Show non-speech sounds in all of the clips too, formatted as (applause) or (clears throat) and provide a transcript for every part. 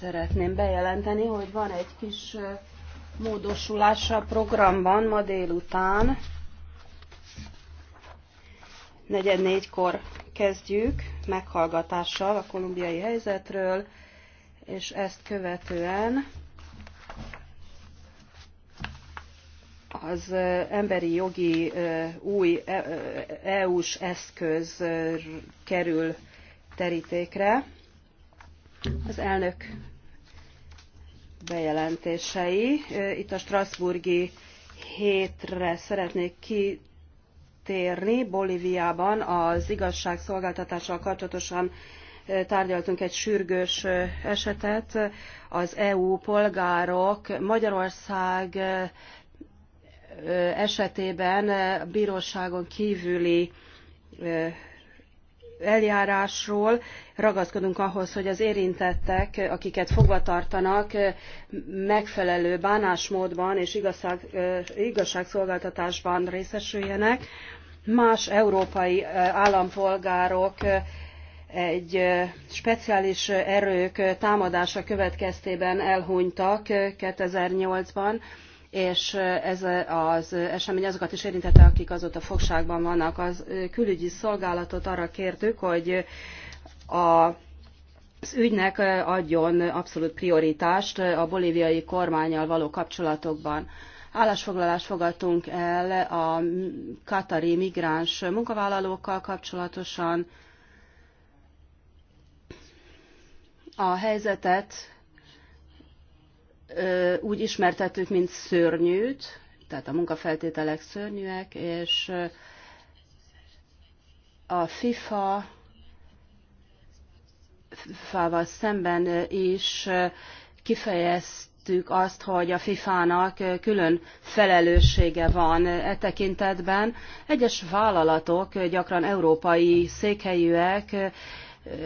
szeretném bejelenteni, hogy van egy kis módosulás a programban ma délután. Negyed négykor kezdjük meghallgatással a kolumbiai helyzetről, és ezt követően az emberi jogi új EU-s eszköz kerül terítékre. Az elnök bejelentései. Itt a Strasburgi hétre szeretnék kitérni. Bolíviában az igazságszolgáltatással kapcsolatosan tárgyaltunk egy sürgős esetet. Az EU polgárok Magyarország esetében a bíróságon kívüli eljárásról ragaszkodunk ahhoz, hogy az érintettek, akiket fogva tartanak, megfelelő bánásmódban és igazságszolgáltatásban részesüljenek. Más európai állampolgárok egy speciális erők támadása következtében elhunytak 2008-ban, és ez az esemény azokat is érintette, akik azóta fogságban vannak. Az külügyi szolgálatot arra kértük, hogy a az ügynek adjon abszolút prioritást a bolíviai kormányjal való kapcsolatokban. Állásfoglalást fogadtunk el a katari migráns munkavállalókkal kapcsolatosan. A helyzetet úgy ismertettük, mint szörnyűt, tehát a munkafeltételek szörnyűek, és a FIFA FIFA-val szemben is kifejeztük azt, hogy a FIFA-nak külön felelőssége van e tekintetben. Egyes vállalatok, gyakran európai székhelyűek,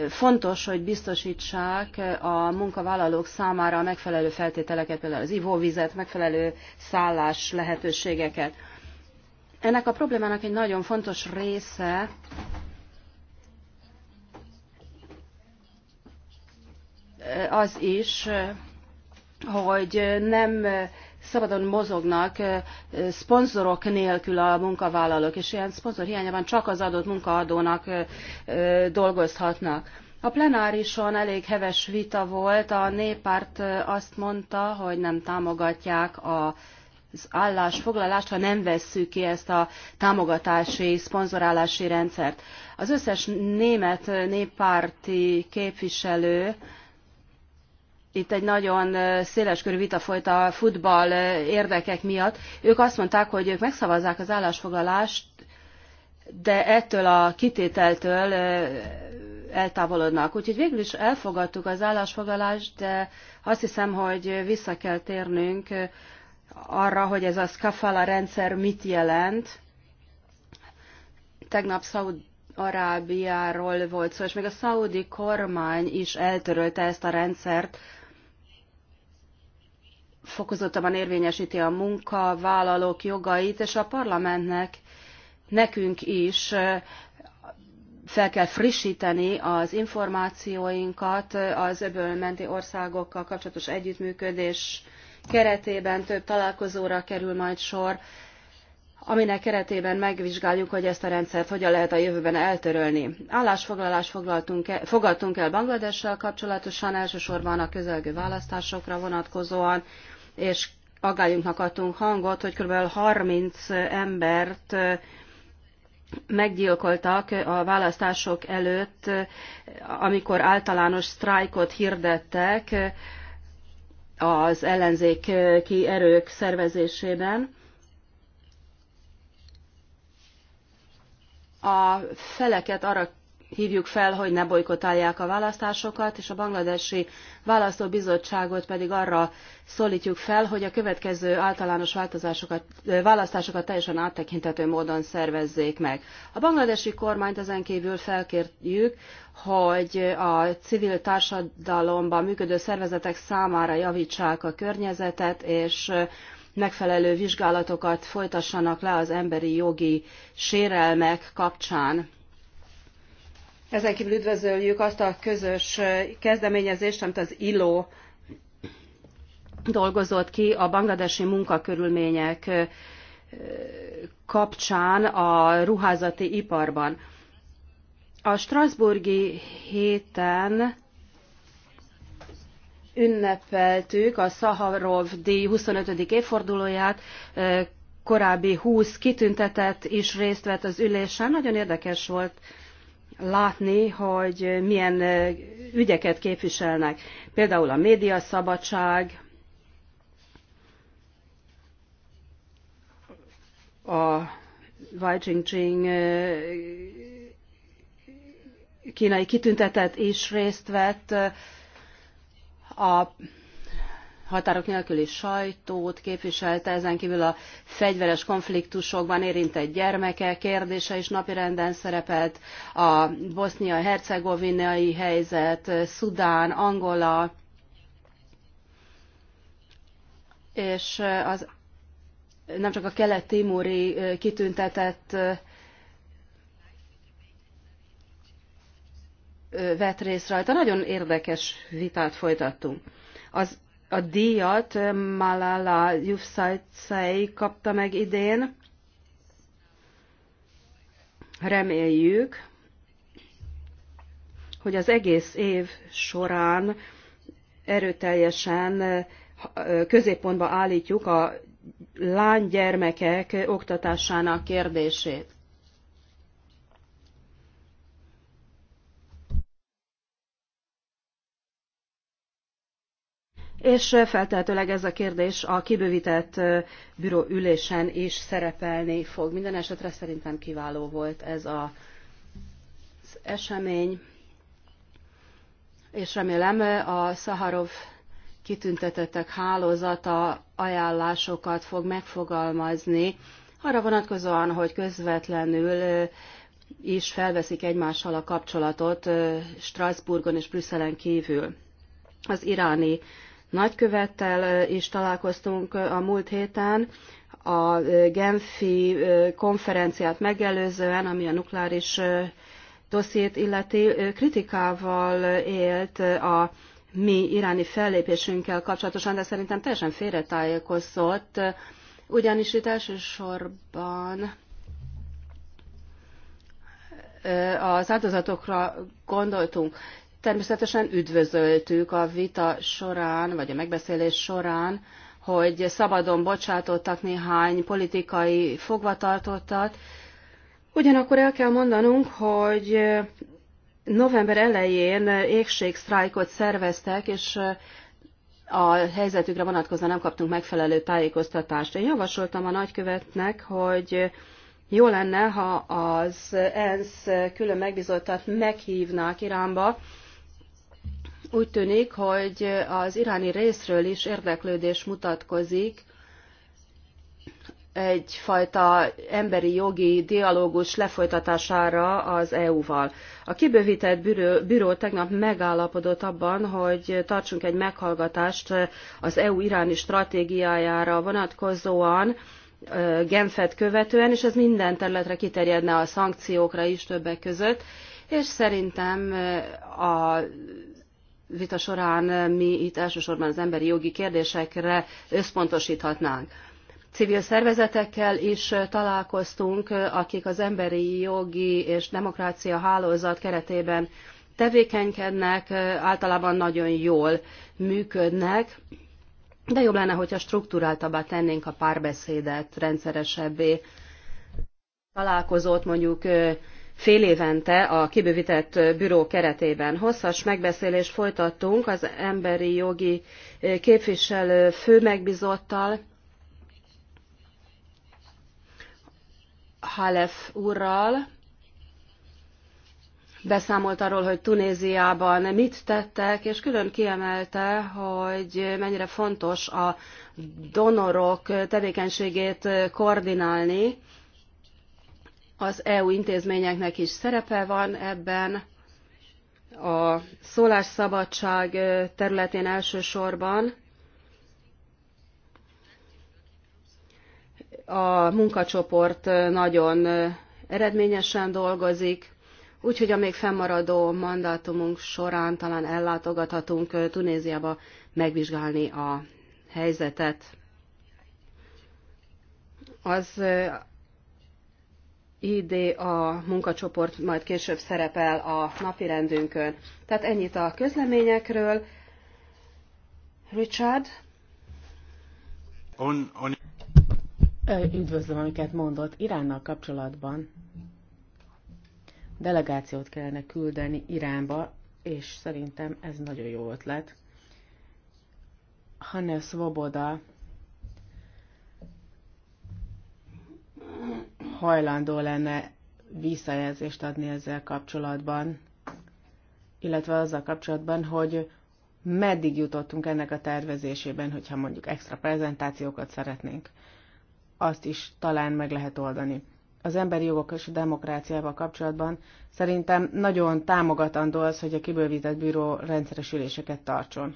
Fontos, hogy biztosítsák a munkavállalók számára a megfelelő feltételeket, például az ivóvizet, megfelelő szállás lehetőségeket. Ennek a problémának egy nagyon fontos része az is, hogy nem szabadon mozognak szponzorok nélkül a munkavállalók, és ilyen szponzor hiányában csak az adott munkaadónak dolgozhatnak. A plenárison elég heves vita volt, a néppárt azt mondta, hogy nem támogatják a az állásfoglalást, ha nem vesszük ki ezt a támogatási, szponzorálási rendszert. Az összes német néppárti képviselő itt egy nagyon széleskörű vita folyt a futball érdekek miatt. Ők azt mondták, hogy ők megszavazzák az állásfoglalást, de ettől a kitételtől eltávolodnak. Úgyhogy végül is elfogadtuk az állásfoglalást, de azt hiszem, hogy vissza kell térnünk arra, hogy ez a skafala rendszer mit jelent. Tegnap Szaud Arábiáról volt szó, és még a szaudi kormány is eltörölte ezt a rendszert fokozottabban érvényesíti a munkavállalók jogait, és a parlamentnek, nekünk is fel kell frissíteni az információinkat az menti országokkal kapcsolatos együttműködés keretében több találkozóra kerül majd sor, aminek keretében megvizsgáljuk, hogy ezt a rendszert hogyan lehet a jövőben eltörölni. Állásfoglalást foglaltunk el, fogadtunk el Bangladessel kapcsolatosan, elsősorban a közelgő választásokra vonatkozóan, és aggályunknak adtunk hangot, hogy kb. 30 embert meggyilkoltak a választások előtt, amikor általános sztrájkot hirdettek az ellenzéki erők szervezésében. A feleket arra hívjuk fel, hogy ne bolykotálják a választásokat, és a bangladesi választóbizottságot pedig arra szólítjuk fel, hogy a következő általános változásokat, választásokat teljesen áttekintető módon szervezzék meg. A bangladesi kormányt ezen kívül felkérjük, hogy a civil társadalomban működő szervezetek számára javítsák a környezetet, és megfelelő vizsgálatokat folytassanak le az emberi jogi sérelmek kapcsán. Ezen kívül üdvözöljük azt a közös kezdeményezést, amit az ILO dolgozott ki a bangladesi munkakörülmények kapcsán a ruházati iparban. A Strasburgi héten ünnepeltük a Szaharov díj 25. évfordulóját, korábbi 20 kitüntetett is részt vett az ülésen. Nagyon érdekes volt látni, hogy milyen ügyeket képviselnek. Például a médiaszabadság, a Wai kínai kitüntetett is részt vett, a határok nélküli sajtót képviselte, ezen kívül a fegyveres konfliktusokban érintett gyermekek kérdése is napirenden szerepelt, a bosznia-hercegovinai helyzet, Szudán, Angola, és az nem csak a kelet-timori kitüntetett vett részt rajta. Nagyon érdekes vitát folytattunk. Az a díjat Malala Yousafzai kapta meg idén. Reméljük, hogy az egész év során erőteljesen középpontba állítjuk a lánygyermekek oktatásának kérdését. és feltehetőleg ez a kérdés a kibővített büro ülésen is szerepelni fog. Minden esetre szerintem kiváló volt ez a, az esemény, és remélem a Szaharov kitüntetettek hálózata ajánlásokat fog megfogalmazni, arra vonatkozóan, hogy közvetlenül is felveszik egymással a kapcsolatot Strasbourgon és Brüsszelen kívül. Az iráni nagykövettel is találkoztunk a múlt héten, a Genfi konferenciát megelőzően, ami a nukleáris dossziét illeti, kritikával élt a mi iráni fellépésünkkel kapcsolatosan, de szerintem teljesen félretájékozott, ugyanis itt elsősorban az áldozatokra gondoltunk. Természetesen üdvözöltük a vita során, vagy a megbeszélés során, hogy szabadon bocsátottak néhány politikai fogvatartottat. Ugyanakkor el kell mondanunk, hogy november elején égségsztrájkot szerveztek, és a helyzetükre vonatkozóan nem kaptunk megfelelő tájékoztatást. Én javasoltam a nagykövetnek, hogy jó lenne, ha az ENSZ külön megbizottat meghívnák Iránba, úgy tűnik, hogy az iráni részről is érdeklődés mutatkozik egyfajta emberi jogi dialógus lefolytatására az EU-val. A kibővített büró, büró tegnap megállapodott abban, hogy tartsunk egy meghallgatást az EU iráni stratégiájára vonatkozóan, Genfet követően, és ez minden területre kiterjedne a szankciókra is többek között, és szerintem a vita során eh, mi itt elsősorban az emberi jogi kérdésekre összpontosíthatnánk. Civil szervezetekkel is eh, találkoztunk, eh, akik az emberi jogi és demokrácia hálózat keretében tevékenykednek, általában nagyon jól működnek, de jobb lenne, hogyha struktúráltabbá tennénk a párbeszédet, rendszeresebbé Találkozott, mondjuk fél évente a kibővített büró keretében. Hosszas megbeszélést folytattunk az emberi jogi eh, képviselő főmegbizottal, Halef úrral, beszámolt arról, hogy Tunéziában mit tettek, és külön kiemelte, hogy mennyire fontos a donorok tevékenységét koordinálni, az EU intézményeknek is szerepe van ebben, a szólásszabadság területén elsősorban, a munkacsoport nagyon eredményesen dolgozik, úgyhogy a még fennmaradó mandátumunk során talán ellátogathatunk Tunéziába megvizsgálni a helyzetet. Az ID a munkacsoport majd később szerepel a napirendünkön. Tehát ennyit a közleményekről. Richard? On, on. Üdvözlöm, amiket mondott. Iránnal kapcsolatban delegációt kellene küldeni Iránba, és szerintem ez nagyon jó ötlet. Hannes Svoboda hajlandó lenne visszajelzést adni ezzel kapcsolatban, illetve azzal kapcsolatban, hogy meddig jutottunk ennek a tervezésében, hogyha mondjuk extra prezentációkat szeretnénk. Azt is talán meg lehet oldani. Az emberi jogok és a demokráciával kapcsolatban szerintem nagyon támogatandó az, hogy a kibővített bíró rendszeres üléseket tartson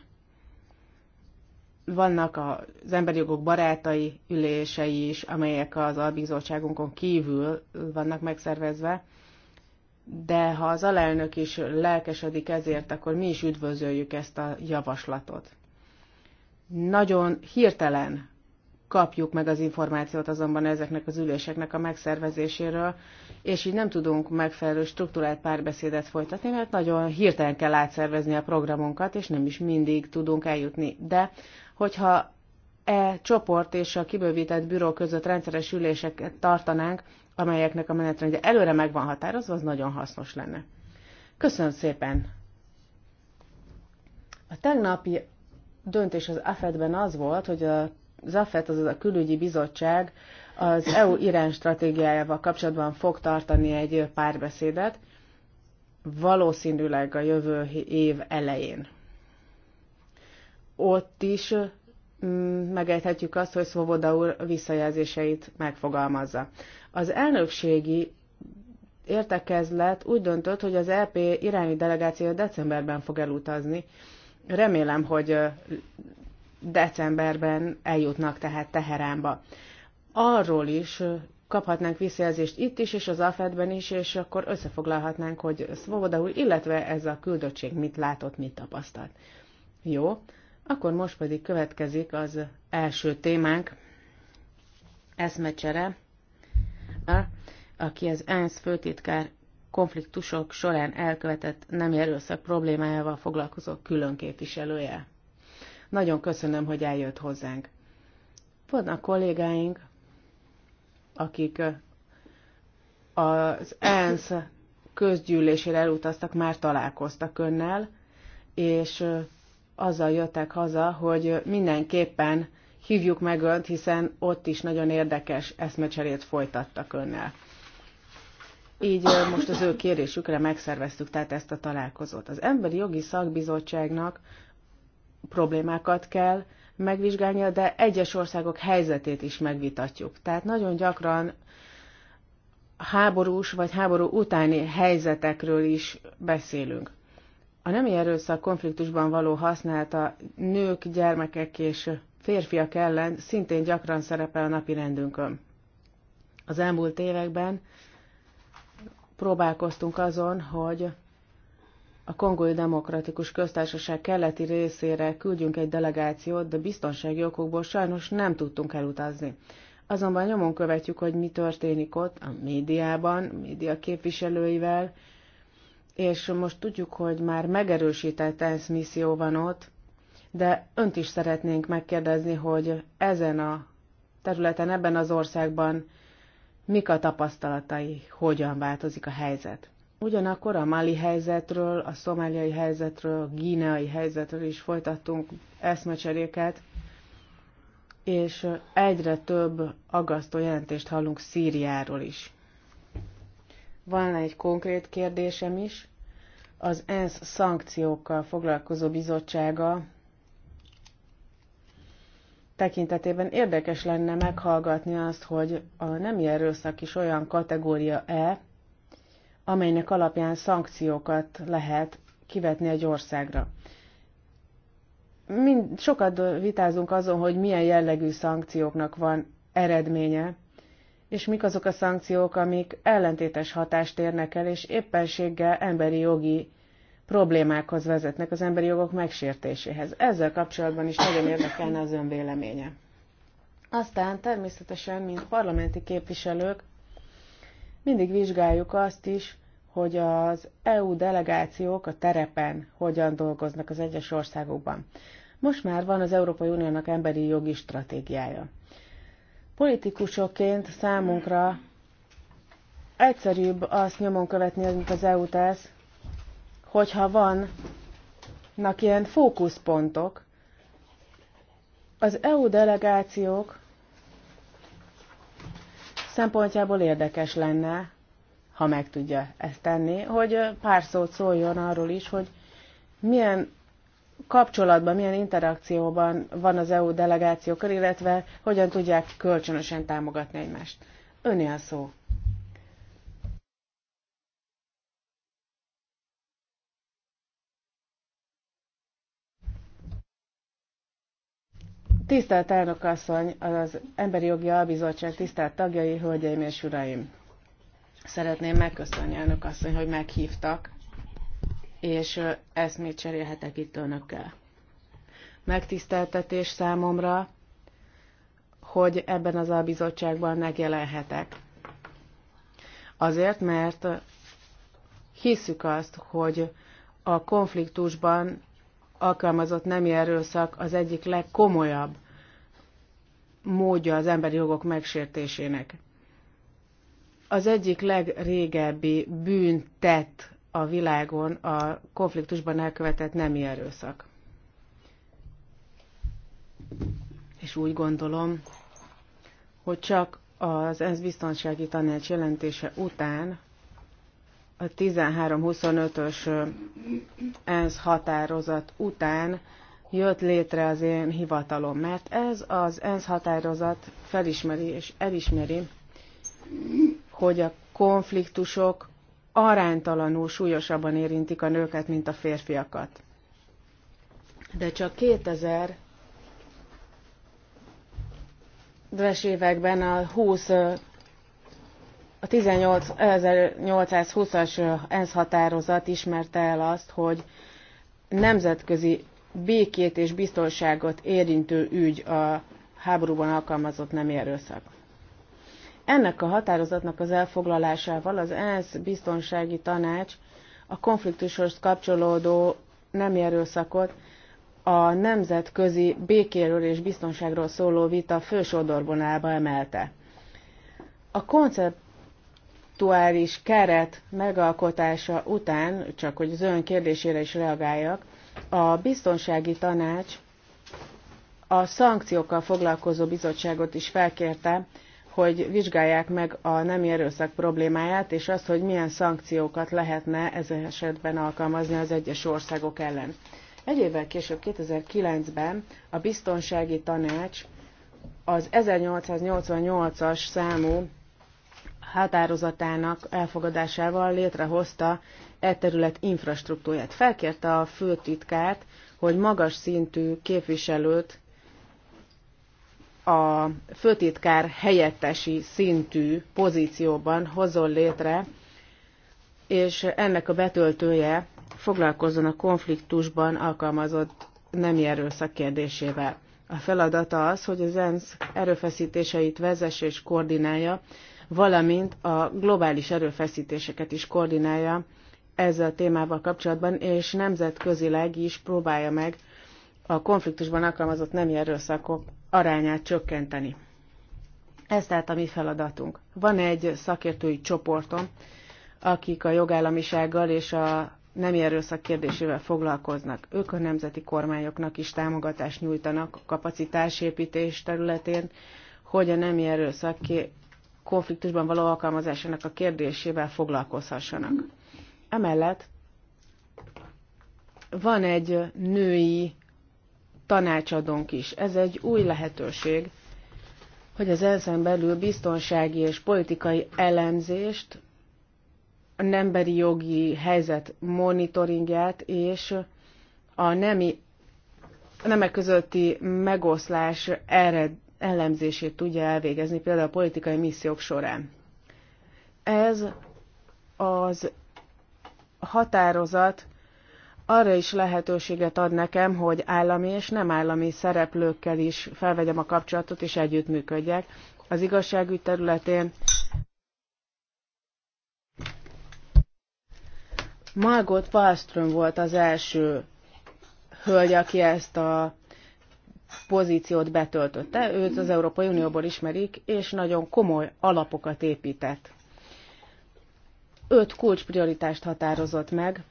vannak az emberi jogok barátai ülései is, amelyek az albizottságunkon kívül vannak megszervezve, de ha az alelnök is lelkesedik ezért, akkor mi is üdvözöljük ezt a javaslatot. Nagyon hirtelen kapjuk meg az információt azonban ezeknek az üléseknek a megszervezéséről, és így nem tudunk megfelelő struktúrált párbeszédet folytatni, mert nagyon hirtelen kell átszervezni a programunkat, és nem is mindig tudunk eljutni. De Hogyha e csoport és a kibővített büró között rendszeres üléseket tartanánk, amelyeknek a menetrendje előre meg van határozva, az nagyon hasznos lenne. Köszönöm szépen! A tegnapi döntés az AFED-ben az volt, hogy a az AFET, azaz a külügyi bizottság az EU irány stratégiájával kapcsolatban fog tartani egy párbeszédet, valószínűleg a jövő év elején ott is mm, megejthetjük azt, hogy Szvoboda úr visszajelzéseit megfogalmazza. Az elnökségi értekezlet úgy döntött, hogy az EP iráni delegáció decemberben fog elutazni. Remélem, hogy decemberben eljutnak tehát Teheránba. Arról is kaphatnánk visszajelzést itt is, és az AFED-ben is, és akkor összefoglalhatnánk, hogy Szvoboda úr, illetve ez a küldöttség mit látott, mit tapasztalt. Jó, akkor most pedig következik az első témánk, eszmecsere, aki az ENSZ főtitkár konfliktusok során elkövetett nem erőszak problémájával foglalkozó külön képviselője. Nagyon köszönöm, hogy eljött hozzánk. Vannak kollégáink, akik az ENSZ közgyűlésére elutaztak, már találkoztak önnel, és azzal jöttek haza, hogy mindenképpen hívjuk meg önt, hiszen ott is nagyon érdekes eszmecserét folytattak önnel. Így most az ő kérésükre megszerveztük tehát ezt a találkozót. Az Emberi Jogi Szakbizottságnak problémákat kell megvizsgálnia, de egyes országok helyzetét is megvitatjuk. Tehát nagyon gyakran háborús vagy háború utáni helyzetekről is beszélünk. A nemi erőszak konfliktusban való használata nők, gyermekek és férfiak ellen szintén gyakran szerepel a napi rendünkön. Az elmúlt években próbálkoztunk azon, hogy a Kongói Demokratikus Köztársaság keleti részére küldjünk egy delegációt, de biztonsági okokból sajnos nem tudtunk elutazni. Azonban nyomon követjük, hogy mi történik ott a médiában, média képviselőivel, és most tudjuk, hogy már megerősített ENSZ misszió van ott, de önt is szeretnénk megkérdezni, hogy ezen a területen, ebben az országban mik a tapasztalatai, hogyan változik a helyzet. Ugyanakkor a mali helyzetről, a szomáliai helyzetről, a gíneai helyzetről is folytattunk eszmecseréket, és egyre több aggasztó jelentést hallunk Szíriáról is. Van egy konkrét kérdésem is. Az ENSZ szankciókkal foglalkozó bizottsága tekintetében érdekes lenne meghallgatni azt, hogy a nemi erőszak is olyan kategória-e, amelynek alapján szankciókat lehet kivetni egy országra. Mind, sokat vitázunk azon, hogy milyen jellegű szankcióknak van eredménye, és mik azok a szankciók, amik ellentétes hatást érnek el, és éppenséggel emberi jogi problémákhoz vezetnek, az emberi jogok megsértéséhez. Ezzel kapcsolatban is nagyon érdekelne az ön véleménye. Aztán természetesen, mint parlamenti képviselők, mindig vizsgáljuk azt is, hogy az EU delegációk a terepen hogyan dolgoznak az egyes országokban. Most már van az Európai Uniónak emberi jogi stratégiája. Politikusokként számunkra egyszerűbb azt nyomon követni, mint az EU tesz, hogyha vannak ilyen fókuszpontok. Az EU delegációk szempontjából érdekes lenne, ha meg tudja ezt tenni, hogy pár szót szóljon arról is, hogy milyen kapcsolatban, milyen interakcióban van az EU delegációkkal, illetve hogyan tudják kölcsönösen támogatni egymást. Öné a szó. Tisztelt elnök asszony, az Emberi Jogi Albizottság tisztelt tagjai, hölgyeim és uraim! Szeretném megköszönni elnök asszony, hogy meghívtak és ezt még cserélhetek itt önökkel. Megtiszteltetés számomra, hogy ebben az albizottságban megjelenhetek. Azért, mert hiszük azt, hogy a konfliktusban alkalmazott nemi erőszak az egyik legkomolyabb módja az emberi jogok megsértésének. Az egyik legrégebbi bűntett a világon a konfliktusban elkövetett nemi erőszak. És úgy gondolom, hogy csak az ENSZ biztonsági tanács jelentése után a 13-25-ös ENSZ határozat után jött létre az én hivatalom, mert ez az ENSZ határozat felismeri és elismeri, hogy a konfliktusok aránytalanul súlyosabban érintik a nőket, mint a férfiakat. De csak 2000 es években a 20 a 1820-as ENSZ határozat ismerte el azt, hogy nemzetközi békét és biztonságot érintő ügy a háborúban alkalmazott nemi erőszak. Ennek a határozatnak az elfoglalásával az ENSZ biztonsági tanács a konfliktushoz kapcsolódó nem erőszakot a nemzetközi békéről és biztonságról szóló vita fősodorbonába emelte. A konceptuális keret megalkotása után, csak hogy az ön kérdésére is reagáljak, a biztonsági tanács a szankciókkal foglalkozó bizottságot is felkérte, hogy vizsgálják meg a nemi erőszak problémáját, és azt, hogy milyen szankciókat lehetne ezen esetben alkalmazni az egyes országok ellen. Egy évvel később, 2009-ben a Biztonsági Tanács az 1888-as számú határozatának elfogadásával létrehozta e terület infrastruktúját. Felkérte a főtitkát, hogy magas szintű képviselőt a főtitkár helyettesi szintű pozícióban hozzon létre, és ennek a betöltője foglalkozzon a konfliktusban alkalmazott nemi erőszak kérdésével. A feladata az, hogy az ENSZ erőfeszítéseit vezesse és koordinálja, valamint a globális erőfeszítéseket is koordinálja ezzel a témával kapcsolatban, és nemzetközileg is próbálja meg a konfliktusban alkalmazott nemi erőszakok arányát csökkenteni. Ez tehát a mi feladatunk. Van egy szakértői csoportom, akik a jogállamisággal és a nem erőszak kérdésével foglalkoznak. Ők a nemzeti kormányoknak is támogatást nyújtanak a kapacitásépítés területén, hogy a nem erőszak konfliktusban való alkalmazásának a kérdésével foglalkozhassanak. Emellett van egy női tanácsadónk is. Ez egy új lehetőség, hogy az ensz belül biztonsági és politikai elemzést, a emberi jogi helyzet monitoringját és a nemi, a nemek közötti megoszlás ered, elemzését tudja elvégezni, például a politikai missziók során. Ez az határozat arra is lehetőséget ad nekem, hogy állami és nem állami szereplőkkel is felvegyem a kapcsolatot és együttműködjek. Az igazságügy területén Margot Wallström volt az első hölgy, aki ezt a pozíciót betöltötte. Őt az Európai Unióból ismerik, és nagyon komoly alapokat épített. Öt kulcsprioritást határozott meg,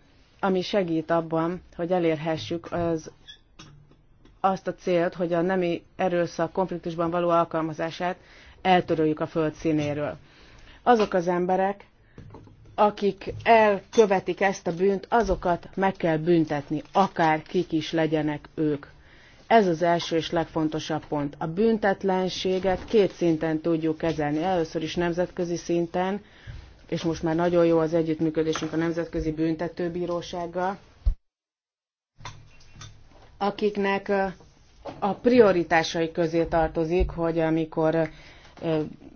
ami segít abban, hogy elérhessük az azt a célt, hogy a nemi erőszak konfliktusban való alkalmazását eltöröljük a föld színéről. Azok az emberek, akik elkövetik ezt a bűnt, azokat meg kell büntetni, akár kik is legyenek ők. Ez az első és legfontosabb pont. A büntetlenséget két szinten tudjuk kezelni. Először is nemzetközi szinten, és most már nagyon jó az együttműködésünk a Nemzetközi Büntetőbírósággal, akiknek a prioritásai közé tartozik, hogy amikor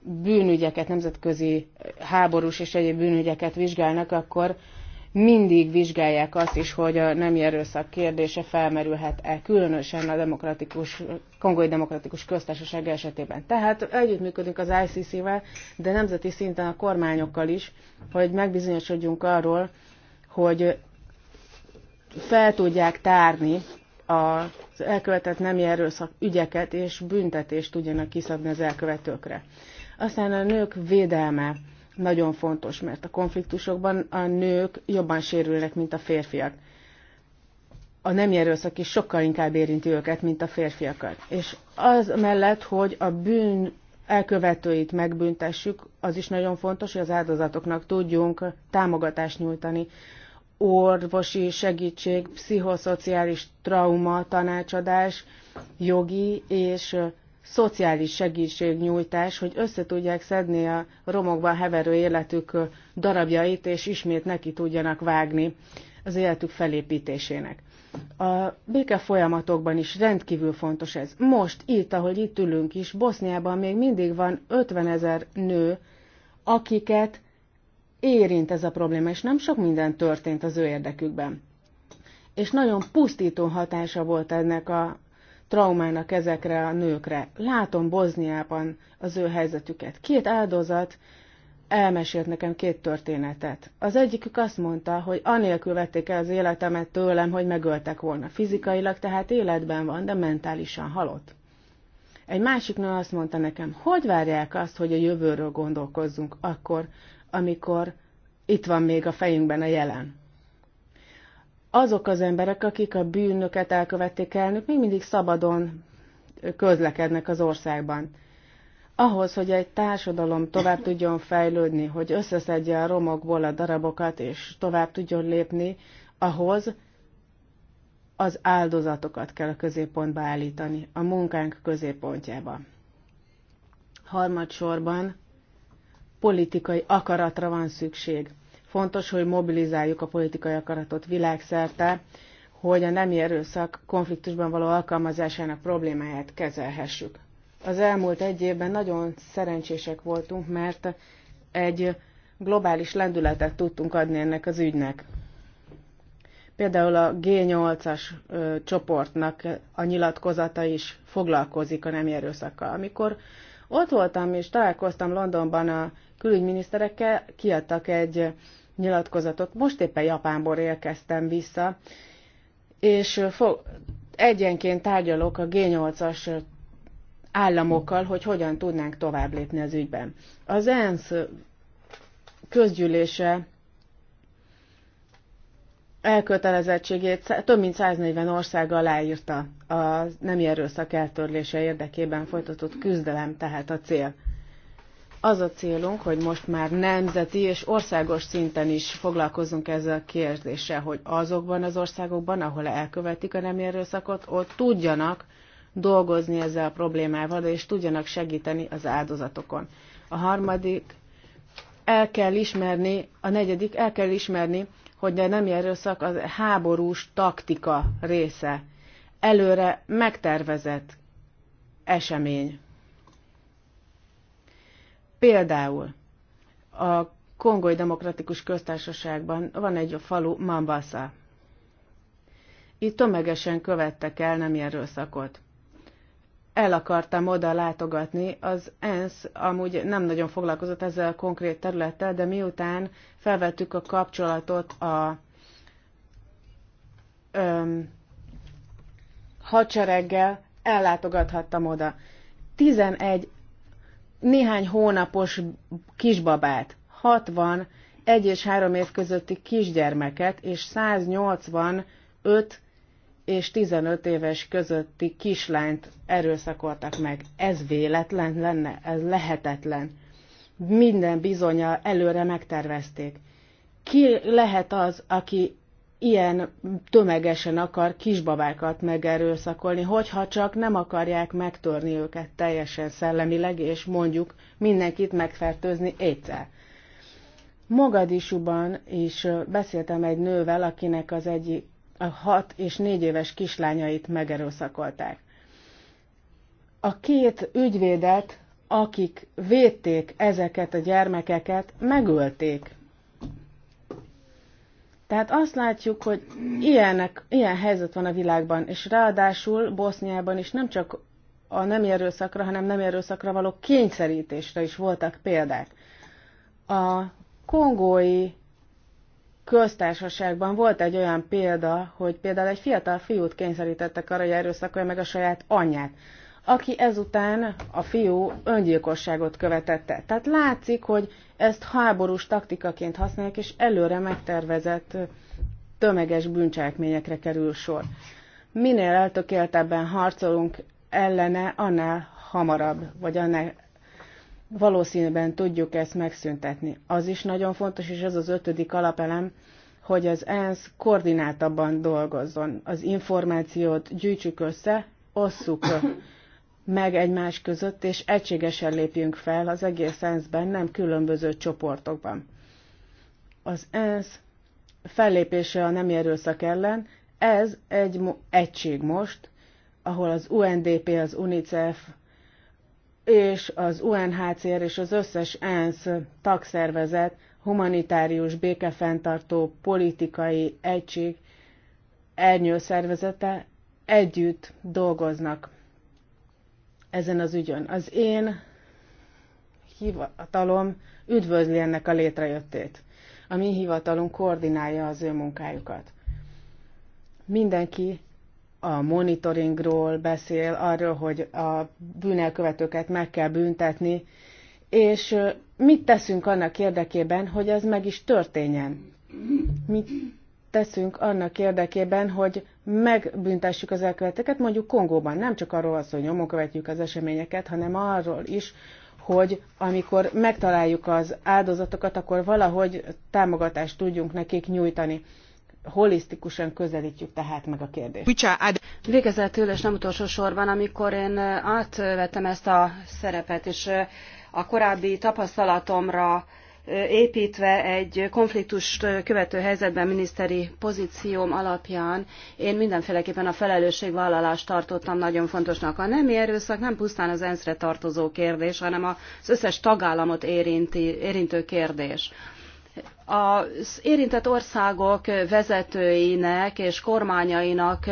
bűnügyeket, nemzetközi háborús és egyéb bűnügyeket vizsgálnak, akkor mindig vizsgálják azt is, hogy a nemi erőszak kérdése felmerülhet-e, különösen a demokratikus, kongói demokratikus köztársaság esetében. Tehát együttműködünk az ICC-vel, de nemzeti szinten a kormányokkal is, hogy megbizonyosodjunk arról, hogy fel tudják tárni az elkövetett nemi erőszak ügyeket, és büntetést tudjanak kiszabni az elkövetőkre. Aztán a nők védelme nagyon fontos, mert a konfliktusokban a nők jobban sérülnek, mint a férfiak. A nem erőszak is sokkal inkább érinti őket, mint a férfiakat. És az mellett, hogy a bűn elkövetőit megbüntessük, az is nagyon fontos, hogy az áldozatoknak tudjunk támogatást nyújtani. Orvosi segítség, pszichoszociális trauma, tanácsadás, jogi és szociális segítségnyújtás, hogy összetudják szedni a romokban heverő életük darabjait, és ismét neki tudjanak vágni az életük felépítésének. A béke folyamatokban is rendkívül fontos ez. Most itt, ahogy itt ülünk is, Boszniában még mindig van 50 ezer nő, akiket érint ez a probléma, és nem sok minden történt az ő érdekükben. És nagyon pusztító hatása volt ennek a traumának ezekre a nőkre. Látom Boszniában az ő helyzetüket. Két áldozat elmesélt nekem két történetet. Az egyikük azt mondta, hogy anélkül vették el az életemet tőlem, hogy megöltek volna fizikailag, tehát életben van, de mentálisan halott. Egy másik nő azt mondta nekem, hogy várják azt, hogy a jövőről gondolkozzunk akkor, amikor itt van még a fejünkben a jelen azok az emberek, akik a bűnöket elkövették elnök, még mindig szabadon közlekednek az országban. Ahhoz, hogy egy társadalom tovább tudjon fejlődni, hogy összeszedje a romokból a darabokat és tovább tudjon lépni, ahhoz az áldozatokat kell a középpontba állítani, a munkánk középpontjába. Harmadsorban politikai akaratra van szükség. Fontos, hogy mobilizáljuk a politikai akaratot világszerte, hogy a nemi erőszak konfliktusban való alkalmazásának problémáját kezelhessük. Az elmúlt egy évben nagyon szerencsések voltunk, mert egy globális lendületet tudtunk adni ennek az ügynek. Például a G8-as csoportnak a nyilatkozata is foglalkozik a nemi erőszakkal. Amikor ott voltam és találkoztam Londonban a külügyminiszterekkel, kiadtak egy nyilatkozatot. Most éppen Japánból érkeztem vissza, és fog, egyenként tárgyalok a G8-as államokkal, hogy hogyan tudnánk tovább lépni az ügyben. Az ENSZ közgyűlése elkötelezettségét több mint 140 ország aláírta a nemi erőszak eltörlése érdekében folytatott küzdelem, tehát a cél. Az a célunk, hogy most már nemzeti és országos szinten is foglalkozunk ezzel a kérdéssel, hogy azokban az országokban, ahol elkövetik a nem erőszakot, ott tudjanak dolgozni ezzel a problémával, és tudjanak segíteni az áldozatokon. A harmadik, el kell ismerni, a negyedik, el kell ismerni, hogy a nem erőszak az háborús taktika része. Előre megtervezett esemény. Például a Kongói Demokratikus Köztársaságban van egy falu Mambasa. Itt tömegesen követtek el nem erőszakot. El akartam oda látogatni, az ENSZ amúgy nem nagyon foglalkozott ezzel a konkrét területtel, de miután felvettük a kapcsolatot a öm, hadsereggel, ellátogathattam oda. 11 néhány hónapos kisbabát, 60 egy és három év közötti kisgyermeket, és 185 és 15 éves közötti kislányt erőszakoltak meg. Ez véletlen lenne, ez lehetetlen. Minden bizonyal előre megtervezték. Ki lehet az, aki ilyen tömegesen akar kisbabákat megerőszakolni, hogyha csak nem akarják megtörni őket teljesen szellemileg, és mondjuk mindenkit megfertőzni egyszer. Mogadisuban is beszéltem egy nővel, akinek az egyik a hat és négy éves kislányait megerőszakolták. A két ügyvédet, akik védték ezeket a gyermekeket, megölték tehát azt látjuk, hogy ilyenek, ilyen helyzet van a világban, és ráadásul Boszniában is nem csak a nem erőszakra, hanem nem erőszakra való kényszerítésre is voltak példák. A kongói köztársaságban volt egy olyan példa, hogy például egy fiatal fiút kényszerítettek arra, hogy erőszakolja meg a saját anyját aki ezután a fiú öngyilkosságot követette. Tehát látszik, hogy ezt háborús taktikaként használják, és előre megtervezett tömeges bűncselekményekre kerül sor. Minél eltökéltebben harcolunk ellene, annál hamarabb, vagy annál valószínűben tudjuk ezt megszüntetni. Az is nagyon fontos, és ez az ötödik alapelem, hogy az ENSZ koordináltabban dolgozzon. Az információt gyűjtsük össze, osszuk meg egymás között, és egységesen lépjünk fel az egész ENSZ-ben, nem különböző csoportokban. Az ENSZ fellépése a nem erőszak ellen, ez egy egység most, ahol az UNDP, az UNICEF és az UNHCR és az összes ENSZ tagszervezet humanitárius békefenntartó politikai egység ernyőszervezete együtt dolgoznak ezen az ügyön. Az én hivatalom üdvözli ennek a létrejöttét. A mi hivatalunk koordinálja az ő munkájukat. Mindenki a monitoringról beszél, arról, hogy a bűnelkövetőket meg kell büntetni, és mit teszünk annak érdekében, hogy ez meg is történjen. Mit teszünk annak érdekében, hogy megbüntessük az elkövetőket, mondjuk Kongóban. Nem csak arról van szó, hogy nyomon követjük az eseményeket, hanem arról is, hogy amikor megtaláljuk az áldozatokat, akkor valahogy támogatást tudjunk nekik nyújtani. Holisztikusan közelítjük tehát meg a kérdést. Végezetül és nem utolsó sorban, amikor én átvettem ezt a szerepet, és a korábbi tapasztalatomra építve egy konfliktust követő helyzetben miniszteri pozícióm alapján én mindenféleképpen a felelősségvállalást tartottam nagyon fontosnak. A nemi erőszak nem pusztán az ENSZ-re tartozó kérdés, hanem az összes tagállamot érinti, érintő kérdés. Az érintett országok vezetőinek és kormányainak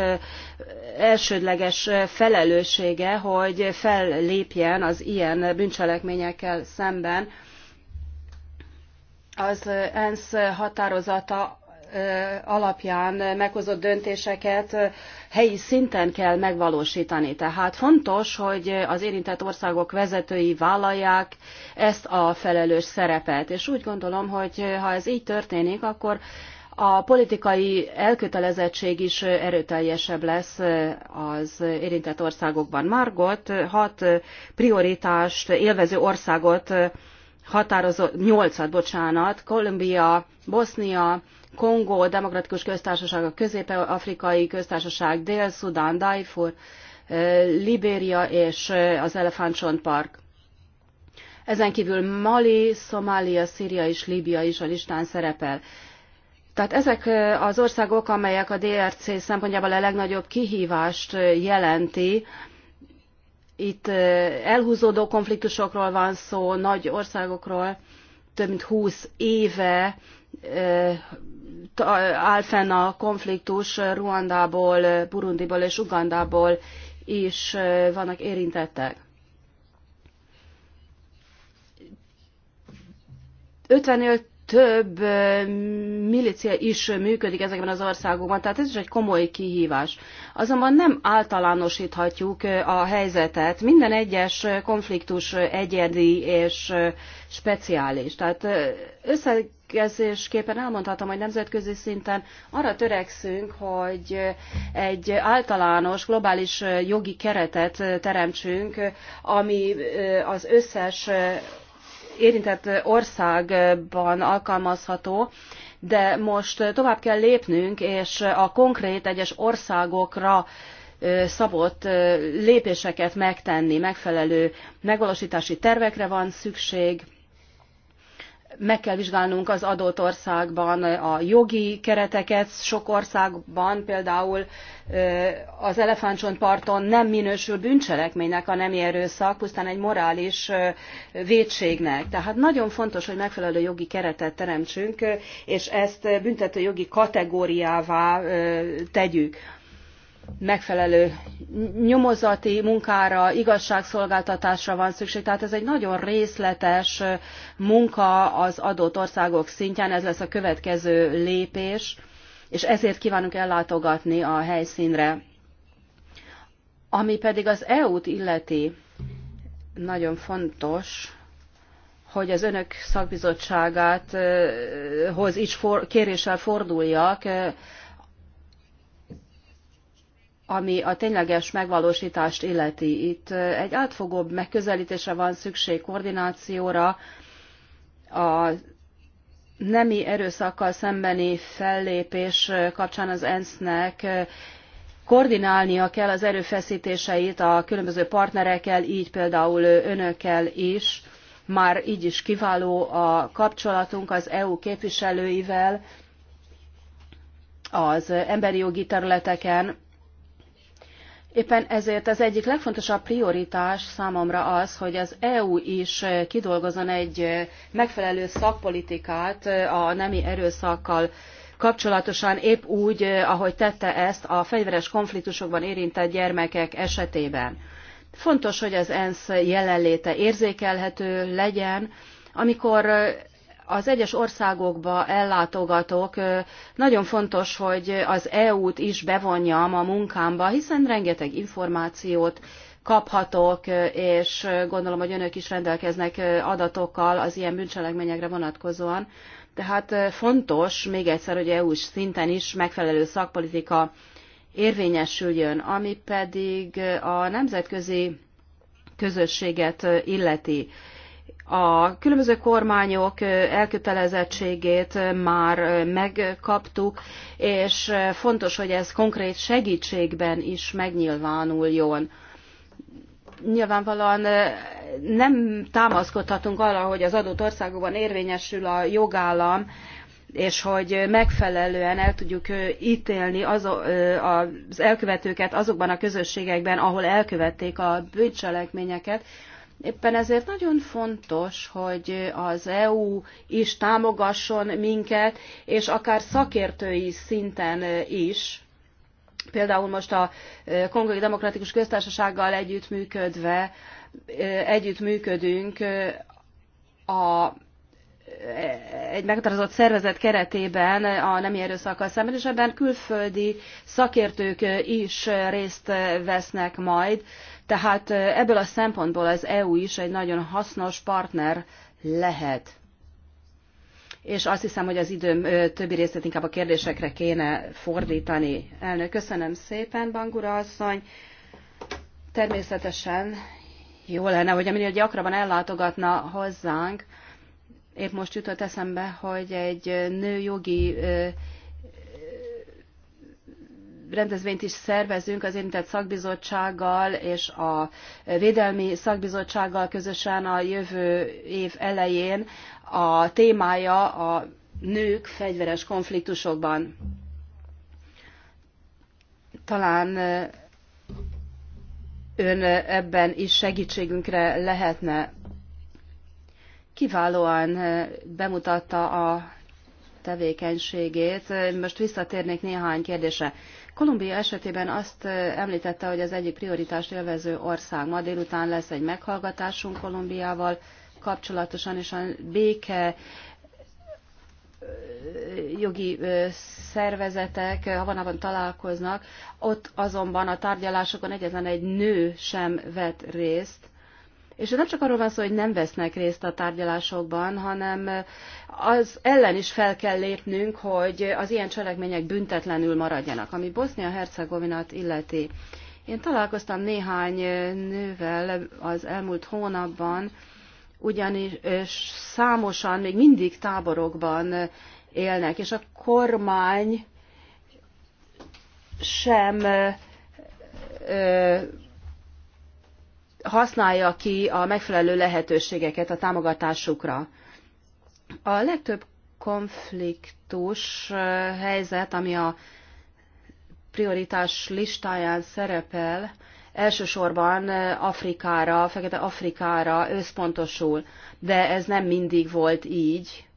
elsődleges felelőssége, hogy fellépjen az ilyen bűncselekményekkel szemben, az ENSZ határozata alapján meghozott döntéseket helyi szinten kell megvalósítani. Tehát fontos, hogy az érintett országok vezetői vállalják ezt a felelős szerepet. És úgy gondolom, hogy ha ez így történik, akkor a politikai elkötelezettség is erőteljesebb lesz az érintett országokban. Margot hat prioritást élvező országot határozott, nyolcat, bocsánat, Kolumbia, Bosznia, Kongó, Demokratikus Köztársaság, a Közép-Afrikai Köztársaság, Dél-Szudán, Dajfur, eh, Libéria és eh, az Park. Ezen kívül Mali, Szomália, Szíria és Líbia is a listán szerepel. Tehát ezek eh, az országok, amelyek a DRC szempontjából a legnagyobb kihívást jelenti, itt eh, elhúzódó konfliktusokról van szó, nagy országokról, több mint 20 éve eh, áll fenn a konfliktus Ruandából, Burundiból és Ugandából is eh, vannak érintettek. 55 több milícia is működik ezekben az országokban, tehát ez is egy komoly kihívás. Azonban nem általánosíthatjuk a helyzetet. Minden egyes konfliktus egyedi és speciális. Tehát összegezésképpen elmondhatom, hogy nemzetközi szinten arra törekszünk, hogy egy általános, globális jogi keretet teremtsünk, ami az összes érintett országban alkalmazható, de most tovább kell lépnünk, és a konkrét egyes országokra szabott lépéseket megtenni, megfelelő megvalóstási tervekre van szükség, meg kell vizsgálnunk az adott országban a jogi kereteket. Sok országban például az elefántcsontparton nem minősül bűncselekménynek a nemi erőszak, pusztán egy morális vétségnek. Tehát nagyon fontos, hogy megfelelő jogi keretet teremtsünk, és ezt büntető jogi kategóriává tegyük megfelelő nyomozati munkára, igazságszolgáltatásra van szükség. Tehát ez egy nagyon részletes munka az adott országok szintján, ez lesz a következő lépés, és ezért kívánunk ellátogatni a helyszínre. Ami pedig az EU-t illeti, nagyon fontos, hogy az önök szakbizottságát eh, hoz is for, kéréssel forduljak eh, ami a tényleges megvalósítást illeti. Itt eh, egy átfogóbb megközelítésre van szükség, koordinációra, a nemi erőszakkal szembeni fellépés eh, kapcsán az ENSZ-nek eh, koordinálnia kell az erőfeszítéseit a különböző partnerekkel, így például önökkel is. Már így is kiváló a kapcsolatunk az EU képviselőivel az emberi jogi területeken, Éppen ezért az egyik legfontosabb prioritás számomra az, hogy az EU is kidolgozon egy megfelelő szakpolitikát a nemi erőszakkal kapcsolatosan épp úgy, ahogy tette ezt a fegyveres konfliktusokban érintett gyermekek esetében. Fontos, hogy az ENSZ jelenléte érzékelhető legyen, amikor az egyes országokba ellátogatok, nagyon fontos, hogy az EU-t is bevonjam a munkámba, hiszen rengeteg információt kaphatok, és gondolom, hogy önök is rendelkeznek adatokkal az ilyen bűncselekményekre vonatkozóan. Tehát fontos, még egyszer, hogy EU-s szinten is megfelelő szakpolitika érvényesüljön, ami pedig a nemzetközi közösséget illeti. A különböző kormányok elkötelezettségét már megkaptuk, és fontos, hogy ez konkrét segítségben is megnyilvánuljon nyilvánvalóan nem támaszkodhatunk arra, hogy az adott országokban érvényesül a jogállam, és hogy megfelelően el tudjuk ítélni az, az elkövetőket azokban a közösségekben, ahol elkövették a bűncselekményeket. Éppen ezért nagyon fontos, hogy az EU is támogasson minket, és akár szakértői szinten is. Például most a Kongói Demokratikus Köztársasággal együttműködve együttműködünk a egy meghatározott szervezet keretében a nemi erőszakkal szemben, és ebben külföldi szakértők is részt vesznek majd, tehát ebből a szempontból az EU is egy nagyon hasznos partner lehet. És azt hiszem, hogy az időm többi részét inkább a kérdésekre kéne fordítani. Elnök, köszönöm szépen, Bangura asszony. Természetesen jó lenne, hogy minél gyakrabban ellátogatna hozzánk. Épp most jutott eszembe, hogy egy nőjogi jogi rendezvényt is szervezünk az érintett szakbizottsággal és a védelmi szakbizottsággal közösen a jövő év elején. A témája a nők fegyveres konfliktusokban. Talán ön ebben is segítségünkre lehetne. Kiválóan bemutatta a tevékenységét. Most visszatérnék néhány kérdésre. Kolumbia esetében azt említette, hogy az egyik prioritást élvező ország. Ma délután lesz egy meghallgatásunk Kolumbiával kapcsolatosan, és a béke jogi szervezetek Havanában találkoznak, ott azonban a tárgyalásokon egyetlen egy nő sem vett részt, és nem csak arról van szó, hogy nem vesznek részt a tárgyalásokban, hanem az ellen is fel kell lépnünk, hogy az ilyen cselekmények büntetlenül maradjanak. Ami Bosznia-Hercegovinát illeti, én találkoztam néhány nővel az elmúlt hónapban, ugyanis számosan még mindig táborokban élnek, és a kormány sem használja ki a megfelelő lehetőségeket a támogatásukra. A legtöbb konfliktus eh, helyzet, ami a prioritás listáján szerepel, elsősorban eh, Afrikára, Fekete Afrikára összpontosul, de ez nem mindig volt így.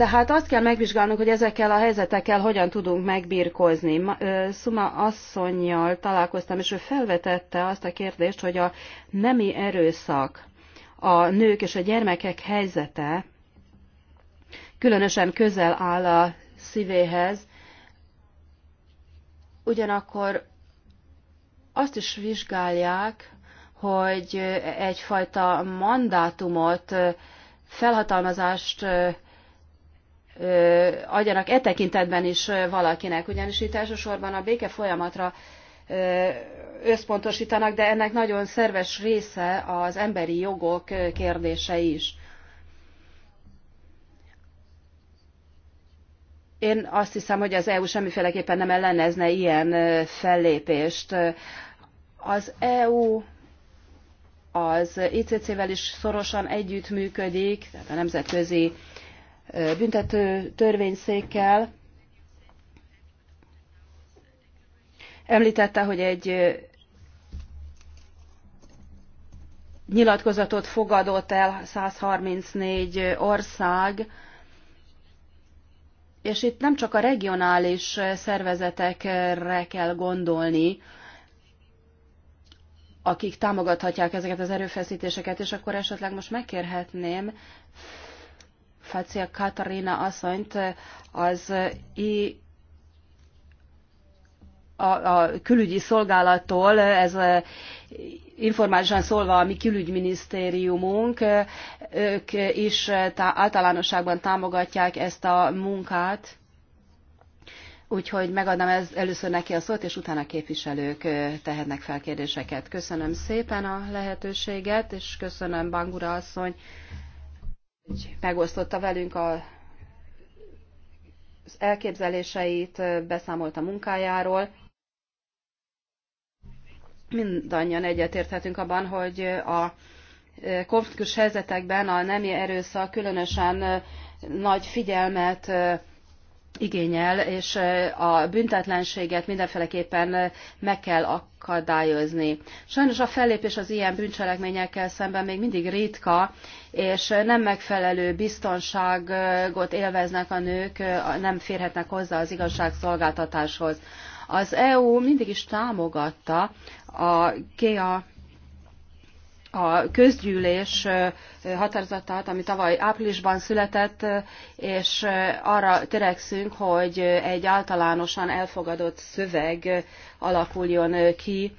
Tehát azt kell megvizsgálnunk, hogy ezekkel a helyzetekkel hogyan tudunk megbírkozni. Szuma asszonynal találkoztam, és ő felvetette azt a kérdést, hogy a nemi erőszak, a nők és a gyermekek helyzete különösen közel áll a szívéhez, ugyanakkor azt is vizsgálják, hogy egyfajta mandátumot, felhatalmazást adjanak e tekintetben is valakinek, ugyanis itt elsősorban a béke folyamatra összpontosítanak, de ennek nagyon szerves része az emberi jogok kérdése is. Én azt hiszem, hogy az EU semmiféleképpen nem ellenezne ilyen fellépést. Az EU az ICC-vel is szorosan együttműködik, tehát a nemzetközi büntető törvényszékkel. Említette, hogy egy nyilatkozatot fogadott el 134 ország, és itt nem csak a regionális szervezetekre kell gondolni, akik támogathatják ezeket az erőfeszítéseket, és akkor esetleg most megkérhetném Fácia Katarina asszonyt az I a, a külügyi szolgálattól, ez e, informálisan szólva a mi külügyminisztériumunk, ők is e, tá, általánosságban támogatják ezt a munkát, úgyhogy megadnám ez, először neki a szót, és utána képviselők e, tehetnek fel kérdéseket. Köszönöm szépen a lehetőséget, és köszönöm Bangura asszony hogy megosztotta velünk a, az elképzeléseit, beszámolt a munkájáról. Mindannyian egyetérthetünk abban, hogy a e, konfliktus helyzetekben a nemi erőszak különösen e, nagy figyelmet e, igényel, és a büntetlenséget mindenféleképpen meg kell akadályozni. Sajnos a fellépés az ilyen bűncselekményekkel szemben még mindig ritka, és nem megfelelő biztonságot élveznek a nők, nem férhetnek hozzá az igazságszolgáltatáshoz. Az EU mindig is támogatta a GEA a közgyűlés határozatát, ami tavaly áprilisban született, és arra törekszünk, hogy egy általánosan elfogadott szöveg alakuljon ki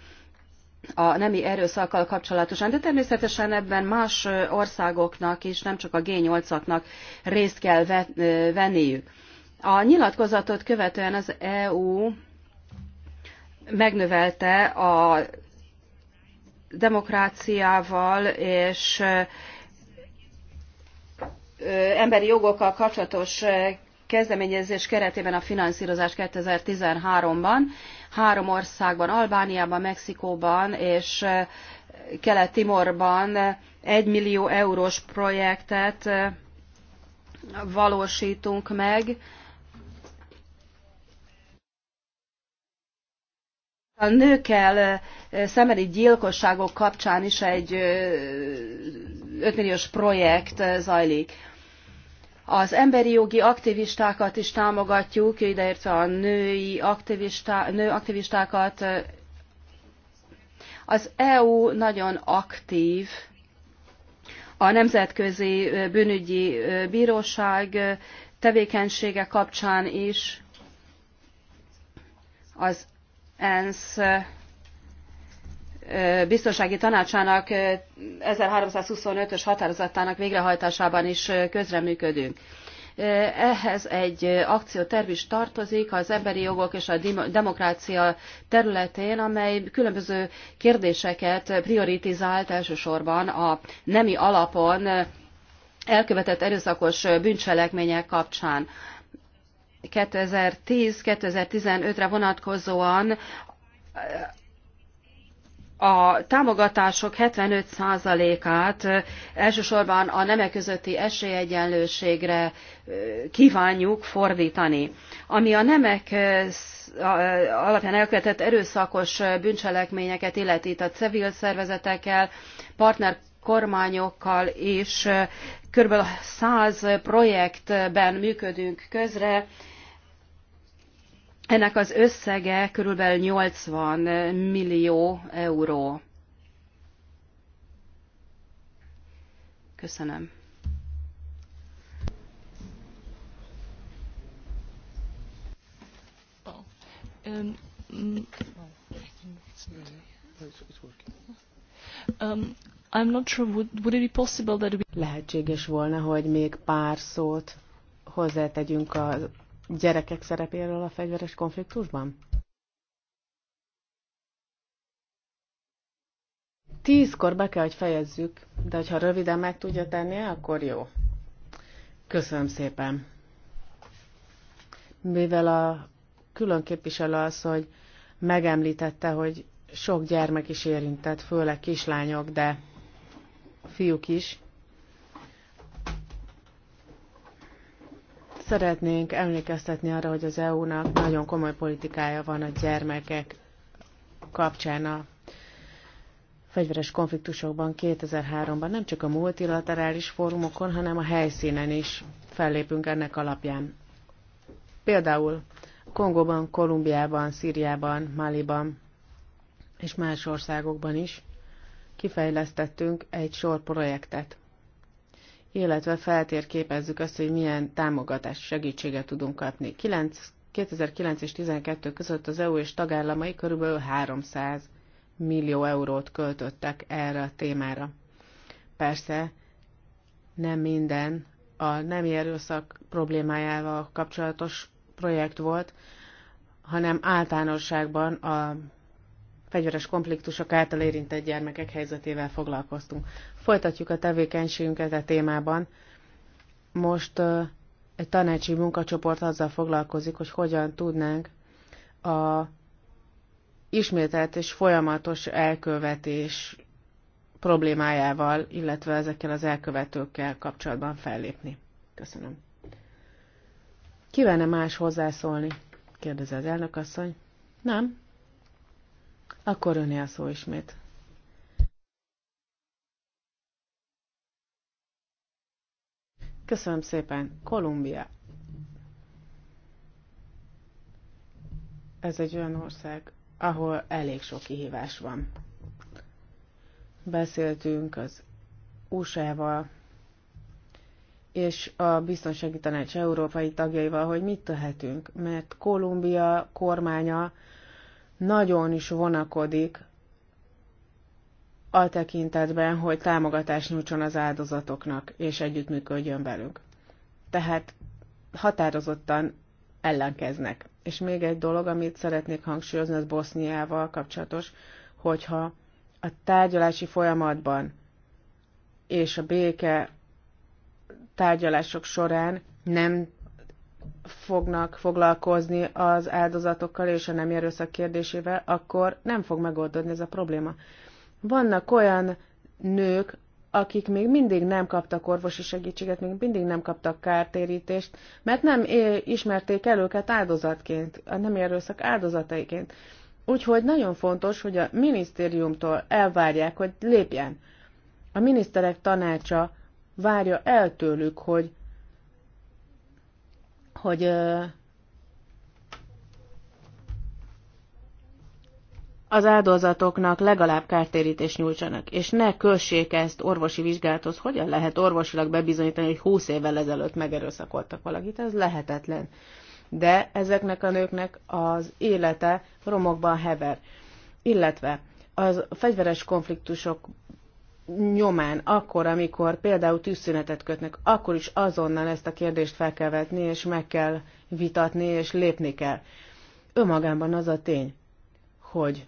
a nemi erőszakkal kapcsolatosan, de természetesen ebben más országoknak is, nem csak a G8-aknak részt kell venniük. A nyilatkozatot követően az EU megnövelte a demokráciával és emberi jogokkal kapcsolatos kezdeményezés keretében a finanszírozás 2013-ban három országban, Albániában, Mexikóban és Kelet-Timorban 1 millió eurós projektet valósítunk meg, a nőkkel szemeli gyilkosságok kapcsán is egy 5 milliós projekt zajlik. Az emberi jogi aktivistákat is támogatjuk, ideértve a női aktivistá, nő aktivistákat. Az EU nagyon aktív a Nemzetközi Bűnügyi Bíróság tevékenysége kapcsán is az ENSZ biztonsági tanácsának 1325-ös határozatának végrehajtásában is közreműködünk. Ehhez egy akcióterv is tartozik az emberi jogok és a demokrácia területén, amely különböző kérdéseket prioritizált elsősorban a nemi alapon elkövetett erőszakos bűncselekmények kapcsán. 2010-2015-re vonatkozóan a támogatások 75%-át elsősorban a nemek közötti esélyegyenlőségre kívánjuk fordítani. Ami a nemek alapján elkövetett erőszakos bűncselekményeket illeti, tehát civil szervezetekkel, partner kormányokkal és kb. 100 projektben működünk közre, ennek az összege körülbelül 80 millió euró. Köszönöm. Um, um, I'm not sure, would, would it be possible that we... Lehetséges volna, hogy még pár szót hozzátegyünk az gyerekek szerepéről a fegyveres konfliktusban? Tízkor be kell, hogy fejezzük, de hogyha röviden meg tudja tenni, akkor jó. Köszönöm szépen. Mivel a külön képviselő az, hogy megemlítette, hogy sok gyermek is érintett, főleg kislányok, de fiúk is, Szeretnénk emlékeztetni arra, hogy az EU-nak nagyon komoly politikája van a gyermekek kapcsán a fegyveres konfliktusokban 2003-ban, nem csak a multilaterális fórumokon, hanem a helyszínen is fellépünk ennek alapján. Például Kongóban, Kolumbiában, Szíriában, Maliban és más országokban is kifejlesztettünk egy sor projektet illetve feltérképezzük azt, hogy milyen támogatást, segítséget tudunk kapni. 9, 2009 és 2012 között az EU és tagállamai körülbelül 300 millió eurót költöttek erre a témára. Persze nem minden a nem erőszak problémájával kapcsolatos projekt volt, hanem általánosságban a fegyveres konfliktusok által érintett gyermekek helyzetével foglalkoztunk. Folytatjuk a tevékenységünket a e témában. Most egy tanácsi munkacsoport azzal foglalkozik, hogy hogyan tudnánk a ismételt és folyamatos elkövetés problémájával, illetve ezekkel az elkövetőkkel kapcsolatban fellépni. Köszönöm. Kívánne más hozzászólni? kérdezi az elnökasszony. Nem, akkor öné a szó ismét. Köszönöm szépen. Kolumbia. Ez egy olyan ország, ahol elég sok kihívás van. Beszéltünk az USA-val, és a Biztonsági Tanács európai tagjaival, hogy mit tehetünk, mert Kolumbia kormánya nagyon is vonakodik a tekintetben, hogy támogatást nyújtson az áldozatoknak, és együttműködjön velük. Tehát határozottan ellenkeznek. És még egy dolog, amit szeretnék hangsúlyozni, az Boszniával kapcsolatos, hogyha a tárgyalási folyamatban és a béke tárgyalások során nem fognak foglalkozni az áldozatokkal és a nem erőszak kérdésével, akkor nem fog megoldódni ez a probléma. Vannak olyan nők, akik még mindig nem kaptak orvosi segítséget, még mindig nem kaptak kártérítést, mert nem ismerték el őket áldozatként, a nem erőszak áldozataiként. Úgyhogy nagyon fontos, hogy a minisztériumtól elvárják, hogy lépjen. A miniszterek tanácsa várja el tőlük, hogy hogy az áldozatoknak legalább kártérítést nyújtsanak, és ne kössék ezt orvosi vizsgálathoz. Hogyan lehet orvosilag bebizonyítani, hogy 20 évvel ezelőtt megerőszakoltak valakit? Ez lehetetlen. De ezeknek a nőknek az élete romokban hever. Illetve az fegyveres konfliktusok nyomán, akkor, amikor például tűzszünetet kötnek, akkor is azonnal ezt a kérdést fel kell vetni, és meg kell vitatni, és lépni kell. Önmagában az a tény, hogy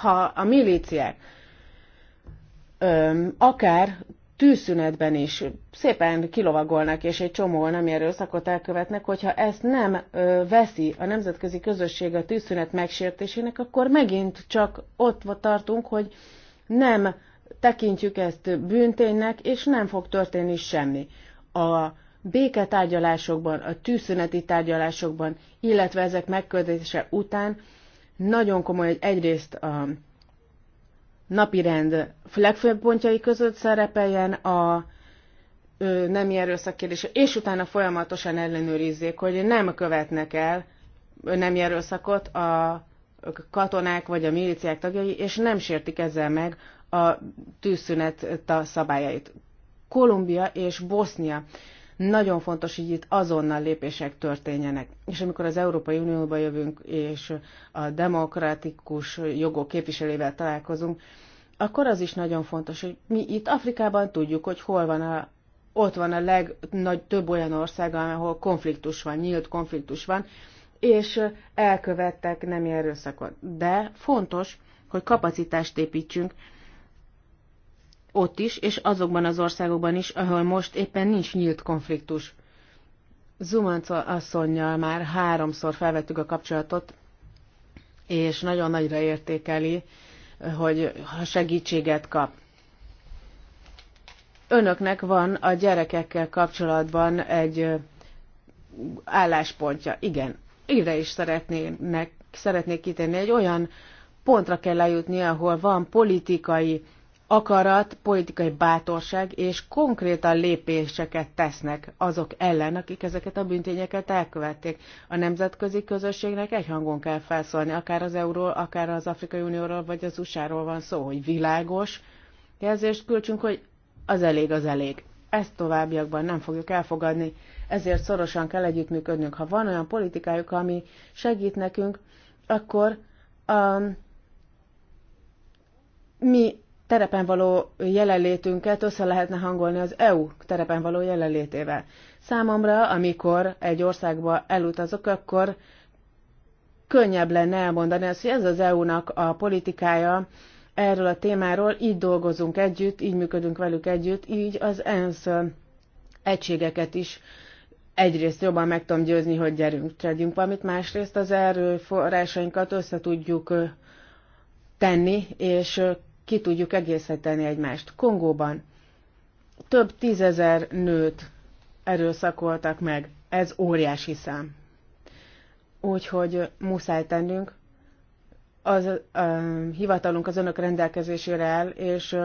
ha a milíciák öm, akár tűzszünetben is szépen kilovagolnak, és egy csomó nem erőszakot elkövetnek, hogyha ezt nem ö, veszi a nemzetközi közösség a tűzszünet megsértésének, akkor megint csak ott tartunk, hogy nem tekintjük ezt bűnténynek, és nem fog történni semmi. A béketárgyalásokban, a tűzszüneti tárgyalásokban, illetve ezek megkötése után nagyon komoly egyrészt a napirend legfőbb pontjai között szerepeljen a ö, nemi erőszak kérdése, és utána folyamatosan ellenőrizzék, hogy nem követnek el nemi erőszakot a katonák vagy a milíciák tagjai, és nem sértik ezzel meg a tűzszünet szabályait. Kolumbia és Bosznia nagyon fontos, hogy itt azonnal lépések történjenek. És amikor az Európai Unióba jövünk, és a demokratikus jogok képviselével találkozunk, akkor az is nagyon fontos, hogy mi itt Afrikában tudjuk, hogy hol van a, ott van a legnagy több olyan ország, ahol konfliktus van, nyílt konfliktus van, és elkövettek nem erőszakot. De fontos, hogy kapacitást építsünk, ott is, és azokban az országokban is, ahol most éppen nincs nyílt konfliktus. Zumanca asszonynal már háromszor felvettük a kapcsolatot, és nagyon nagyra értékeli, hogy ha segítséget kap. Önöknek van a gyerekekkel kapcsolatban egy álláspontja. Igen, ide is szeretnének, szeretnék kitenni. Egy olyan pontra kell lejutni, ahol van politikai akarat, politikai bátorság és konkrétan lépéseket tesznek azok ellen, akik ezeket a büntényeket elkövették. A nemzetközi közösségnek egyhangon kell felszólni, akár az Euróról, akár az Afrikai Unióról, vagy az USA-ról van szó, hogy világos jelzést küldsünk, hogy az elég, az elég. Ezt továbbiakban nem fogjuk elfogadni, ezért szorosan kell együttműködnünk. Ha van olyan politikájuk, ami segít nekünk, akkor um, mi terepen való jelenlétünket össze lehetne hangolni az EU terepen való jelenlétével. Számomra, amikor egy országba elutazok, akkor könnyebb lenne elmondani azt, hogy ez az EU-nak a politikája erről a témáról, így dolgozunk együtt, így működünk velük együtt, így az ENSZ egységeket is egyrészt jobban meg tudom győzni, hogy gyerünk, tegyünk valamit, másrészt az erőforrásainkat össze tudjuk tenni, és ki tudjuk egészíteni egymást. Kongóban több tízezer nőt erőszakoltak meg. Ez óriási szám. Úgyhogy muszáj tennünk. Az a hivatalunk az önök rendelkezésére áll, és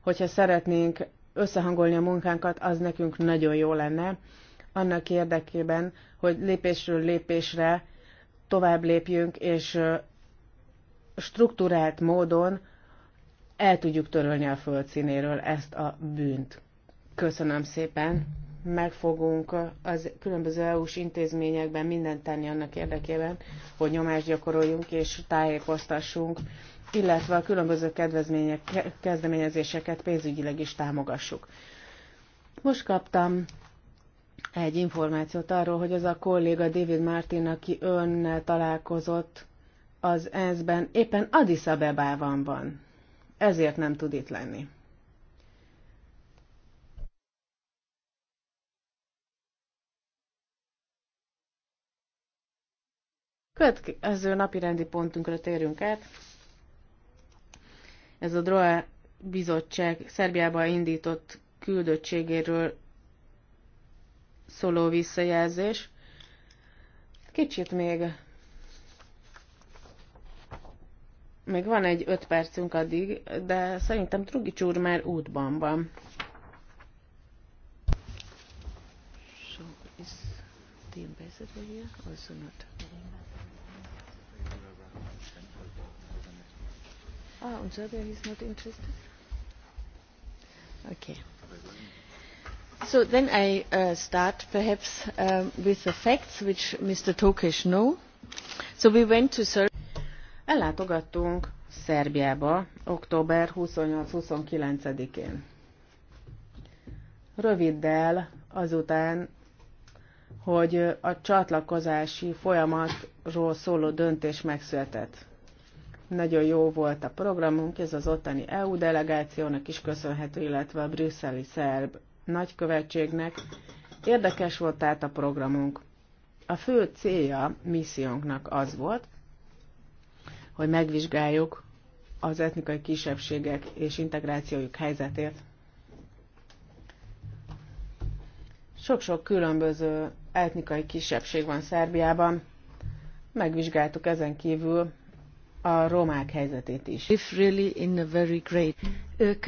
hogyha szeretnénk összehangolni a munkánkat, az nekünk nagyon jó lenne. Annak érdekében, hogy lépésről lépésre tovább lépjünk, és struktúrált módon el tudjuk törölni a földszínéről ezt a bűnt. Köszönöm szépen! Meg fogunk az különböző EU-s intézményekben mindent tenni annak érdekében, hogy nyomást gyakoroljunk és tájékoztassunk, illetve a különböző kedvezmények, kezdeményezéseket pénzügyileg is támogassuk. Most kaptam egy információt arról, hogy az a kolléga David Martin, aki önnel találkozott az ENSZ-ben, éppen Addis Abebában van ezért nem tud itt lenni. Következő napi rendi pontunkra térjünk át. Ez a DROA bizottság Szerbiába indított küldöttségéről szóló visszajelzés. Kicsit még Még van egy öt percünk addig, de szerintem Trugics úr már útban van. So is ah, the ambassador here? Also not. Ah, und Serbia is not interested? Okay. So then I uh, start perhaps um, with the facts which Mr. Tokesh know. So we went to Serbia Ellátogattunk Szerbiába október 28-29-én. Röviddel azután, hogy a csatlakozási folyamatról szóló döntés megszületett. Nagyon jó volt a programunk, ez az ottani EU delegációnak is köszönhető, illetve a brüsszeli szerb nagykövetségnek. Érdekes volt tehát a programunk. A fő célja missziónknak az volt, hogy megvizsgáljuk az etnikai kisebbségek és integrációjuk helyzetét. Sok-sok különböző etnikai kisebbség van Szerbiában. Megvizsgáltuk ezen kívül a romák helyzetét is. If really in a very great... Ők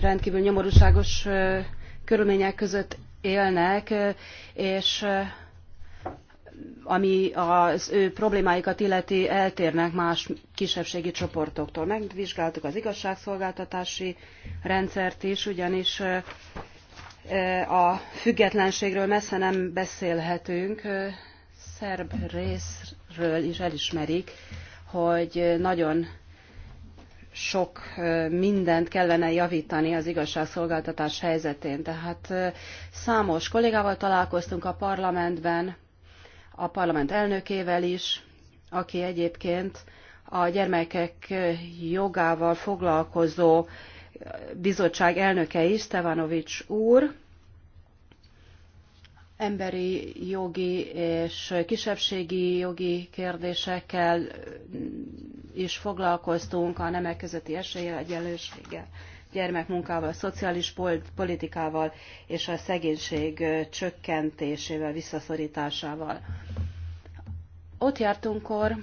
rendkívül nyomorúságos körülmények között élnek, és ami az ő problémáikat illeti, eltérnek más kisebbségi csoportoktól. Megvizsgáltuk az igazságszolgáltatási rendszert is, ugyanis a függetlenségről messze nem beszélhetünk. Szerb részről is elismerik, hogy nagyon sok mindent kellene javítani az igazságszolgáltatás helyzetén. Tehát számos kollégával találkoztunk a parlamentben, a parlament elnökével is, aki egyébként a gyermekek jogával foglalkozó bizottság elnöke is, Stevanovics úr, emberi jogi és kisebbségi jogi kérdésekkel is foglalkoztunk, a nemek közötti esélyegyenlőséggel gyermekmunkával, szociális politikával és a szegénység csökkentésével, visszaszorításával. Ott jártunk, kor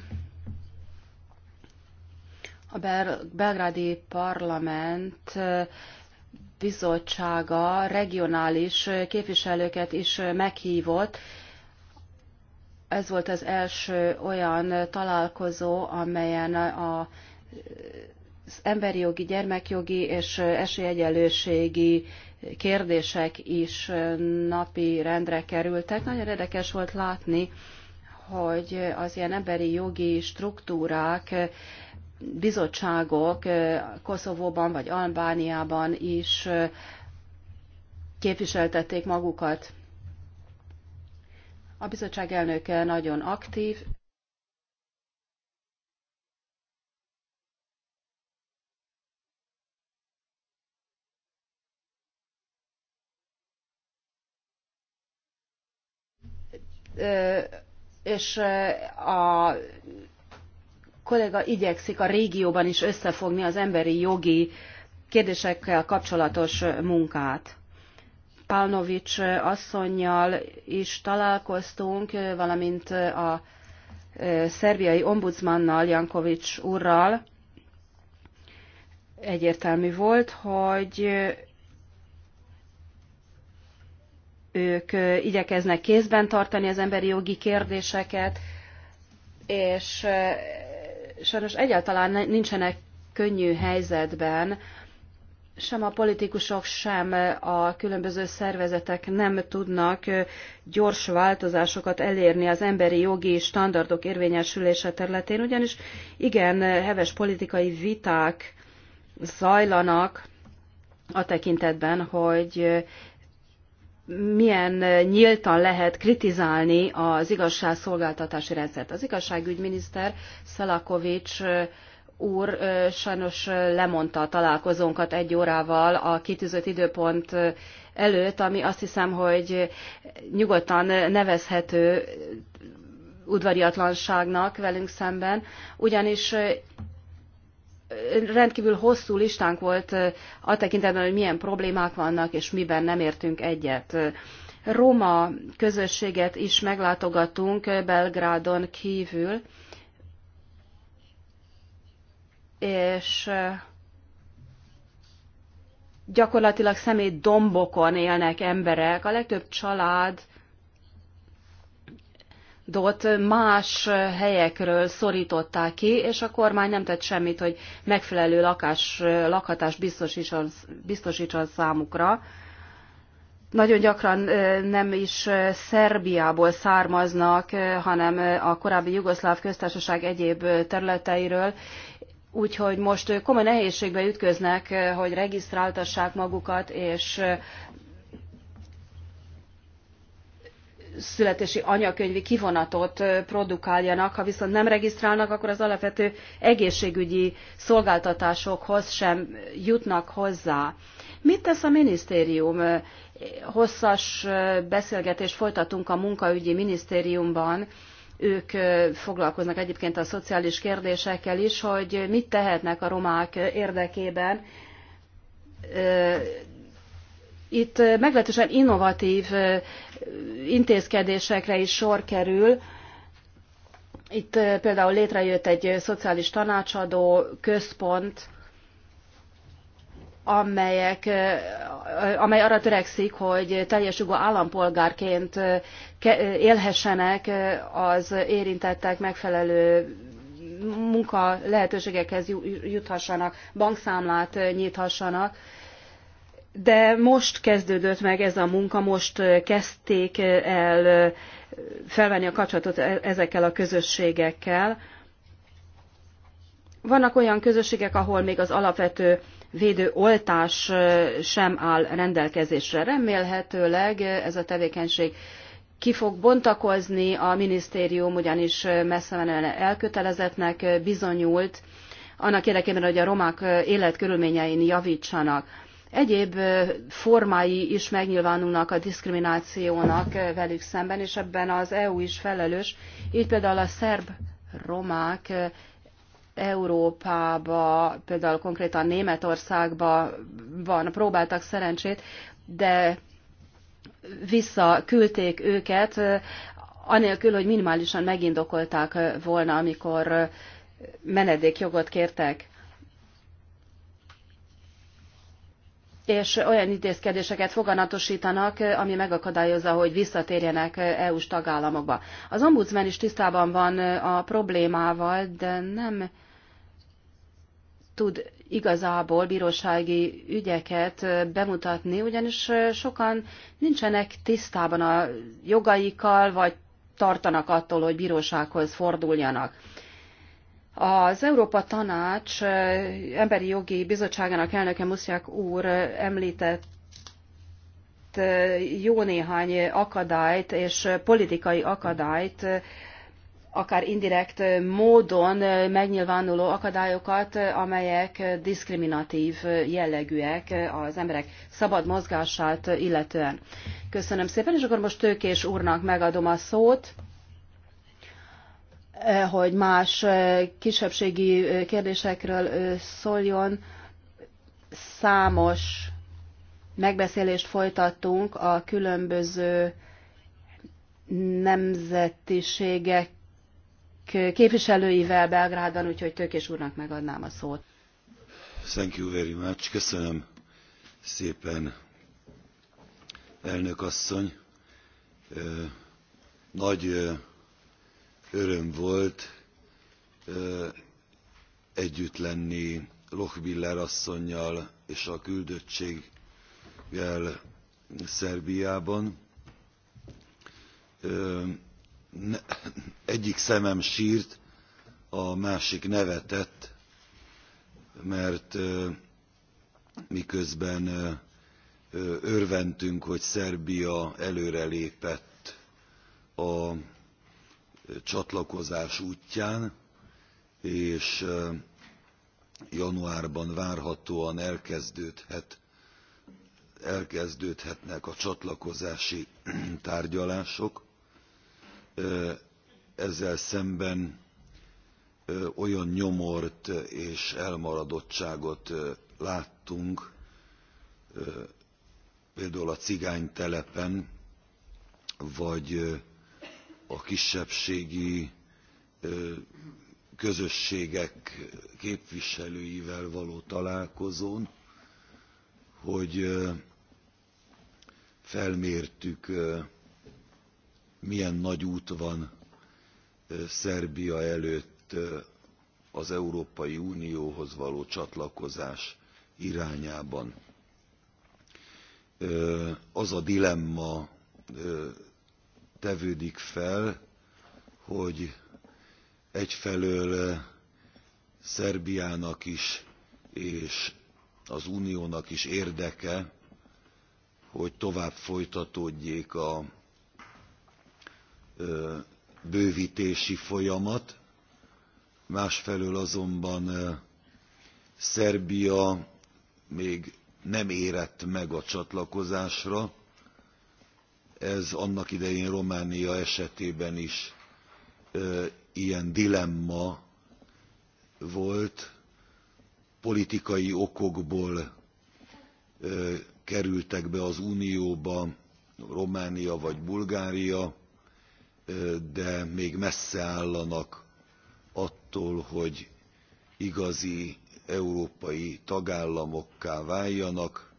a belgrádi parlament bizottsága regionális képviselőket is meghívott. Ez volt az első olyan találkozó, amelyen a az emberi jogi, gyermekjogi és esélyegyenlőségi kérdések is napi rendre kerültek. Nagyon érdekes volt látni, hogy az ilyen emberi jogi struktúrák, bizottságok Koszovóban vagy Albániában is képviseltették magukat. A bizottság elnöke nagyon aktív, és a kollega igyekszik a régióban is összefogni az emberi jogi kérdésekkel kapcsolatos munkát. Pálnovics asszonynal is találkoztunk, valamint a szerbiai ombudsmannal, Jankovics úrral. Egyértelmű volt, hogy ők igyekeznek kézben tartani az emberi jogi kérdéseket, és sajnos egyáltalán nincsenek könnyű helyzetben, sem a politikusok, sem a különböző szervezetek nem tudnak gyors változásokat elérni az emberi jogi standardok érvényesülése területén, ugyanis igen, heves politikai viták zajlanak a tekintetben, hogy milyen nyíltan lehet kritizálni az igazságszolgáltatási rendszert. Az igazságügyminiszter Szalakovics úr sajnos lemondta a találkozónkat egy órával a kitűzött időpont előtt, ami azt hiszem, hogy nyugodtan nevezhető udvariatlanságnak velünk szemben, ugyanis rendkívül hosszú listánk volt a tekintetben, hogy milyen problémák vannak, és miben nem értünk egyet. Roma közösséget is meglátogatunk Belgrádon kívül, és gyakorlatilag szemét dombokon élnek emberek. A legtöbb család dot más helyekről szorították ki, és a kormány nem tett semmit, hogy megfelelő lakás, lakhatást biztosítson, biztosítson számukra. Nagyon gyakran nem is Szerbiából származnak, hanem a korábbi Jugoszláv köztársaság egyéb területeiről, úgyhogy most komoly nehézségbe ütköznek, hogy regisztráltassák magukat, és születési anyakönyvi kivonatot produkáljanak, ha viszont nem regisztrálnak, akkor az alapvető egészségügyi szolgáltatásokhoz sem jutnak hozzá. Mit tesz a minisztérium? Hosszas beszélgetést folytatunk a munkaügyi minisztériumban, ők foglalkoznak egyébként a szociális kérdésekkel is, hogy mit tehetnek a romák érdekében, itt meglehetősen innovatív intézkedésekre is sor kerül. Itt például létrejött egy szociális tanácsadó központ, amelyek, amely arra törekszik, hogy teljes jogú állampolgárként élhessenek az érintettek megfelelő munka lehetőségekhez juthassanak, bankszámlát nyithassanak de most kezdődött meg ez a munka, most kezdték el felvenni a kapcsolatot e-, ezekkel a közösségekkel. Vannak olyan közösségek, ahol még az alapvető védőoltás sem áll rendelkezésre. Remélhetőleg ez a tevékenység ki fog bontakozni, a minisztérium ugyanis messze menően elkötelezettnek bizonyult, annak érdekében, hogy a romák életkörülményein javítsanak egyéb formái is megnyilvánulnak a diszkriminációnak velük szemben, és ebben az EU is felelős. Így például a szerb romák Európába, például konkrétan Németországba van, próbáltak szerencsét, de visszaküldték őket, anélkül, hogy minimálisan megindokolták volna, amikor menedékjogot kértek. és olyan intézkedéseket foganatosítanak, ami megakadályozza, hogy visszatérjenek EU-s tagállamokba. Az ombudsman is tisztában van a problémával, de nem tud igazából bírósági ügyeket bemutatni, ugyanis sokan nincsenek tisztában a jogaikkal, vagy tartanak attól, hogy bírósághoz forduljanak. Az Európa Tanács Emberi Jogi Bizottságának elnöke Muszják úr említett jó néhány akadályt és politikai akadályt, akár indirekt módon megnyilvánuló akadályokat, amelyek diszkriminatív jellegűek az emberek szabad mozgását illetően. Köszönöm szépen, és akkor most Tőkés úrnak megadom a szót. Eh, hogy más eh, kisebbségi eh, kérdésekről szóljon. Számos megbeszélést folytattunk a különböző nemzetiségek képviselőivel Belgrádban, úgyhogy Tökés úrnak megadnám a szót. Thank you very much. Köszönöm szépen, elnök asszony. Nagy öröm volt együtt lenni Lochbiller asszonynal és a küldöttséggel szerbiában. egyik szemem sírt a másik nevetett mert miközben örvendtünk hogy szerbia előrelépett a csatlakozás útján, és januárban várhatóan elkezdődhet, elkezdődhetnek a csatlakozási (clears throat) tárgyalások. Ezzel szemben olyan nyomort és elmaradottságot láttunk, például a cigánytelepen, vagy a kisebbségi közösségek képviselőivel való találkozón, hogy felmértük, milyen nagy út van Szerbia előtt az Európai Unióhoz való csatlakozás irányában. Az a dilemma tevődik fel, hogy egyfelől eh, Szerbiának is és az Uniónak is érdeke, hogy tovább folytatódjék a eh, bővítési folyamat, másfelől azonban eh, Szerbia még nem érett meg a csatlakozásra, ez annak idején románia esetében is ilyen dilemma volt politikai okokból kerültek be az unióba románia vagy bulgária de még messze állanak attól hogy igazi európai tagállamokká váljanak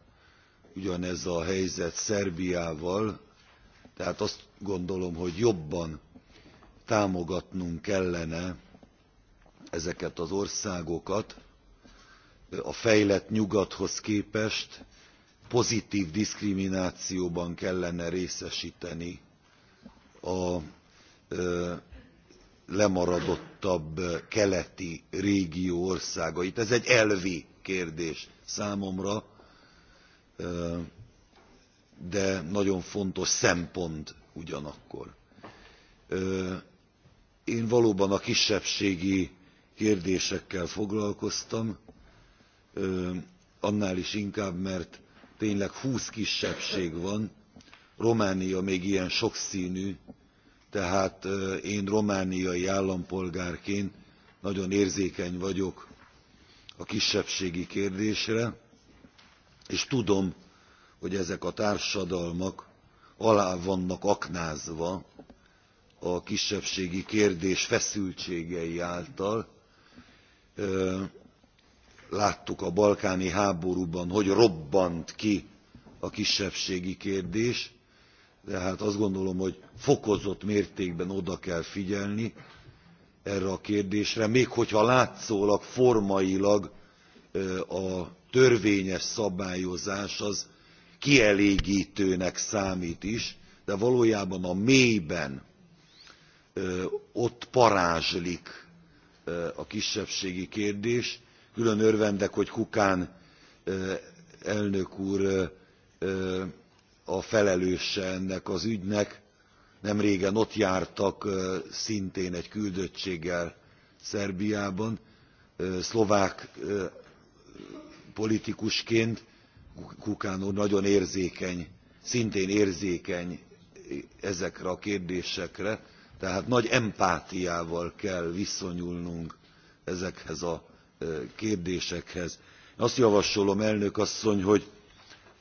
ugyanez a helyzet szerbiával tehát azt gondolom hogy jobban támogatnunk kellene ezeket az országokat a fejlett nyugathoz képest pozitv diszkriminációban kellene részesteni a lemaradottabb keleti régió országait. ez egy elvi kérdés számomra de nagyon fontos szempont ugyanakkor. Én valóban a kisebbségi kérdésekkel foglalkoztam, annál is inkább, mert tényleg húsz kisebbség van, Románia még ilyen sokszínű, tehát én romániai állampolgárként nagyon érzékeny vagyok a kisebbségi kérdésre és tudom hogy ezek a társadalmak alá vannak aknázva a kisebbségi kérdés feszültségei által. Láttuk a balkáni háborúban, hogy robbant ki a kisebbségi kérdés, de hát azt gondolom, hogy fokozott mértékben oda kell figyelni erre a kérdésre, még hogyha látszólag formailag a törvényes szabályozás az kielégtőnek számt is de valójában a mélyben ott parázslik a kisebbségi kérdés. külön örvendek hogy kukán elnök úr a felelőse ennek az ügynek nemrégen ott jártak szintén egy küldöttséggel szerbiában szlovák politikusként Kukán úr nagyon érzékeny, szintén érzékeny ezekre a kérdésekre, tehát nagy empátiával kell viszonyulnunk ezekhez a e, kérdésekhez. Azt javasolom, elnök asszony, hogy,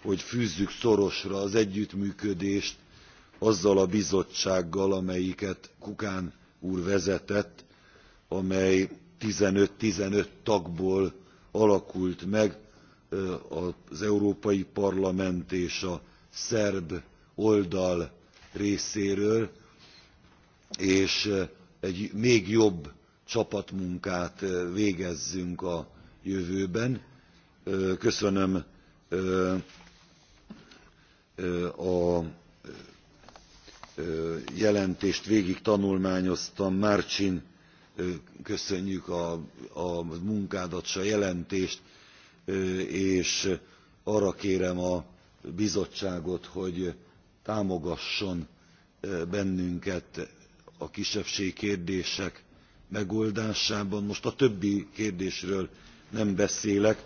hogy fűzzük szorosra az együttműködést azzal a bizottsággal, amelyiket Kukán úr vezetett, amely 15-15 tagból alakult meg, az Európai Parlament és a szerb oldal részéről, és egy még jobb csapatmunkát végezzünk a jövőben. Köszönöm a jelentést végig tanulmányoztam. Márcsin, köszönjük a, a munkádat, a jelentést és arra kérem a bizottságot hogy támogasson bennünket a kisebbségi kérdések megoldásában most a többi kérdésről nem beszélek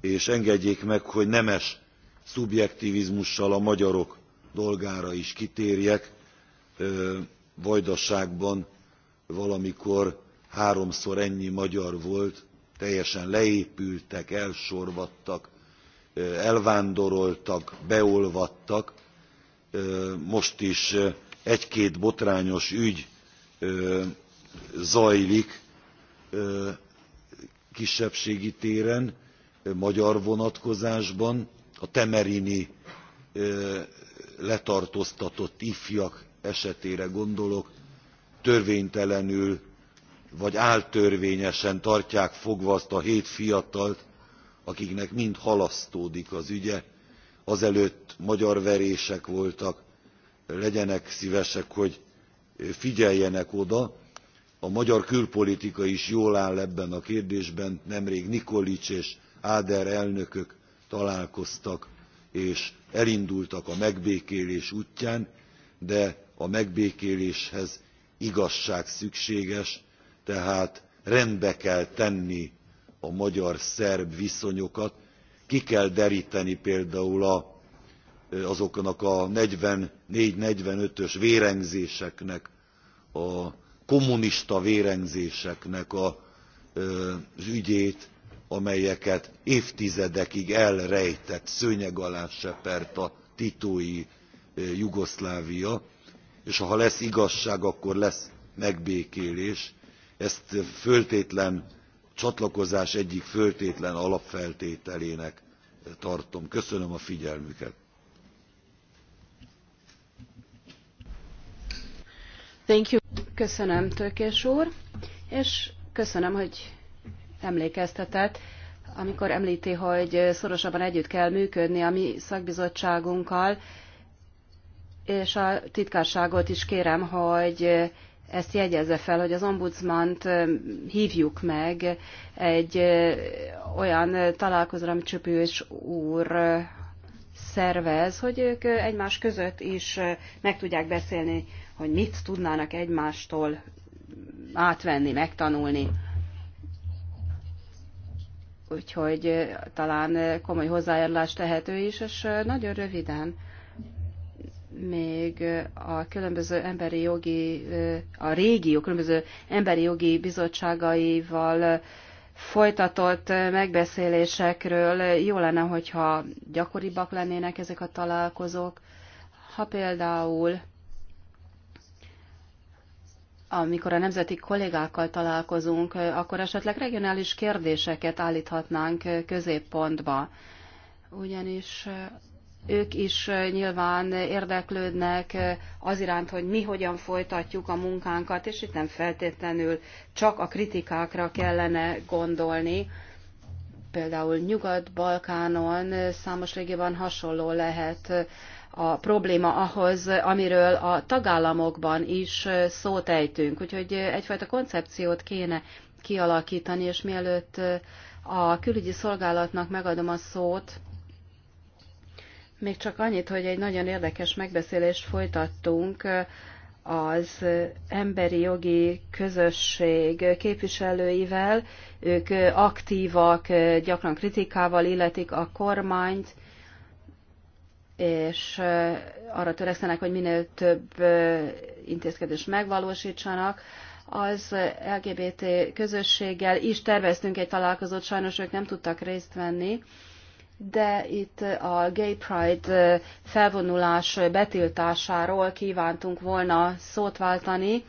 és engedjék meg hogy nemes szubjektivizmussal a magyarok dolgára is kitérjek vajdaságban valamikor háromszor ennyi magyar volt teljesen leépültek, elsorvadtak, elvándoroltak, beolvadtak. Most is egy-két botrányos ügy zajlik kisebbségi téren, magyar vonatkozásban, a temerini letartóztatott ifjak esetére gondolok, törvénytelenül vagy áltörvényesen tartják fogva azt a hét fiatalt akiknek mind halasztódik az ügye azelőtt magyar verések voltak legyenek szvesek hogy figyeljenek oda a magyar külpolitika is jól áll ebben a kérdésben nemrég nikolic és áder elnökök találkoztak és elindultak a megbékélés útján de a megbékéléshez igazság szükséges tehát rendbe kell tenni a magyar szerb viszonyokat ki kell derteni például a, azoknak a forty four forty ös vérengzéseknek a kommunista vérengzéseknek a, az ügyét amelyeket évtizedekig elrejtett szőnyeg alá sepert a titói jugoszlávia és ha lesz igazság akkor lesz megbékélés ezt föltétlen csatlakozás egyik föltétlen alapfeltételének tartom. köszönöm a figyelmüket. Köszönöm, tökés úr, és köszönöm, hogy emlékeztetett, amikor említi, hogy szorosabban együtt kell működni a mi szakbizottságunkkal, és a titkárságot is kérem, hogy ezt jegyezze fel, hogy az ombudsmant hívjuk meg egy olyan találkozóra, amit Csöpős úr szervez, hogy ők egymás között is meg tudják beszélni, hogy mit tudnának egymástól átvenni, megtanulni. Úgyhogy talán komoly hozzájárulás tehető is, és nagyon röviden még a különböző emberi jogi, a régió különböző emberi jogi bizottságaival folytatott megbeszélésekről jó lenne, hogyha gyakoribbak lennének ezek a találkozók. Ha például amikor a nemzeti kollégákkal találkozunk, akkor esetleg regionális kérdéseket állíthatnánk középpontba. Ugyanis ők is nyilván érdeklődnek az iránt, hogy mi hogyan folytatjuk a munkánkat, és itt nem feltétlenül csak a kritikákra kellene gondolni. Például Nyugat-Balkánon számos régiban hasonló lehet a probléma ahhoz, amiről a tagállamokban is szót ejtünk. Úgyhogy egyfajta koncepciót kéne kialakítani, és mielőtt a külügyi szolgálatnak megadom a szót, még csak annyit, hogy egy nagyon érdekes megbeszélést folytattunk az emberi jogi közösség képviselőivel. Ők aktívak, gyakran kritikával illetik a kormányt, és arra törekszenek, hogy minél több intézkedést megvalósítsanak. Az LGBT közösséggel is terveztünk egy találkozót, sajnos ők nem tudtak részt venni, de itt a Gay Pride felvonulás betiltásáról kívántunk volna szót váltani.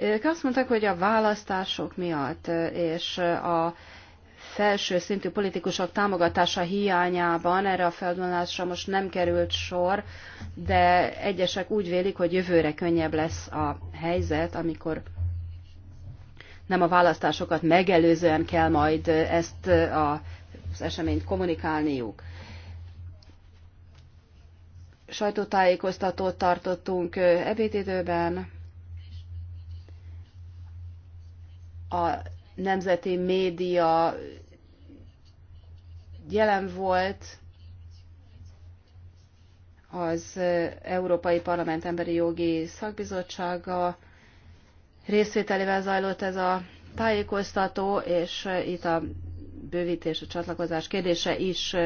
Ők azt mondták, hogy a választások miatt és a felső szintű politikusok támogatása hiányában erre a felvonulásra most nem került sor, de egyesek úgy vélik, hogy jövőre könnyebb lesz a helyzet, amikor nem a választásokat megelőzően kell majd ezt a az eseményt kommunikálniuk. Sajtótájékoztatót tartottunk ebédidőben. A nemzeti média jelen volt az Európai Parlament Emberi Jogi Szakbizottsága részvételével zajlott ez a tájékoztató, és itt a bővítés, a csatlakozás kérdése is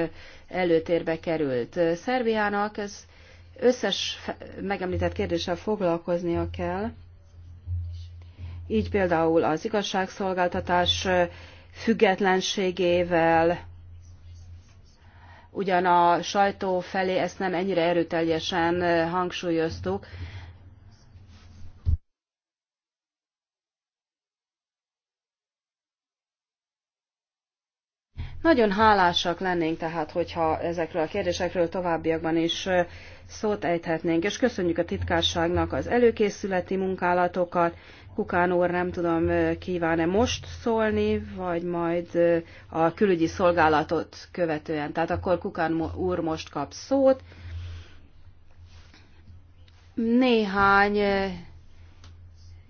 előtérbe került. Szerbiának ez összes megemlített kérdéssel foglalkoznia kell. Így például az igazságszolgáltatás függetlenségével, ugyan a sajtó felé ezt nem ennyire erőteljesen hangsúlyoztuk, Nagyon hálásak lennénk tehát, hogyha ezekről a kérdésekről továbbiakban is szót ejthetnénk, és köszönjük a titkárságnak az előkészületi munkálatokat. Kukán úr nem tudom, kíván-e most szólni, vagy majd a külügyi szolgálatot követően. Tehát akkor Kukán úr most kap szót. Néhány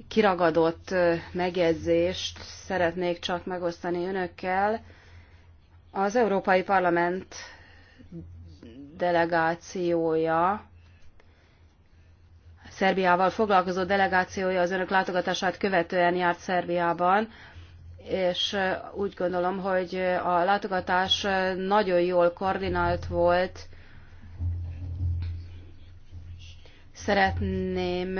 kiragadott megjegyzést szeretnék csak megosztani önökkel az Európai Parlament delegációja, Szerbiával foglalkozó delegációja az önök látogatását követően járt Szerbiában, és úgy gondolom, hogy a látogatás nagyon jól koordinált volt. Szeretném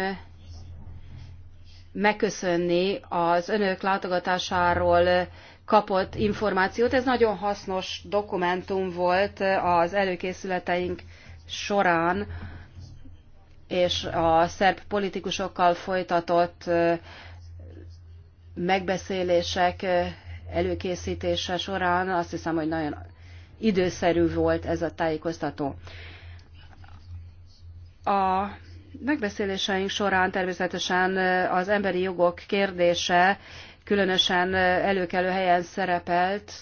megköszönni az önök látogatásáról kapott információt. Ez nagyon hasznos dokumentum volt az előkészületeink során, és a szerb politikusokkal folytatott megbeszélések előkészítése során azt hiszem, hogy nagyon időszerű volt ez a tájékoztató. A megbeszéléseink során természetesen az emberi jogok kérdése különösen előkelő helyen szerepelt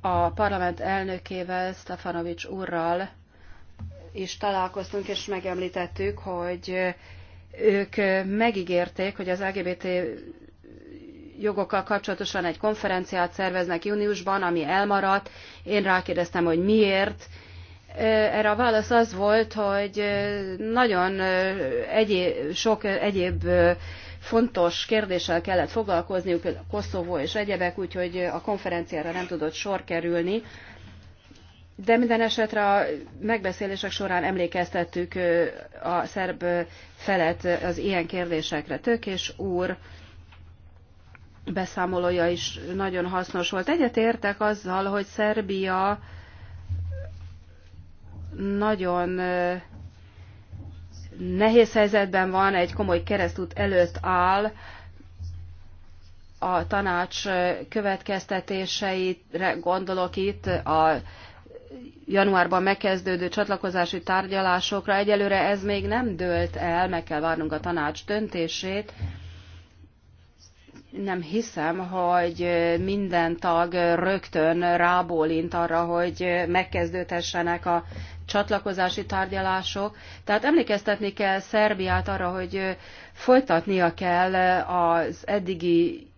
a parlament elnökével, Stefanovics úrral is találkoztunk, és megemlítettük, hogy ők megígérték, hogy az LGBT jogokkal kapcsolatosan egy konferenciát szerveznek júniusban, ami elmaradt. Én rákérdeztem, hogy miért, erre a válasz az volt, hogy nagyon egyéb, sok egyéb fontos kérdéssel kellett foglalkozni, például Koszovó és egyebek, úgyhogy a konferenciára nem tudott sor kerülni. De minden esetre a megbeszélések során emlékeztettük a szerb felet az ilyen kérdésekre. tök és úr beszámolója is nagyon hasznos volt. Egyetértek azzal, hogy Szerbia nagyon nehéz helyzetben van, egy komoly keresztút előtt áll, a tanács következtetéseire gondolok itt, a januárban megkezdődő csatlakozási tárgyalásokra. Egyelőre ez még nem dőlt el, meg kell várnunk a tanács döntését. Nem hiszem, hogy minden tag rögtön rábólint arra, hogy megkezdődhessenek a csatlakozási tárgyalások. Tehát emlékeztetni kell Szerbiát arra, hogy folytatnia kell az eddigi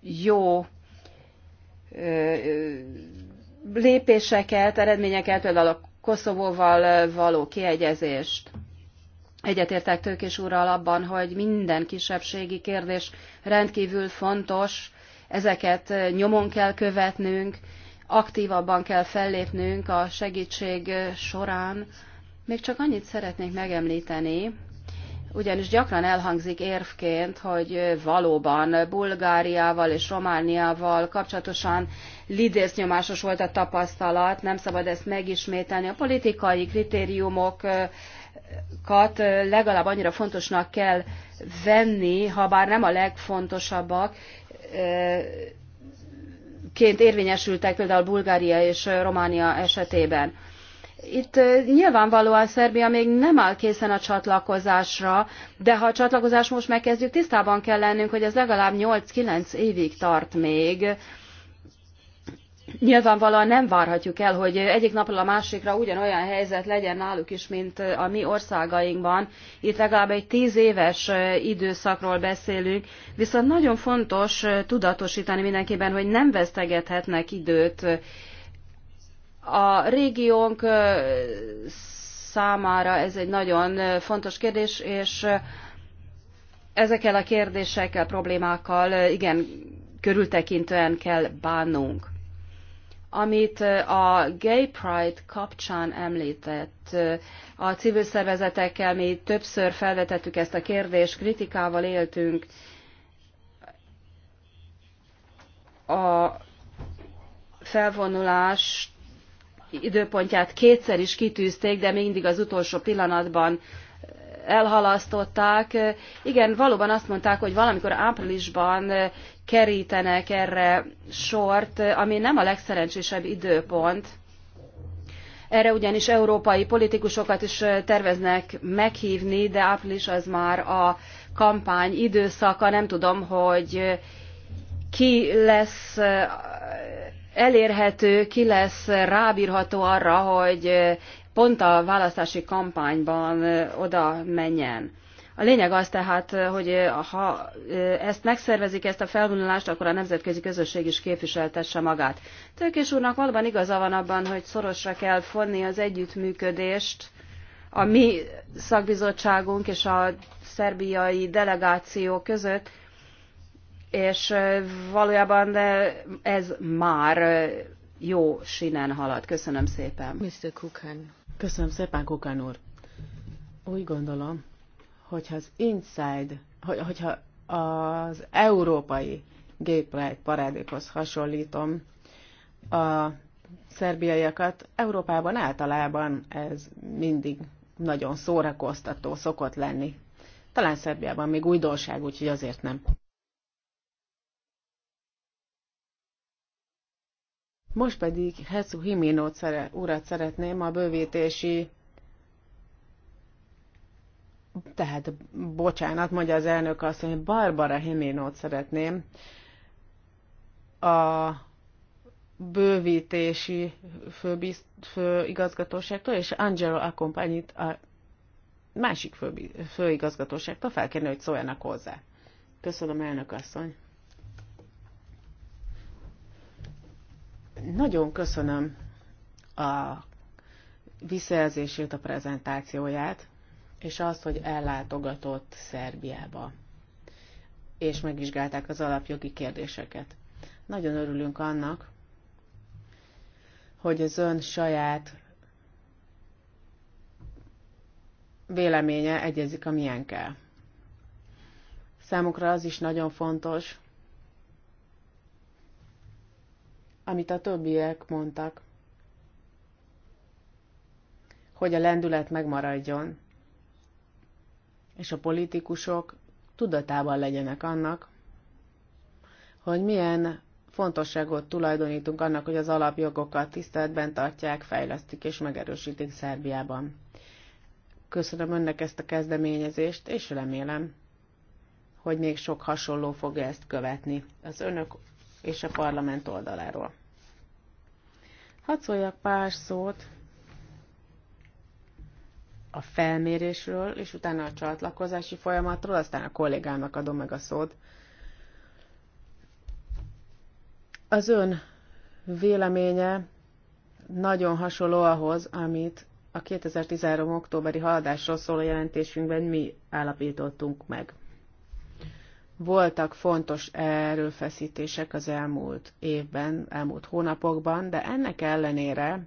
jó lépéseket, eredményeket, például a Koszovóval való kiegyezést. Egyetértek Tőkés úrral abban, hogy minden kisebbségi kérdés rendkívül fontos, ezeket nyomon kell követnünk, aktívabban kell fellépnünk a segítség során. Még csak annyit szeretnék megemlíteni, ugyanis gyakran elhangzik érvként, hogy valóban Bulgáriával és Romániával kapcsolatosan lidésznyomásos volt a tapasztalat, nem szabad ezt megismételni. A politikai kritériumokat legalább annyira fontosnak kell venni, ha bár nem a legfontosabbak, ként érvényesültek például Bulgária és Románia esetében. Itt nyilvánvalóan Szerbia még nem áll készen a csatlakozásra, de ha a csatlakozást most megkezdjük, tisztában kell lennünk, hogy ez legalább 8-9 évig tart még, nyilvánvalóan nem várhatjuk el, hogy egyik napról a másikra ugyanolyan helyzet legyen náluk is, mint a mi országainkban. Itt legalább egy tíz éves időszakról beszélünk, viszont nagyon fontos tudatosítani mindenkiben, hogy nem vesztegethetnek időt. A régiónk számára ez egy nagyon fontos kérdés, és ezekkel a kérdésekkel, problémákkal igen körültekintően kell bánnunk amit a Gay Pride kapcsán említett. A civil szervezetekkel mi többször felvetettük ezt a kérdést, kritikával éltünk. A felvonulás időpontját kétszer is kitűzték, de mindig az utolsó pillanatban elhalasztották. Igen, valóban azt mondták, hogy valamikor áprilisban kerítenek erre sort, ami nem a legszerencsésebb időpont. Erre ugyanis európai politikusokat is terveznek meghívni, de április az már a kampány időszaka. Nem tudom, hogy ki lesz elérhető, ki lesz rábírható arra, hogy pont a választási kampányban oda menjen. A lényeg az tehát, hogy ha ezt megszervezik, ezt a felvonulást, akkor a nemzetközi közösség is képviseltesse magát. Tőkés úrnak valóban igaza van abban, hogy szorosra kell fonni az együttműködést a mi szakbizottságunk és a szerbiai delegáció között, és valójában ez már jó sinen halad. Köszönöm szépen. Mr. Kukan. Köszönöm szépen, Kukán úr. Úgy gondolom, hogyha az Inside, hogyha az európai Gay Pride parádékhoz hasonlítom a szerbiaiakat, Európában általában ez mindig nagyon szórakoztató szokott lenni. Talán Szerbiában még újdonság, úgyhogy azért nem. Most pedig Hesu Himino szere, urat szeretném a bővítési tehát bocsánat, mondja az elnök azt, hogy Barbara Himénót szeretném a bővítési főbiz, főigazgatóságtól, és Angelo Accompanyit a másik fő, főigazgatóságtól felkérni, hogy szóljanak hozzá. Köszönöm, elnök asszony. Nagyon köszönöm a visszajelzését, a prezentációját, és azt, hogy ellátogatott Szerbiába, és megvizsgálták az alapjogi kérdéseket. Nagyon örülünk annak, hogy az ön saját véleménye egyezik a miénkkel. Számukra az is nagyon fontos, amit a többiek mondtak, hogy a lendület megmaradjon, és a politikusok tudatában legyenek annak, hogy milyen fontosságot tulajdonítunk annak, hogy az alapjogokat tiszteletben tartják, fejlesztik és megerősítik Szerbiában. Köszönöm önnek ezt a kezdeményezést, és remélem, hogy még sok hasonló fogja ezt követni. Az önök és a parlament oldaláról. Hadd szóljak pár szót a felmérésről, és utána a csatlakozási folyamatról, aztán a kollégának adom meg a szót. Az ön véleménye nagyon hasonló ahhoz, amit a 2013. októberi haladásról szóló jelentésünkben mi állapítottunk meg. Voltak fontos erőfeszítések az elmúlt évben, elmúlt hónapokban, de ennek ellenére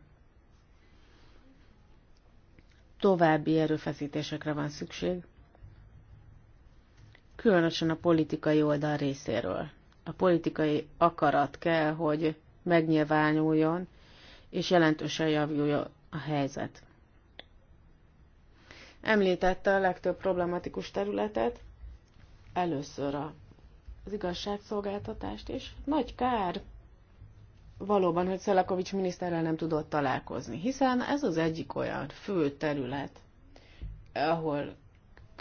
további erőfeszítésekre van szükség, különösen a politikai oldal részéről. A politikai akarat kell, hogy megnyilvánuljon, és jelentősen javuljon a helyzet. Említette a legtöbb problematikus területet, először a, az igazságszolgáltatást, és nagy kár valóban, hogy Szelakovics miniszterrel nem tudott találkozni, hiszen ez az egyik olyan fő terület, ahol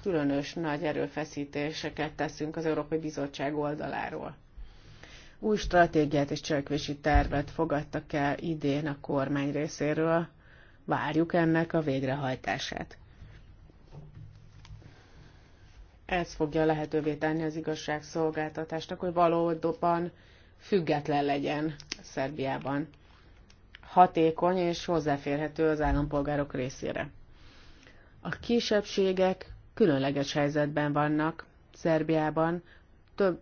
különös nagy erőfeszítéseket teszünk az Európai Bizottság oldaláról. Új stratégiát és cselekvési tervet fogadtak el idén a kormány részéről, várjuk ennek a végrehajtását. Ez fogja lehetővé tenni az igazságszolgáltatást, hogy valóban független legyen Szerbiában. Hatékony és hozzáférhető az állampolgárok részére. A kisebbségek különleges helyzetben vannak Szerbiában, több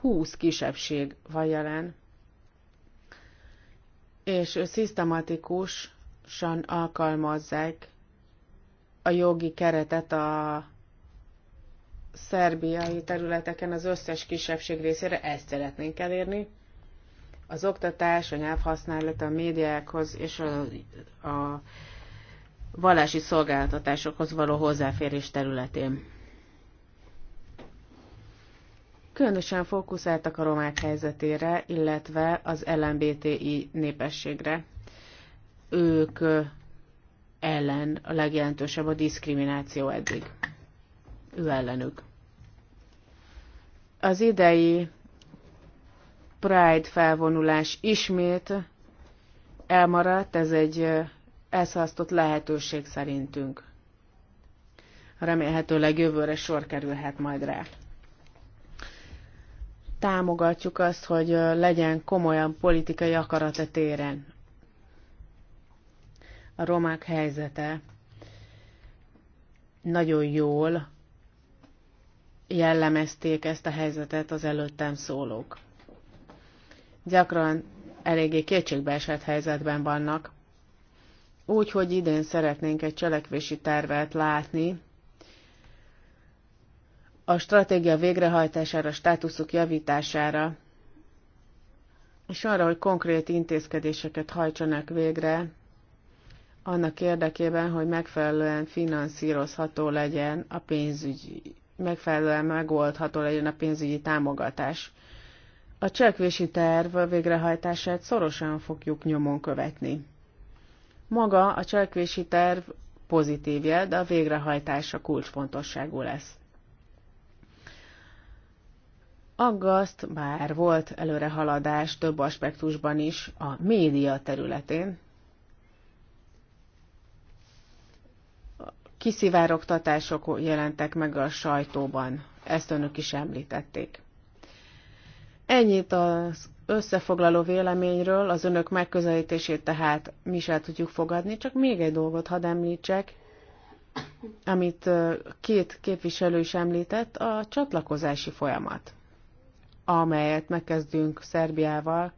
húsz kisebbség van jelen, és szisztematikusan alkalmazzák a jogi keretet a szerbiai területeken az összes kisebbség részére ezt szeretnénk elérni. Az oktatás, a nyelvhasználat, a médiákhoz és a, a vallási szolgáltatásokhoz való hozzáférés területén. Különösen fókuszáltak a romák helyzetére, illetve az LMBTI népességre. Ők ellen a legjelentősebb a diszkrimináció eddig ő ellenük. Az idei Pride felvonulás ismét elmaradt, ez egy elszasztott lehetőség szerintünk. Remélhetőleg jövőre sor kerülhet majd rá. Támogatjuk azt, hogy legyen komolyan politikai akarat a téren. A romák helyzete nagyon jól jellemezték ezt a helyzetet az előttem szólók. Gyakran eléggé kétségbeesett helyzetben vannak, úgyhogy idén szeretnénk egy cselekvési tervet látni, a stratégia végrehajtására, státuszuk javítására, és arra, hogy konkrét intézkedéseket hajtsanak végre, annak érdekében, hogy megfelelően finanszírozható legyen a pénzügyi megfelelően megoldható legyen a pénzügyi támogatás. A cselekvési terv végrehajtását szorosan fogjuk nyomon követni. Maga a cselekvési terv jel, de a végrehajtása kulcsfontosságú lesz. Aggaszt, bár volt előrehaladás több aspektusban is a média területén, kiszivárogtatások jelentek meg a sajtóban. Ezt önök is említették. Ennyit az összefoglaló véleményről, az önök megközelítését tehát mi sem tudjuk fogadni, csak még egy dolgot hadd említsek, amit két képviselő is említett, a csatlakozási folyamat, amelyet megkezdünk Szerbiával,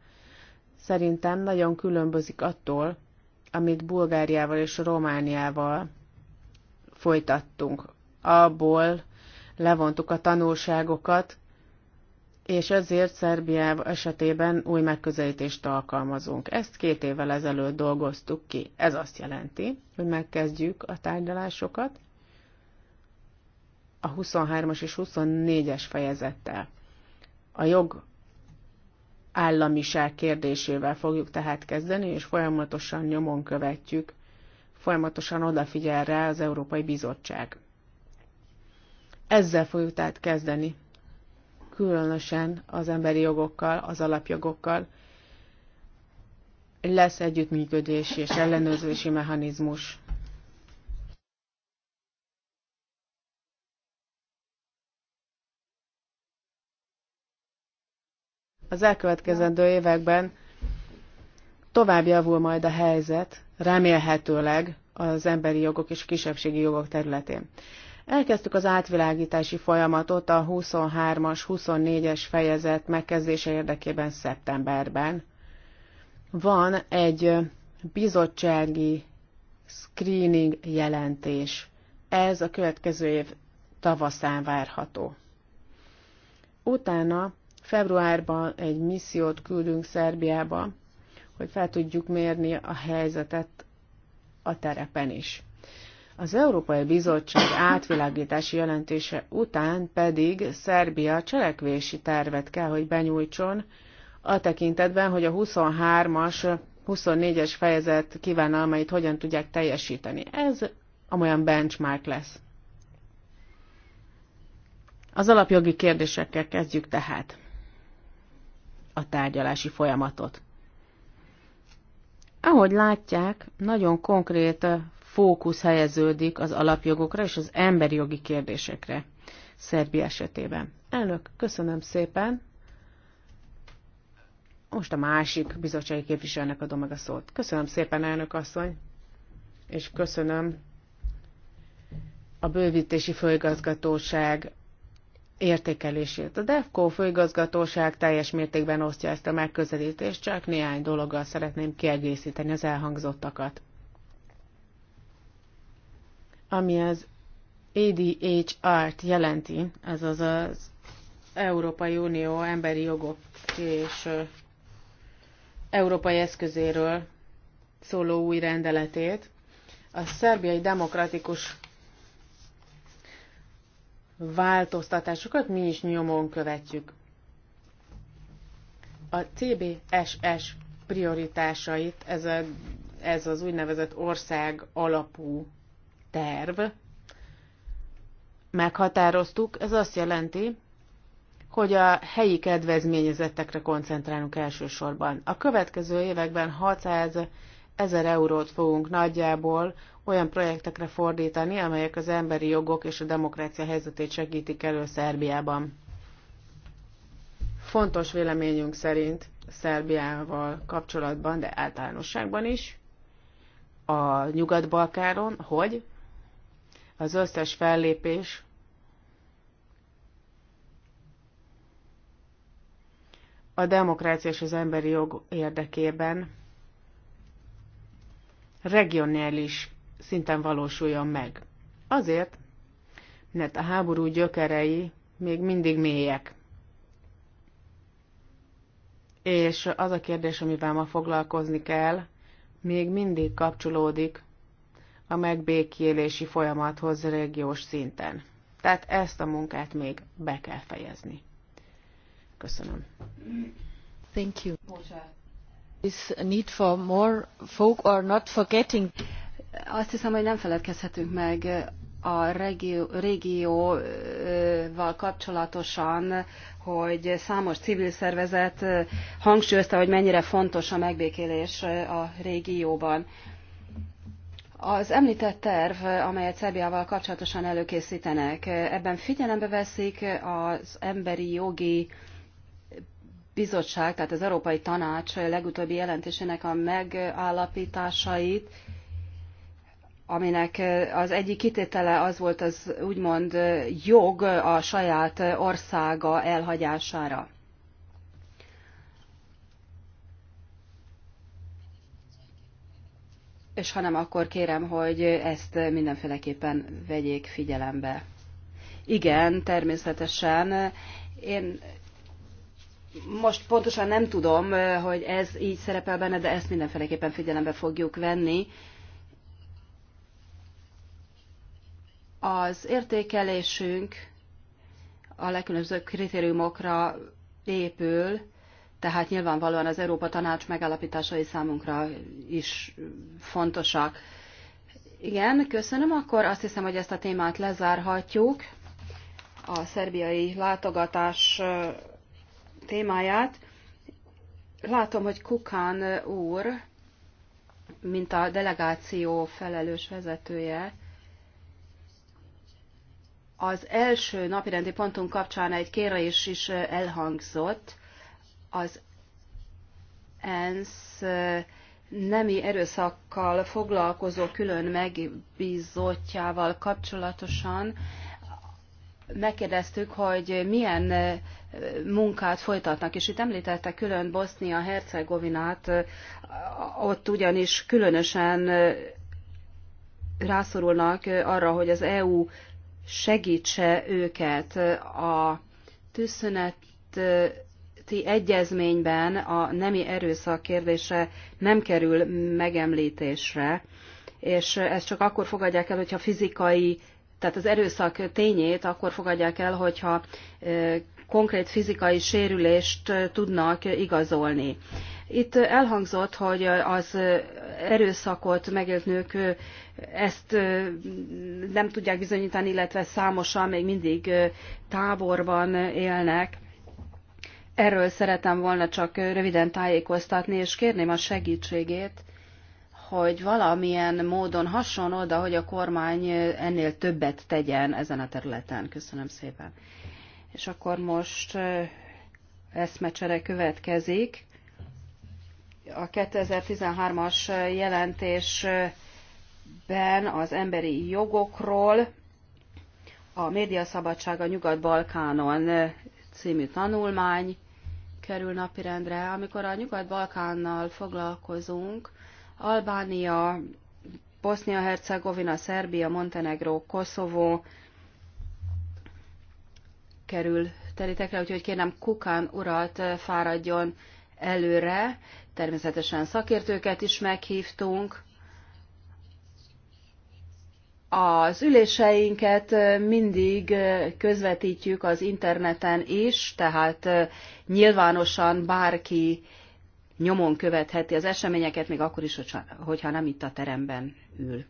szerintem nagyon különbözik attól, amit Bulgáriával és Romániával folytattunk. Abból levontuk a tanulságokat, és ezért Szerbia esetében új megközelítést alkalmazunk. Ezt két évvel ezelőtt dolgoztuk ki. Ez azt jelenti, hogy megkezdjük a tárgyalásokat a 23-as és 24-es fejezettel. A jog államiság kérdésével fogjuk tehát kezdeni, és folyamatosan nyomon követjük folyamatosan odafigyel rá az Európai Bizottság. Ezzel fogjuk tehát kezdeni, különösen az emberi jogokkal, az alapjogokkal. Lesz együttműködési és ellenőrzési mechanizmus. Az elkövetkezendő években tovább javul majd a helyzet, remélhetőleg az emberi jogok és kisebbségi jogok területén. Elkezdtük az átvilágítási folyamatot a 23-as, 24-es fejezet megkezdése érdekében szeptemberben. Van egy bizottsági screening jelentés. Ez a következő év tavaszán várható. Utána februárban egy missziót küldünk Szerbiába, hogy fel tudjuk mérni a helyzetet a terepen is. Az Európai Bizottság átvilágítási jelentése után pedig Szerbia cselekvési tervet kell, hogy benyújtson, a tekintetben, hogy a 23-as, 24-es fejezet kívánalmait hogyan tudják teljesíteni. Ez amolyan benchmark lesz. Az alapjogi kérdésekkel kezdjük tehát a tárgyalási folyamatot. Ahogy látják, nagyon konkrét fókusz helyeződik az alapjogokra és az emberi jogi kérdésekre Szerbia esetében. Elnök, köszönöm szépen. Most a másik bizottsági képviselőnek adom meg a szót. Köszönöm szépen, elnök asszony, és köszönöm a bővítési főigazgatóság értékelését. A DEFCO főigazgatóság teljes mértékben osztja ezt a megközelítést, csak néhány dologgal szeretném kiegészíteni az elhangzottakat. Ami az ADHR-t jelenti, az az Európai Unió emberi jogok és európai eszközéről szóló új rendeletét, a szerbiai demokratikus változtatásokat mi is nyomon követjük. A CBSS prioritásait ez, a, ez az úgynevezett ország alapú terv meghatároztuk. Ez azt jelenti, hogy a helyi kedvezményezettekre koncentrálunk elsősorban. A következő években 600 ezer eurót fogunk nagyjából olyan projektekre fordítani, amelyek az emberi jogok és a demokrácia helyzetét segítik elő Szerbiában. Fontos véleményünk szerint Szerbiával kapcsolatban, de általánosságban is, a Nyugat-Balkáron, hogy az összes fellépés a demokrácia és az emberi jog érdekében regionális szinten valósuljon meg. Azért, mert a háború gyökerei még mindig mélyek. És az a kérdés, amivel ma foglalkozni kell, még mindig kapcsolódik a megbékélési folyamathoz régiós szinten. Tehát ezt a munkát még be kell fejezni. Köszönöm. Thank you. Bocsánat need for more folk or not forgetting. Azt hiszem, hogy nem feledkezhetünk meg a régióval kapcsolatosan, hogy számos civil szervezet hangsúlyozta, hogy mennyire fontos a megbékélés a régióban. Az említett terv, amelyet Szerbiával kapcsolatosan előkészítenek, ebben figyelembe veszik az emberi jogi bizottság, tehát az Európai Tanács legutóbbi jelentésének a megállapításait, aminek eh, az egyik kitétele az volt az úgymond eh, jog a saját országa elhagyására. És ha nem, akkor kérem, hogy ezt mindenféleképpen vegyék figyelembe. Igen, természetesen. Én most pontosan nem tudom, hogy ez így szerepel benne, de ezt mindenféleképpen figyelembe fogjuk venni. Az értékelésünk a legkülönbözőbb kritériumokra épül, tehát nyilvánvalóan az Európa Tanács megállapításai számunkra is fontosak. Igen, köszönöm. Akkor azt hiszem, hogy ezt a témát lezárhatjuk. A szerbiai látogatás témáját. Látom, hogy Kukán úr, mint a delegáció felelős vezetője, az első napirendi pontunk kapcsán egy kérés is elhangzott. Az ENSZ nemi erőszakkal foglalkozó külön megbízottjával kapcsolatosan megkérdeztük, hogy milyen munkát folytatnak, és itt említette külön Bosznia-Hercegovinát, ott ugyanis különösen rászorulnak arra, hogy az EU segítse őket a tűzszüneti egyezményben a nemi erőszak kérdése nem kerül megemlítésre, és ezt csak akkor fogadják el, hogyha fizikai tehát az erőszak tényét akkor fogadják el, hogyha konkrét fizikai sérülést tudnak igazolni. Itt elhangzott, hogy az erőszakot megélt nők ezt nem tudják bizonyítani, illetve számosan még mindig táborban élnek. Erről szeretem volna csak röviden tájékoztatni, és kérném a segítségét hogy valamilyen módon hason oda, hogy a kormány ennél többet tegyen ezen a területen. Köszönöm szépen. És akkor most eszmecsere következik. A 2013-as jelentésben az emberi jogokról a médiaszabadság a Nyugat-Balkánon című tanulmány kerül napirendre. Amikor a Nyugat-Balkánnal foglalkozunk, Albánia, Bosznia-Hercegovina, Szerbia, Montenegró, Koszovó kerül terítekre, úgyhogy kérem Kukán urat eh, fáradjon előre. Természetesen szakértőket is meghívtunk. Az üléseinket eh, mindig eh, közvetítjük az interneten is, tehát nyilvánosan bárki nyomon követheti az eseményeket, még akkor is, hogyha nem itt a teremben ül.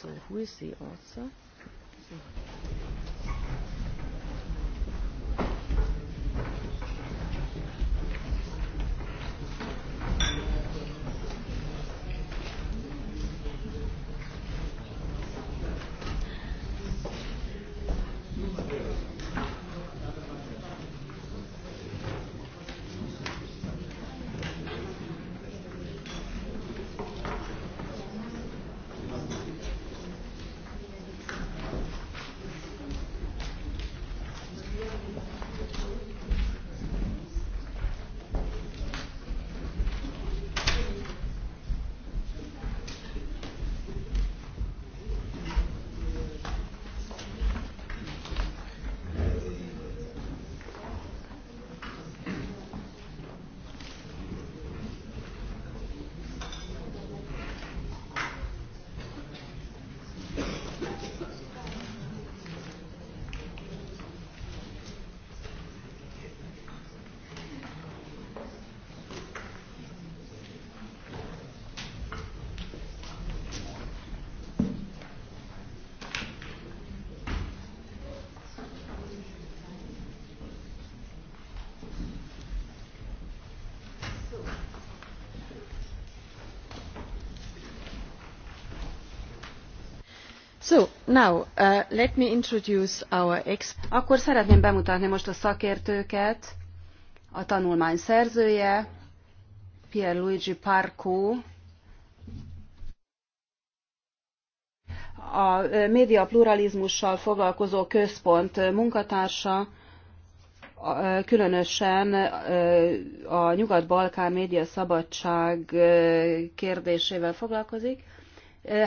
So who is the author? Uh, Akkor szeretném bemutatni most a szakértőket. A tanulmány szerzője, Pierre Luigi Parco, a média pluralizmussal foglalkozó központ munkatársa, különösen a Nyugat-Balkán média szabadság kérdésével foglalkozik.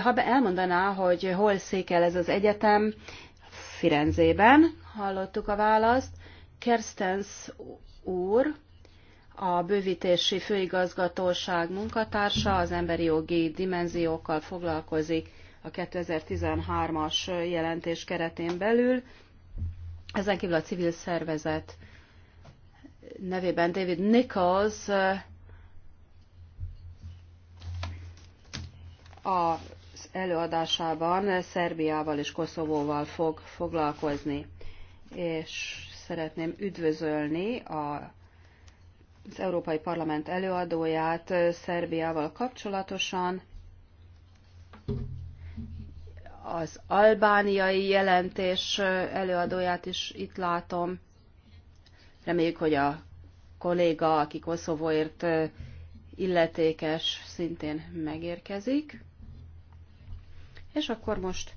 Ha be elmondaná, hogy hol székel ez az egyetem, Firenzében hallottuk a választ. Kerstens úr, a bővítési főigazgatóság munkatársa az emberi jogi dimenziókkal foglalkozik a 2013-as jelentés keretén belül. Ezen kívül a civil szervezet nevében David Nichols az előadásában Szerbiával és Koszovóval fog foglalkozni. És szeretném üdvözölni a, az Európai Parlament előadóját Szerbiával kapcsolatosan. Az albániai jelentés előadóját is itt látom. Reméljük, hogy a kolléga, aki Koszovóért illetékes, szintén megérkezik. És akkor most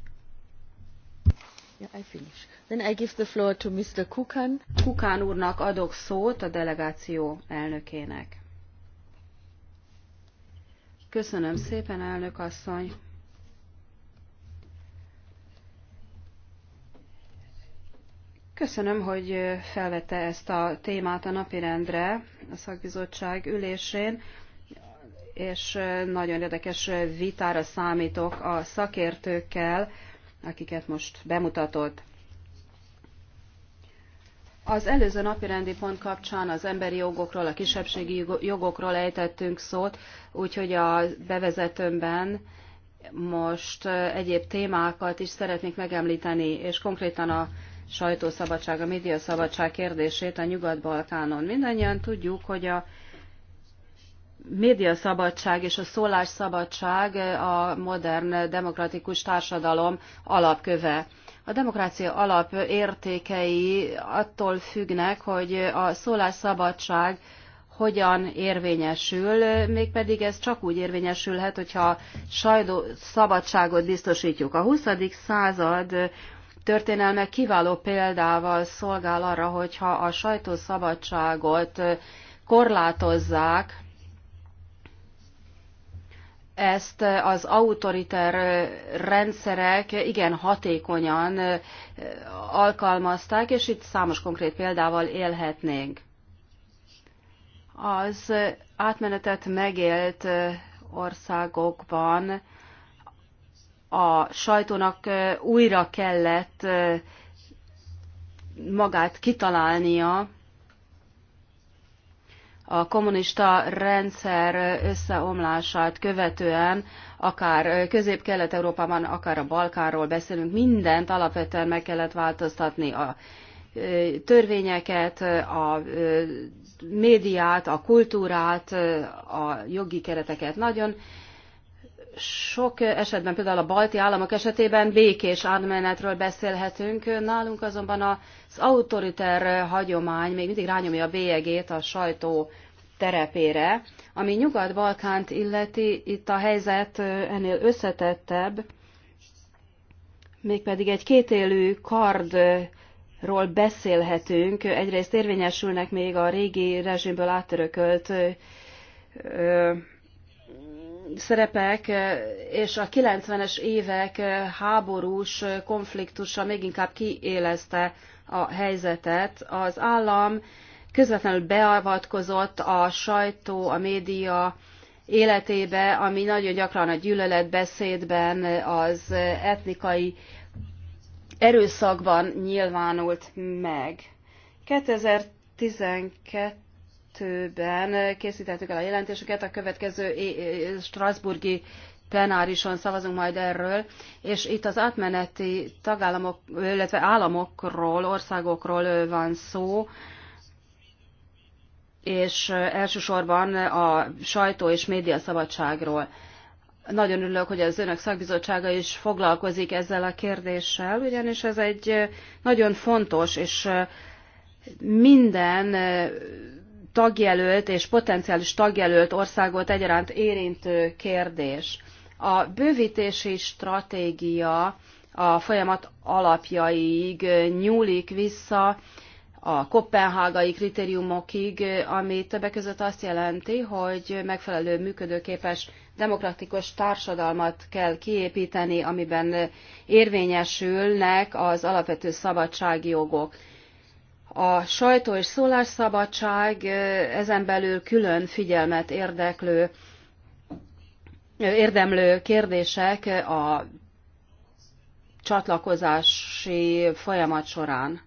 Yeah, I finish. Then I give the floor to Mr. Kukan. Kukan úrnak adok szót a delegáció elnökének. Köszönöm szépen, elnök asszony. Köszönöm, hogy felvette ezt a témát a napirendre a szakbizottság ülésén és nagyon érdekes vitára számítok a szakértőkkel, akiket most bemutatott. Az előző napi rendi pont kapcsán az emberi jogokról, a kisebbségi jogokról ejtettünk szót, úgyhogy a bevezetőmben most egyéb témákat is szeretnék megemlíteni, és konkrétan a sajtószabadság, a médiaszabadság kérdését a Nyugat-Balkánon. Mindannyian tudjuk, hogy a médiaszabadság és a szólásszabadság a modern demokratikus társadalom alapköve. A demokrácia alapértékei attól függnek, hogy a szólásszabadság hogyan érvényesül, mégpedig ez csak úgy érvényesülhet, hogyha sajdó szabadságot biztosítjuk. A 20. század történelme kiváló példával szolgál arra, hogyha a sajtószabadságot korlátozzák, ezt az autoriter rendszerek igen hatékonyan alkalmazták, és itt számos konkrét példával élhetnénk. Az átmenetet megélt országokban a sajtónak újra kellett magát kitalálnia, a kommunista rendszer összeomlását követően, akár Közép-Kelet-Európában, akár a Balkánról beszélünk, mindent alapvetően meg kellett változtatni a törvényeket, a médiát, a kultúrát, a jogi kereteket. Nagyon sok esetben, például a balti államok esetében békés átmenetről beszélhetünk, nálunk azonban az autoriter hagyomány még mindig rányomja a bélyegét a sajtó terepére. Ami Nyugat-Balkánt illeti, itt a helyzet ennél összetettebb, mégpedig egy kétélű ról beszélhetünk. Egyrészt érvényesülnek még a régi rezsimből átörökölt szerepek és a 90-es évek háborús konfliktusa még inkább kiélezte a helyzetet. Az állam közvetlenül beavatkozott a sajtó, a média életébe, ami nagyon gyakran a gyűlöletbeszédben, az etnikai erőszakban nyilvánult meg. 2012 2012-ben készítettük el a jelentéseket, a következő Strasburgi plenárison szavazunk majd erről, és itt az átmeneti tagállamok, illetve államokról, országokról van szó, és elsősorban a sajtó és média szabadságról Nagyon örülök, hogy az önök szakbizottsága is foglalkozik ezzel a kérdéssel, ugyanis ez egy nagyon fontos és minden tagjelölt és potenciális tagjelölt országot egyaránt érintő kérdés. A bővítési stratégia a folyamat alapjaig nyúlik vissza a kopenhágai kritériumokig, ami többek között azt jelenti, hogy megfelelő működőképes demokratikus társadalmat kell kiépíteni, amiben érvényesülnek az alapvető szabadságjogok. A sajtó és szólásszabadság ezen belül külön figyelmet érdeklő, érdemlő kérdések a csatlakozási folyamat során.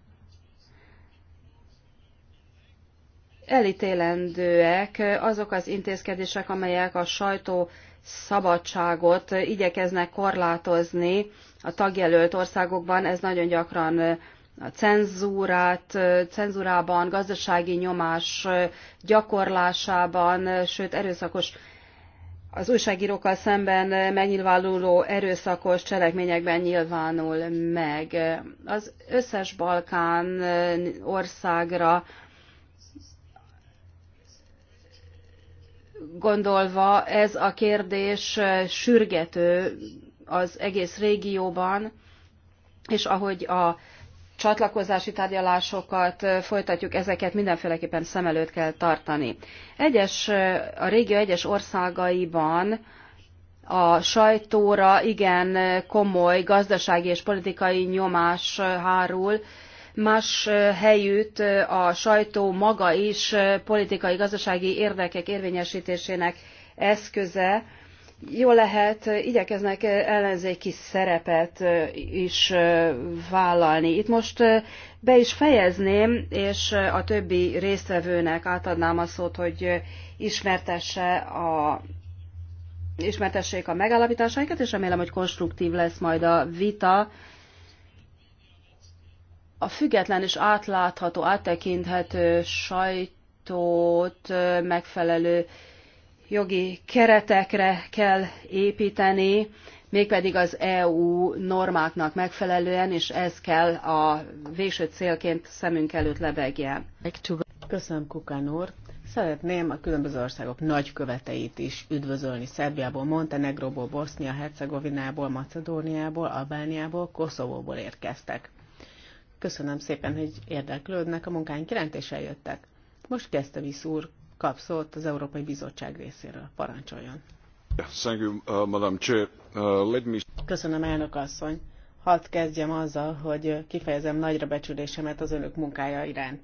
Elítélendőek azok az intézkedések, amelyek a sajtó szabadságot igyekeznek korlátozni a tagjelölt országokban, ez nagyon gyakran a cenzúrát, cenzúrában, gazdasági nyomás gyakorlásában, sőt erőszakos az újságírókkal szemben megnyilvánuló erőszakos cselekményekben nyilvánul meg. Az összes Balkán országra gondolva ez a kérdés sürgető az egész régióban, és ahogy a csatlakozási tárgyalásokat folytatjuk, ezeket mindenféleképpen szem előtt kell tartani. Egyes, a régió egyes országaiban a sajtóra igen komoly gazdasági és politikai nyomás hárul, más helyütt a sajtó maga is politikai, gazdasági érdekek érvényesítésének eszköze, jó lehet, igyekeznek ellenzéki szerepet is vállalni. Itt most be is fejezném, és a többi résztvevőnek átadnám a szót, hogy ismertesse a ismertessék a megállapításaikat, és remélem, hogy konstruktív lesz majd a vita. A független és átlátható, áttekinthető sajtót megfelelő jogi keretekre kell építeni, mégpedig az EU normáknak megfelelően, és ez kell a végső célként szemünk előtt lebegjen. Köszönöm, Kukán úr. Szeretném a különböző országok nagyköveteit is üdvözölni Szerbiából, Montenegróból, Bosznia-Hercegovinából, Macedóniából, Albániából, Koszovóból érkeztek. Köszönöm szépen, hogy érdeklődnek a munkánk iránt, és eljöttek. Most kezdte úr kap szót az Európai Bizottság részéről. Parancsoljon. Uh, Madam uh, Köszönöm, elnök asszony. Hadd kezdjem azzal, hogy kifejezem nagyra becsülésemet az önök munkája iránt.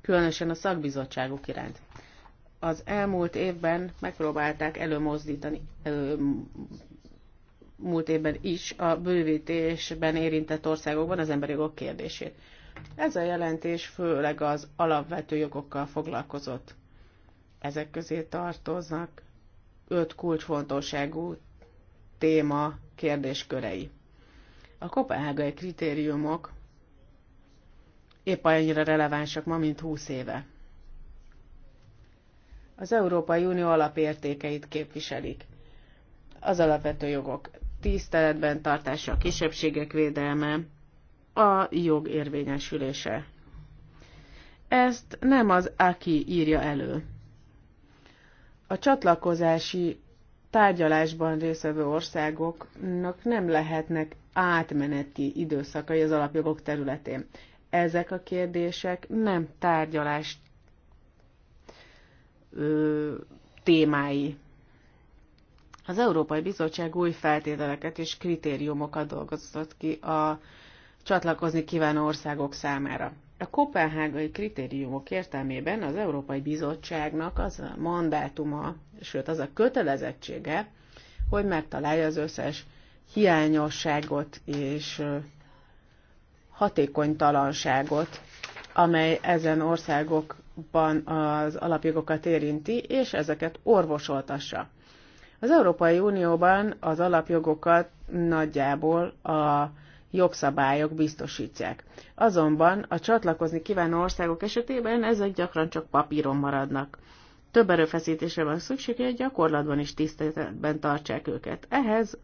Különösen a szakbizottságuk iránt. Az elmúlt évben megpróbálták előmozdítani, elő, múlt évben is a bővítésben érintett országokban az emberi jogok kérdését. Ez a jelentés főleg az alapvető jogokkal foglalkozott. Ezek közé tartoznak öt kulcsfontosságú téma kérdéskörei. A kopenhágai kritériumok épp annyira relevánsak ma, mint 20 éve. Az Európai Unió alapértékeit képviselik. Az alapvető jogok tiszteletben tartása, a kisebbségek védelme, a jog érvényesülése. Ezt nem az AKI írja elő. A csatlakozási tárgyalásban részvevő országoknak nem lehetnek átmeneti időszakai az alapjogok területén. Ezek a kérdések nem tárgyalás ö, témái. Az Európai Bizottság új feltételeket és kritériumokat dolgozott ki a csatlakozni kívánó országok számára. A kopenhágai kritériumok értelmében az Európai Bizottságnak az a mandátuma, sőt az a kötelezettsége, hogy megtalálja az összes hiányosságot és hatékonytalanságot, amely ezen országokban az alapjogokat érinti, és ezeket orvosoltassa. Az Európai Unióban az alapjogokat nagyjából a jogszabályok biztosítják. Azonban a csatlakozni kívánó országok esetében ezek gyakran csak papíron maradnak. Több erőfeszítésre van szükség, hogy a gyakorlatban is tiszteletben tartsák őket. Ehhez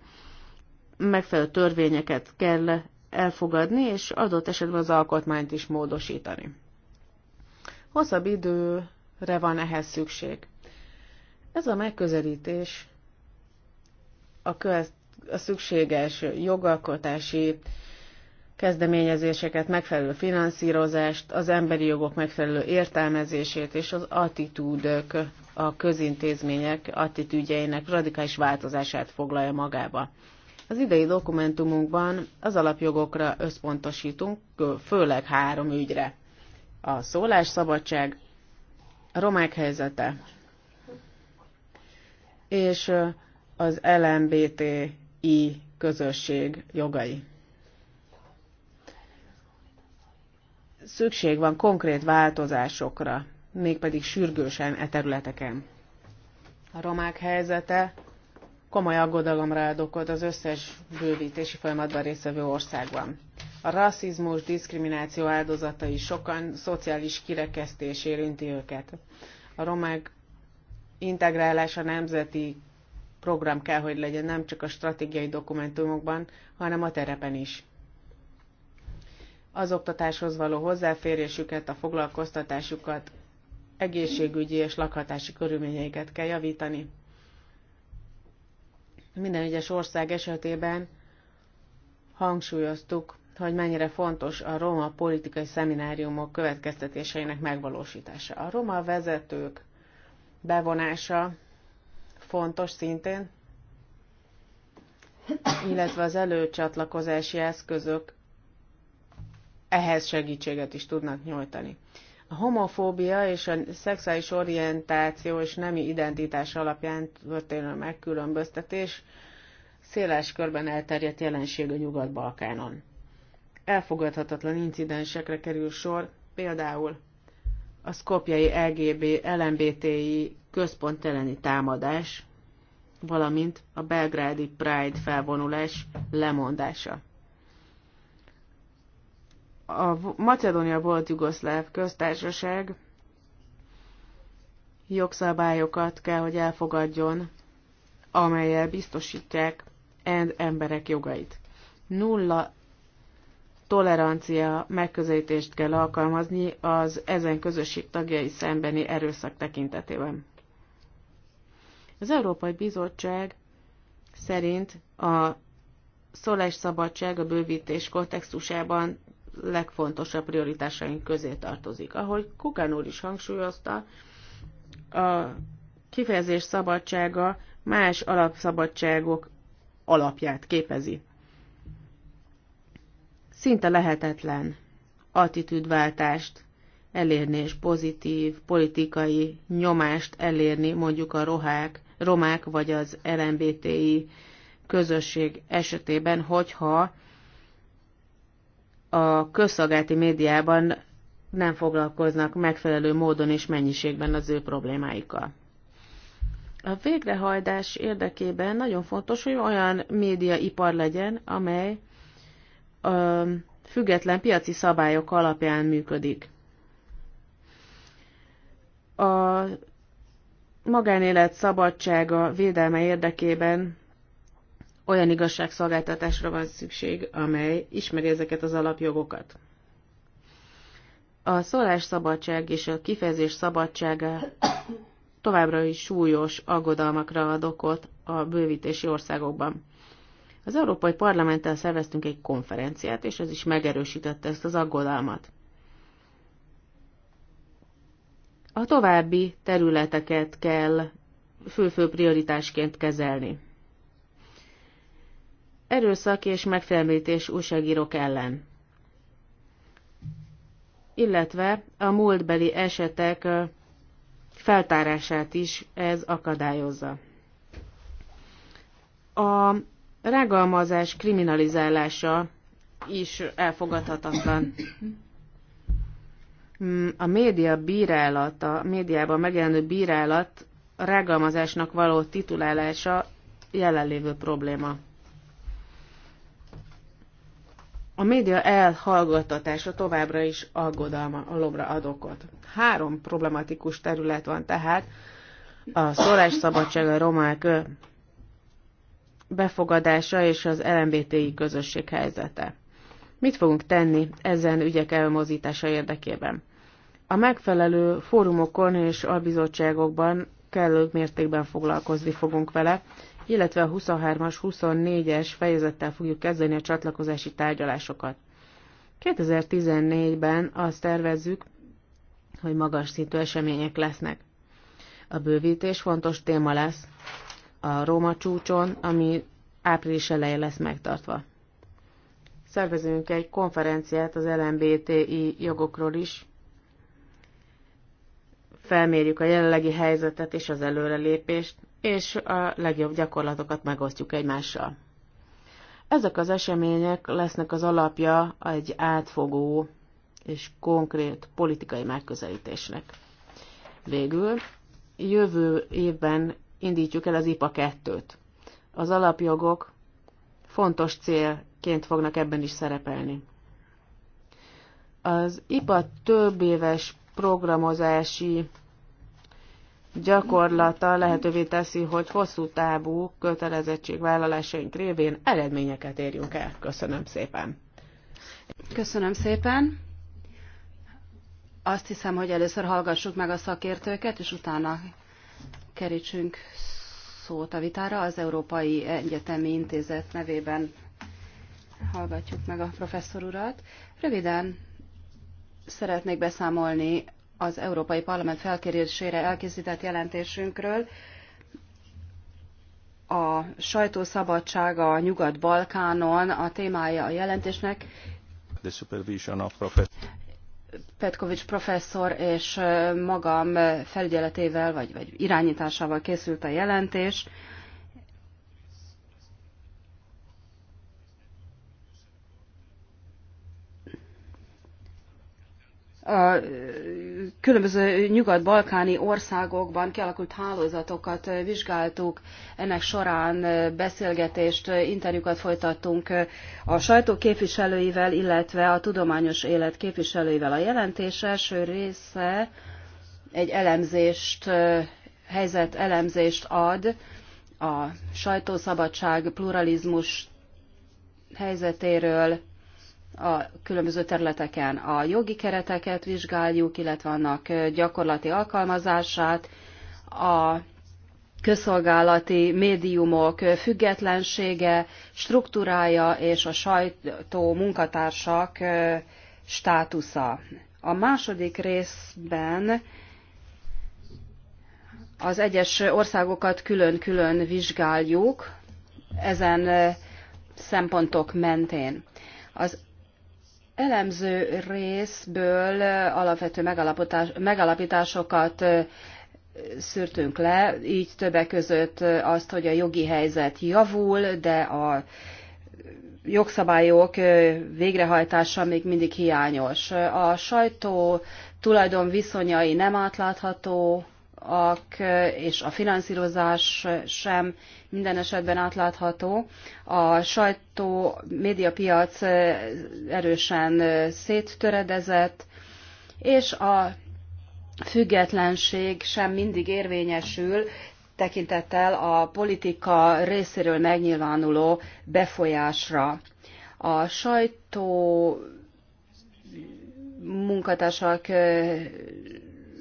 megfelelő törvényeket kell elfogadni, és adott esetben az alkotmányt is módosítani. Hosszabb időre van ehhez szükség. Ez a megközelítés a követ a szükséges jogalkotási kezdeményezéseket, megfelelő finanszírozást, az emberi jogok megfelelő értelmezését és az attitűdök, a közintézmények attitűdjeinek radikális változását foglalja magába. Az idei dokumentumunkban az alapjogokra összpontosítunk, főleg három ügyre. A szólásszabadság, a romák helyzete és az LMBT i közösség jogai. Szükség van konkrét változásokra, mégpedig sürgősen e területeken. A romák helyzete komoly aggodalomra ad okot az összes bővítési folyamatban résztvevő országban. A rasszizmus, diszkrimináció áldozatai sokan szociális kirekesztés érinti őket. A romák integrálása nemzeti program kell, hogy legyen nem csak a stratégiai dokumentumokban, hanem a terepen is. Az oktatáshoz való hozzáférésüket, a foglalkoztatásukat, egészségügyi és lakhatási körülményeiket kell javítani. Minden egyes ország esetében hangsúlyoztuk, hogy mennyire fontos a roma politikai szemináriumok következtetéseinek megvalósítása. A roma vezetők bevonása fontos szintén, illetve az előcsatlakozási eszközök ehhez segítséget is tudnak nyújtani. A homofóbia és a szexuális orientáció és nemi identitás alapján történő megkülönböztetés széles körben elterjedt jelenség a Nyugat-Balkánon. Elfogadhatatlan incidensekre kerül sor, például a szkopjai LGB, LMBTI központ elleni támadás, valamint a belgrádi Pride felvonulás lemondása. A Macedónia volt Jugoszláv köztársaság jogszabályokat kell, hogy elfogadjon, amelyel biztosítják emberek jogait. Nulla tolerancia megközelítést kell alkalmazni az ezen közösség tagjai szembeni erőszak tekintetében. Az Európai Bizottság szerint a szabadság a bővítés kontextusában legfontosabb prioritásaink közé tartozik. Ahogy Kukán úr is hangsúlyozta, a kifejezés szabadsága más alapszabadságok alapját képezi. Szinte lehetetlen attitűdváltást elérni és pozitív politikai nyomást elérni mondjuk a rohák romák vagy az LMBTI közösség esetében, hogyha a közszolgálati médiában nem foglalkoznak megfelelő módon és mennyiségben az ő problémáikkal. A végrehajtás érdekében nagyon fontos, hogy olyan médiaipar legyen, amely ö, független piaci szabályok alapján működik. A magánélet szabadsága védelme érdekében olyan igazságszolgáltatásra van szükség, amely ismeri ezeket az alapjogokat. A szólásszabadság és a kifejezés szabadsága továbbra is súlyos aggodalmakra ad okot a bővítési országokban. Az Európai Parlamenttel szerveztünk egy konferenciát, és ez is megerősítette ezt az aggodalmat. a további területeket kell fő-fő prioritásként kezelni. Erőszak és megfélemlítés újságírók ellen. Illetve a múltbeli esetek feltárását is ez akadályozza. A rágalmazás kriminalizálása is elfogadhatatlan. Mm, a média bírálata, médiában megjelenő bírálat a rágalmazásnak való titulálása jelenlévő probléma. A média elhallgattatása továbbra is aggodalomra ad okot. Három problematikus terület van tehát, a szólásszabadság, a romák befogadása és az LMBTI közösség helyzete. Mit fogunk tenni ezen ügyek elmozítása érdekében? A megfelelő fórumokon és albizottságokban kellő mértékben foglalkozni fogunk vele, illetve a 23-as, 24-es fejezettel fogjuk kezdeni a csatlakozási tárgyalásokat. 2014-ben azt tervezzük, hogy magas szintű események lesznek. A bővítés fontos téma lesz a Róma csúcson, ami április elején lesz megtartva szervezünk egy konferenciát az LMBTI jogokról is. Felmérjük a jelenlegi helyzetet és az előrelépést, és a legjobb gyakorlatokat megosztjuk egymással. Ezek az események lesznek az alapja egy átfogó és konkrét politikai megközelítésnek. Végül jövő évben indítjuk el az IPA 2-t. Az alapjogok fontos cél ként fognak ebben is szerepelni. Az IPA több éves programozási gyakorlata lehetővé teszi, hogy hosszú távú kötelezettségvállalásaink révén eredményeket érjünk el. Köszönöm szépen! Köszönöm szépen! Azt hiszem, hogy először hallgassuk meg a szakértőket, és utána kerítsünk szót a vitára. Az Európai Egyetemi Intézet nevében hallgatjuk meg a professzor urat. Röviden szeretnék beszámolni az Európai Parlament felkérésére elkészített jelentésünkről. A sajtószabadság a Nyugat-Balkánon a témája a jelentésnek. The supervision of professor. Petkovics professzor és magam felügyeletével vagy, vagy irányításával készült a jelentés. a különböző nyugat-balkáni országokban kialakult hálózatokat vizsgáltuk, ennek során beszélgetést, interjúkat folytattunk a sajtó képviselőivel, illetve a tudományos élet képviselőivel. A jelentés első része egy elemzést, helyzet elemzést ad a sajtószabadság, pluralizmus helyzetéről, a különböző területeken a jogi kereteket vizsgáljuk, illetve annak gyakorlati alkalmazását, a közszolgálati médiumok függetlensége, struktúrája és a sajtó munkatársak státusza. A második részben az egyes országokat külön-külön vizsgáljuk ezen szempontok mentén. Az elemző részből alapvető megalapításokat szűrtünk le, így többek között azt, hogy a jogi helyzet javul, de a jogszabályok végrehajtása még mindig hiányos. A sajtó tulajdon viszonyai nem átlátható, ak és a finanszírozás sem minden esetben átlátható. A sajtó médiapiac erősen széttöredezett, és a függetlenség sem mindig érvényesül, tekintettel a politika részéről megnyilvánuló befolyásra. A sajtó munkatársak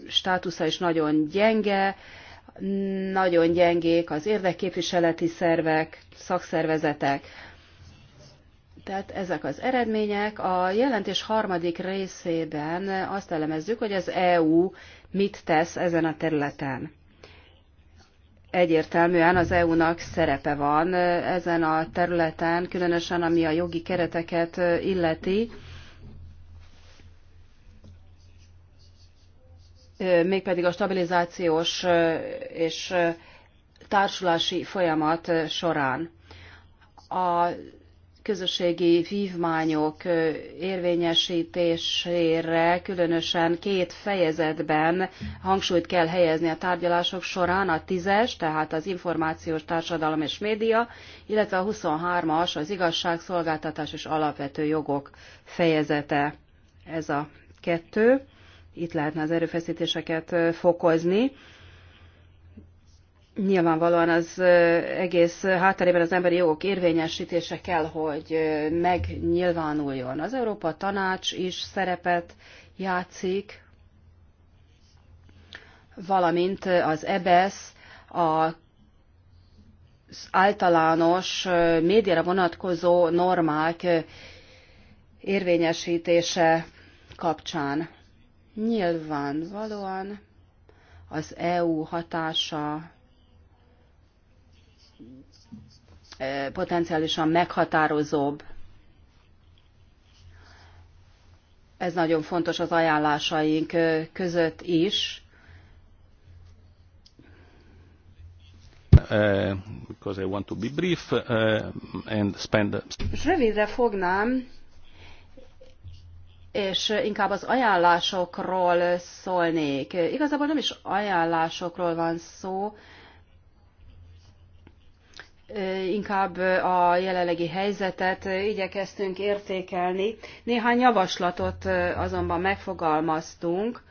státusza is nagyon gyenge, nagyon gyengék az érdekképviseleti szervek, szakszervezetek. Tehát ezek az eredmények. A jelentés harmadik részében azt elemezzük, hogy az EU mit tesz ezen a területen. Egyértelműen az EU-nak szerepe van ezen a területen, különösen ami a jogi kereteket illeti mégpedig a stabilizációs és társulási folyamat során. A közösségi vívmányok érvényesítésére különösen két fejezetben hangsúlyt kell helyezni a tárgyalások során, a tízes, tehát az információs társadalom és média, illetve a 23-as, az igazságszolgáltatás és alapvető jogok fejezete. Ez a kettő itt lehetne az erőfeszítéseket fokozni. Nyilvánvalóan az egész hátterében az emberi jogok érvényesítése kell, hogy megnyilvánuljon. Az Európa Tanács is szerepet játszik, valamint az EBS, e a az általános médiára vonatkozó normák érvényesítése kapcsán. Nyilvánvalóan az EU hatása e, potenciálisan meghatározóbb. Ez nagyon fontos az ajánlásaink között is. Uh, because I want to be brief uh, and spend. Rövidre fognám, és inkább az ajánlásokról szólnék. Igazából nem is ajánlásokról van szó, inkább a jelenlegi helyzetet igyekeztünk értékelni. Néhány javaslatot azonban megfogalmaztunk,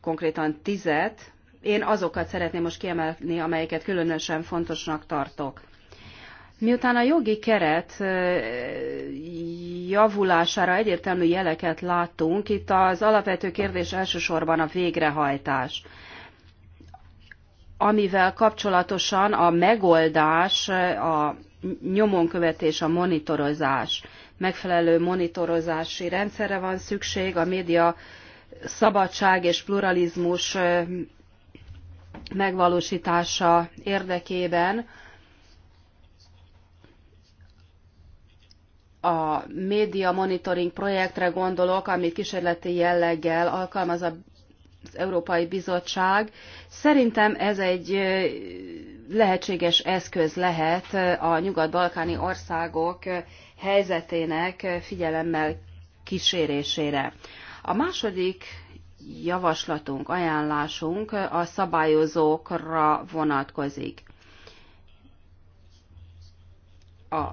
konkrétan tizet. Én azokat szeretném most kiemelni, amelyeket különösen fontosnak tartok. Miután a jogi keret javulására egyértelmű jeleket láttunk, itt az alapvető kérdés elsősorban a végrehajtás, amivel kapcsolatosan a megoldás, a nyomonkövetés, a monitorozás, megfelelő monitorozási rendszerre van szükség, a média szabadság és pluralizmus megvalósítása érdekében, a média monitoring projektre gondolok, amit kísérleti jelleggel alkalmaz az Európai Bizottság. Szerintem ez egy lehetséges eszköz lehet a nyugat-balkáni országok helyzetének figyelemmel kísérésére. A második javaslatunk, ajánlásunk a szabályozókra vonatkozik. A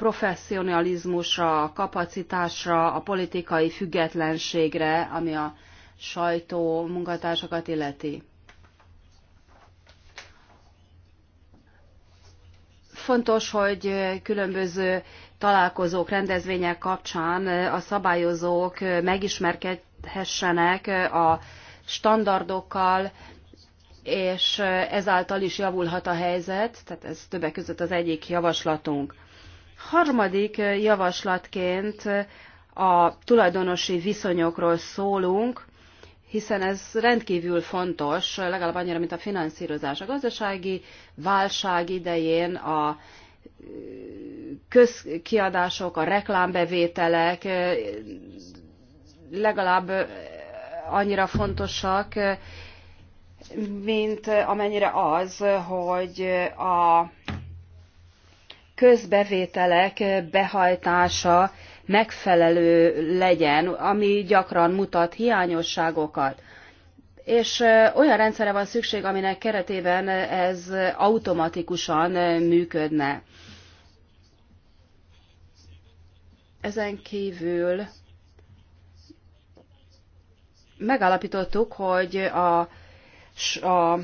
professzionalizmusra, a kapacitásra, a politikai függetlenségre, ami a sajtó munkatársakat illeti. Fontos, hogy különböző találkozók, rendezvények kapcsán a szabályozók megismerkedhessenek a standardokkal, és ezáltal is javulhat a helyzet, tehát ez többek között az egyik javaslatunk. Harmadik javaslatként a tulajdonosi viszonyokról szólunk, hiszen ez rendkívül fontos, legalább annyira, mint a finanszírozás. A gazdasági válság idején a közkiadások, a reklámbevételek legalább annyira fontosak, mint amennyire az, hogy a közbevételek behajtása megfelelő legyen, ami gyakran mutat hiányosságokat. És olyan rendszerre van szükség, aminek keretében ez automatikusan működne. Ezen kívül megállapítottuk, hogy a, a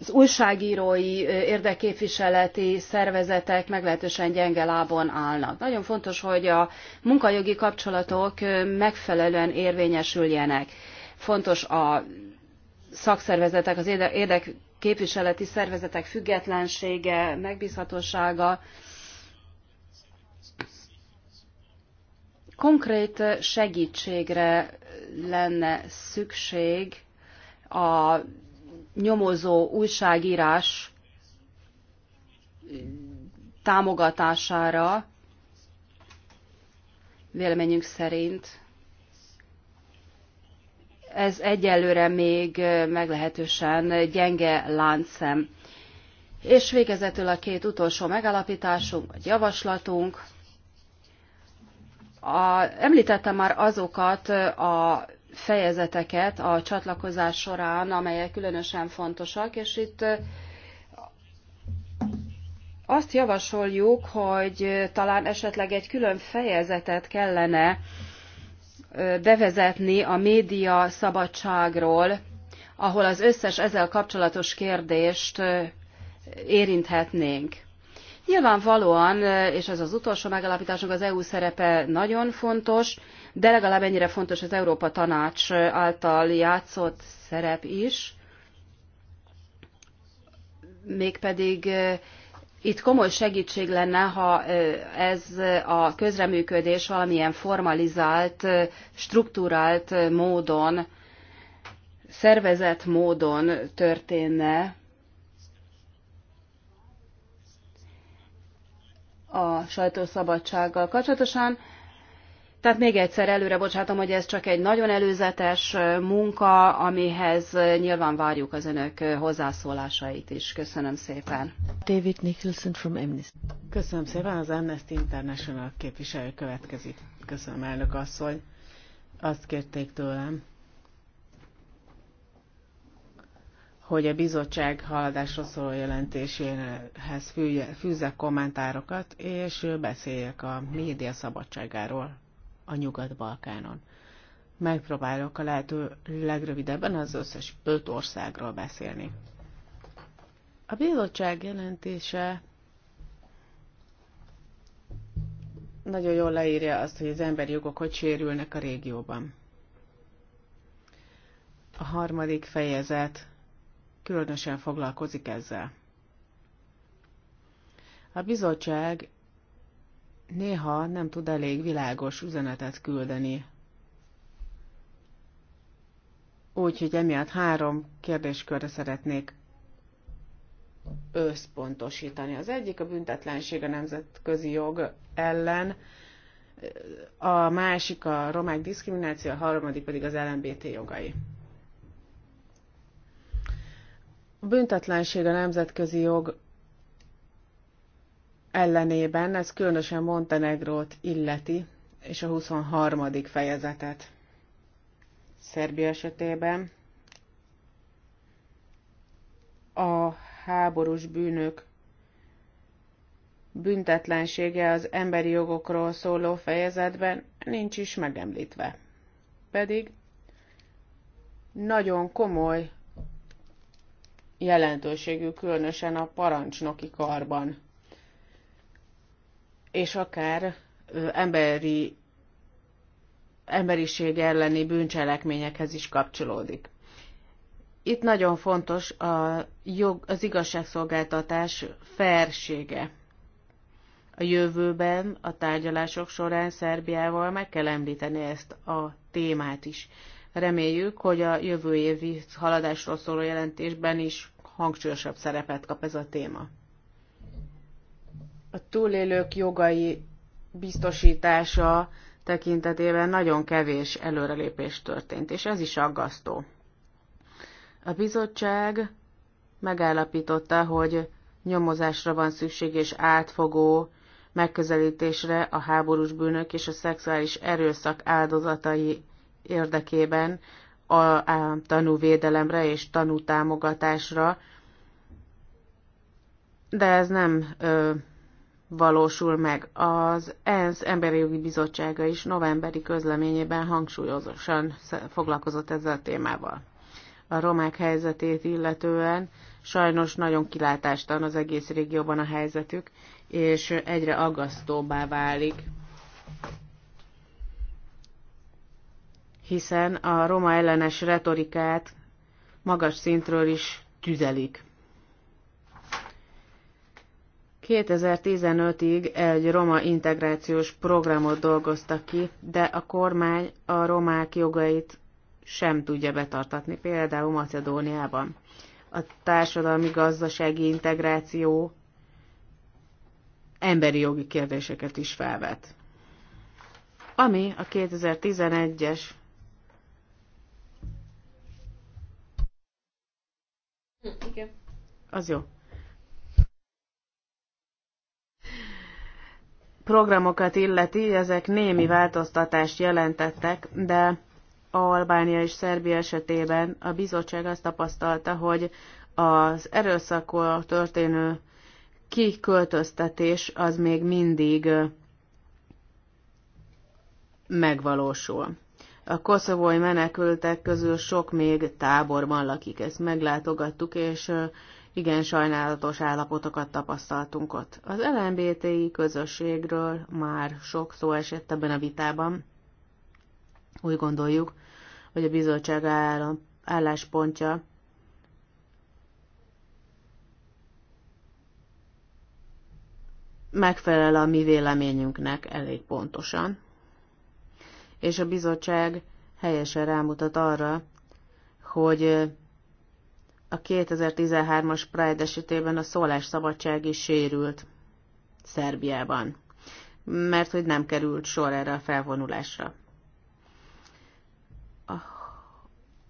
az újságírói érdekképviseleti szervezetek meglehetősen gyenge lábon állnak. Nagyon fontos, hogy a munkajogi kapcsolatok megfelelően érvényesüljenek. Fontos a szakszervezetek, az érdekképviseleti szervezetek függetlensége, megbízhatósága, konkrét segítségre lenne szükség a nyomozó újságírás támogatására véleményünk szerint ez egyelőre még meglehetősen gyenge láncszem. És végezetül a két utolsó megállapításunk, vagy javaslatunk. A, említettem már azokat a fejezeteket a csatlakozás során, amelyek különösen fontosak, és itt azt javasoljuk, hogy talán esetleg egy külön fejezetet kellene bevezetni a média szabadságról, ahol az összes ezzel kapcsolatos kérdést érinthetnénk. Nyilvánvalóan, és ez az utolsó megalapításunk, az EU szerepe nagyon fontos, de legalább ennyire fontos az Európa Tanács által játszott szerep is, mégpedig itt komoly segítség lenne, ha ez a közreműködés valamilyen formalizált, struktúrált módon, szervezett módon történne, a sajtószabadsággal kapcsolatosan. Tehát még egyszer előre bocsátom, hogy ez csak egy nagyon előzetes munka, amihez nyilván várjuk az önök hozzászólásait is. Köszönöm szépen. David Nicholson from Amnesty. Köszönöm szépen, az Amnesty International képviselő következik. Köszönöm, elnök asszony. Azt kérték tőlem, hogy a bizottság haladásra szóló jelentéséhez fűzzek kommentárokat, és beszéljek a média szabadságáról a Nyugat-Balkánon. Megpróbálok a lehető legrövidebben az összes öt országról beszélni. A bizottság jelentése nagyon jól leírja azt, hogy az emberi jogok hogy sérülnek a régióban. A harmadik fejezet különösen foglalkozik ezzel. A bizottság néha nem tud elég világos üzenetet küldeni. Úgyhogy emiatt három kérdéskörre szeretnék összpontosítani. Az egyik a büntetlenség a nemzetközi jog ellen, a másik a romák diszkrimináció, a harmadik pedig az LMBT jogai. A büntetlenség a nemzetközi jog ellenében, ez különösen Montenegrót illeti, és a 23. fejezetet. Szerbia esetében a háborús bűnök büntetlensége az emberi jogokról szóló fejezetben nincs is megemlítve. Pedig nagyon komoly jelentőségű, különösen a parancsnoki karban és akár emberi, emberiség elleni bűncselekményekhez is kapcsolódik. Itt nagyon fontos a jog, az igazságszolgáltatás fersége. A jövőben a tárgyalások során Szerbiával meg kell említeni ezt a témát is. Reméljük, hogy a jövő évi haladásról szóló jelentésben is hangsúlyosabb szerepet kap ez a téma a túlélők jogai biztosítása tekintetében nagyon kevés előrelépés történt, és ez is aggasztó. A bizottság megállapította, hogy nyomozásra van szükség és átfogó megközelítésre a háborús bűnök és a szexuális erőszak áldozatai érdekében a, a tanúvédelemre és tanútámogatásra, de ez nem ö, valósul meg. Az ENSZ Emberi Jogi Bizottsága is novemberi közleményében hangsúlyozosan foglalkozott ezzel a témával. A romák helyzetét illetően sajnos nagyon kilátástalan az egész régióban a helyzetük, és egyre aggasztóbbá válik. Hiszen a roma ellenes retorikát magas szintről is tüzelik. 2015-ig egy roma integrációs programot dolgoztak ki, de a kormány a romák jogait sem tudja betartatni, például Macedóniában. A társadalmi-gazdasági integráció emberi jogi kérdéseket is felvet. Ami a 2011-es hm, Igen. Az jó. programokat illeti, ezek némi változtatást jelentettek, de Albánia és Szerbia esetében a bizottság azt tapasztalta, hogy az erőszakkal történő kiköltöztetés az még mindig megvalósul. A koszovói menekültek közül sok még táborban lakik, ezt meglátogattuk, és igen sajnálatos állapotokat tapasztaltunk ott. Az LMBTI közösségről már sok szó esett ebben a vitában. Úgy gondoljuk, hogy a bizottság álláspontja megfelel a mi véleményünknek elég pontosan, és a bizottság helyesen rámutat arra, hogy a 2013-as Pride esetében a szólásszabadság is sérült Szerbiában, mert hogy nem került sor erre a felvonulásra. A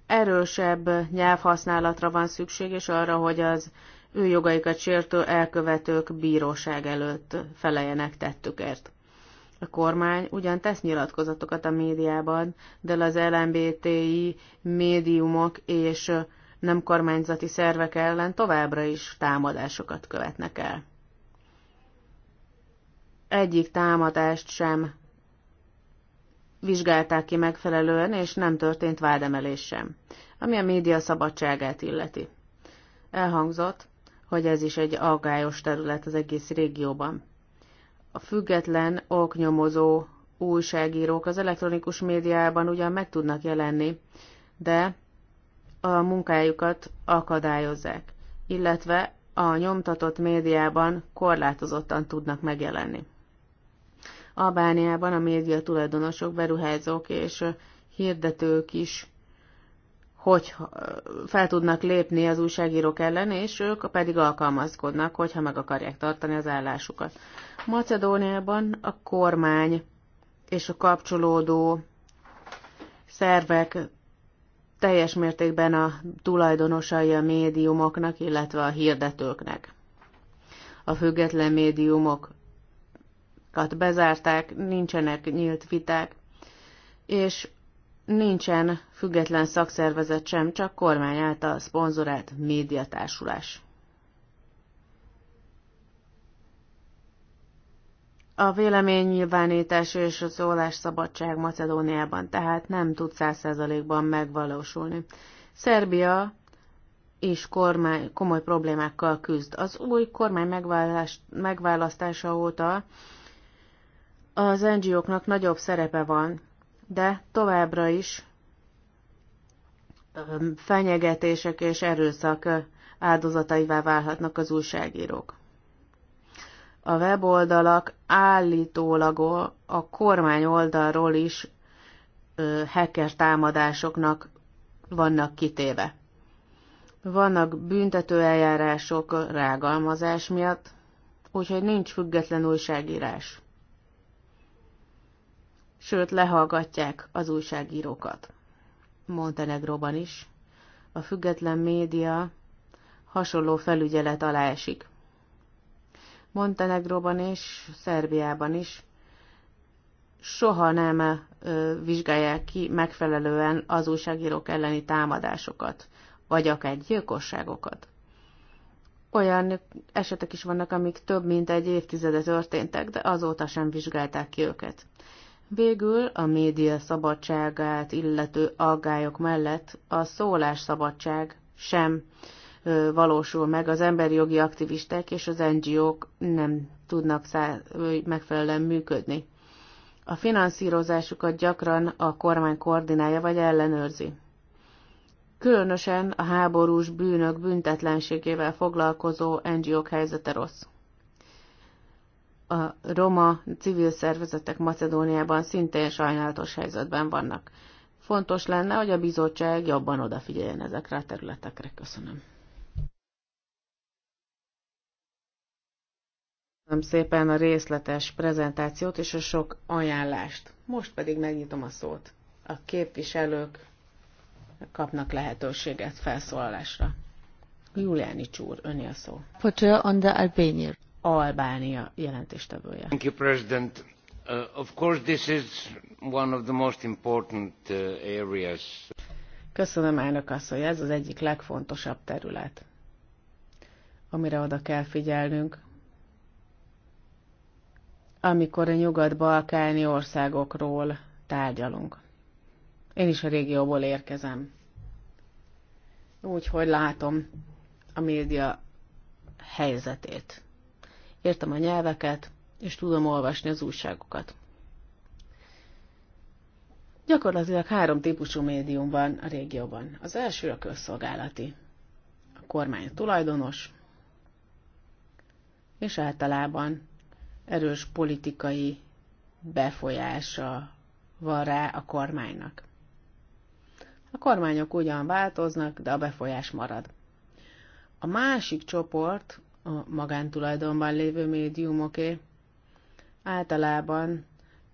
erősebb nyelvhasználatra van szükség, és arra, hogy az ő jogaikat sértő elkövetők bíróság előtt feleljenek tettükért. A kormány ugyan tesz nyilatkozatokat a médiában, de az LMBTI médiumok és nem kormányzati szervek ellen továbbra is támadásokat követnek el. Egyik támadást sem vizsgálták ki megfelelően, és nem történt vádemelés sem, ami a média szabadságát illeti. Elhangzott, hogy ez is egy aggályos terület az egész régióban. A független, oknyomozó újságírók az elektronikus médiában ugyan meg tudnak jelenni, de a munkájukat akadályozzák, illetve a nyomtatott médiában korlátozottan tudnak megjelenni. Albániában a média tulajdonosok, beruházók és hirdetők is hogy fel tudnak lépni az újságírók ellen, és ők pedig alkalmazkodnak, hogyha meg akarják tartani az állásukat. Macedóniában a kormány és a kapcsolódó szervek teljes mértékben a tulajdonosai a médiumoknak, illetve a hirdetőknek. A független médiumokat bezárták, nincsenek nyílt viták, és nincsen független szakszervezet sem, csak kormány által szponzorált médiatársulás. a véleménynyilvánítás és a szólásszabadság Macedóniában tehát nem tud százszerzalékban megvalósulni. Szerbia és kormány komoly problémákkal küzd. Az új kormány megválasztása óta az NGO-knak nagyobb szerepe van, de továbbra is fenyegetések és erőszak áldozataivá válhatnak az újságírók a weboldalak állítólag a kormány oldalról is hacker támadásoknak vannak kitéve. Vannak büntetőeljárások rágalmazás miatt, úgyhogy nincs független újságírás. Sőt, lehallgatják az újságírókat. Montenegróban is. A független média hasonló felügyelet alá esik. Montenegróban és Szerbiában is soha nem vizsgálják ki megfelelően az újságírók elleni támadásokat, vagy akár gyilkosságokat. Olyan esetek is vannak, amik több mint egy évtizede történtek, de azóta sem vizsgálták ki őket. Végül a média szabadságát illető aggályok mellett a szólásszabadság sem valósul meg, az emberi jogi aktivisták és az NGO-k nem tudnak megfelelően működni. A finanszírozásukat gyakran a kormány koordinálja vagy ellenőrzi. Különösen a háborús bűnök büntetlenségével foglalkozó NGO-k helyzete rossz. A roma civil szervezetek Macedóniában szintén sajnálatos helyzetben vannak. Fontos lenne, hogy a bizottság jobban odafigyeljen ezekre a területekre. Köszönöm. Köszönöm szépen a részletes prezentációt és a sok ajánlást. Most pedig megnyitom a szót. A képviselők kapnak lehetőséget felszólalásra. Juliáni Csúr, öné a szó. Potter on the Albania. Albánia jelentéstevője. Thank you, President. Uh, of course, this is one of the most important uh, areas. Köszönöm, elnök asszony, ez az egyik legfontosabb terület, amire oda kell figyelnünk, amikor a nyugat-balkáni országokról tárgyalunk. Én is a régióból érkezem. Úgyhogy látom a média helyzetét. Értem a nyelveket, és tudom olvasni az újságokat. Gyakorlatilag három típusú médium van a régióban. Az első a közszolgálati. A kormány a tulajdonos, és általában erős politikai befolyása van rá a kormánynak. A kormányok ugyan változnak, de a befolyás marad. A másik csoport, a magántulajdonban lévő médiumoké, általában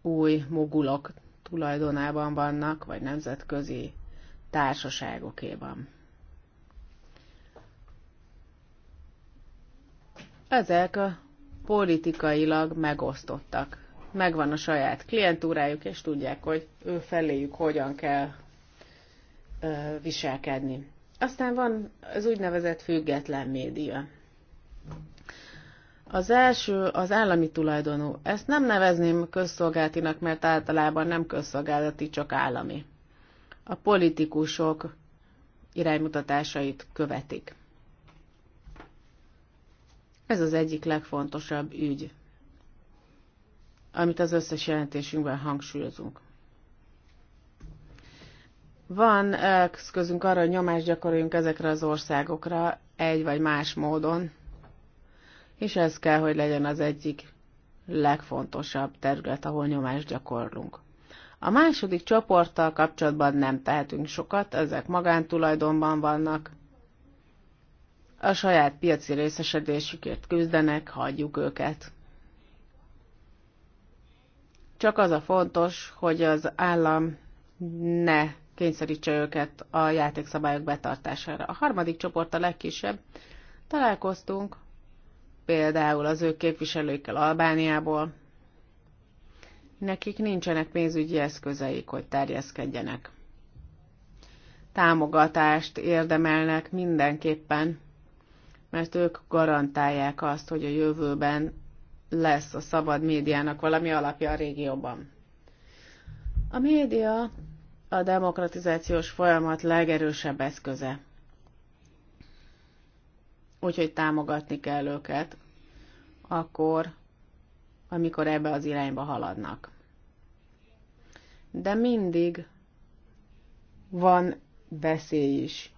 új mogulok tulajdonában vannak, vagy nemzetközi társaságokéban. Ezek a politikailag megosztottak. Megvan a saját klientúrájuk, és tudják, hogy ő feléjük hogyan kell ö, viselkedni. Aztán van az úgynevezett független média. Az első az állami tulajdonú. Ezt nem nevezném közszolgáltinak, mert általában nem közszolgálati, csak állami. A politikusok iránymutatásait követik. Ez az egyik legfontosabb ügy, amit az összes jelentésünkben hangsúlyozunk. Van eh, közünk arra, hogy nyomást gyakoroljunk ezekre az országokra egy vagy más módon, és ez kell, hogy legyen az egyik legfontosabb terület, ahol nyomást gyakorlunk. A második csoporttal kapcsolatban nem tehetünk sokat, ezek magántulajdonban vannak, a saját piaci részesedésükért küzdenek, hagyjuk őket. Csak az a fontos, hogy az állam ne kényszerítse őket a játékszabályok betartására. A harmadik csoport a legkisebb. Találkoztunk például az ő képviselőkkel Albániából. Nekik nincsenek pénzügyi eszközeik, hogy terjeszkedjenek. Támogatást érdemelnek mindenképpen mert ők garantálják azt, hogy a jövőben lesz a szabad médiának valami alapja a régióban. A média a demokratizációs folyamat legerősebb eszköze. Úgyhogy támogatni kell őket akkor, amikor ebbe az irányba haladnak. De mindig van veszély is.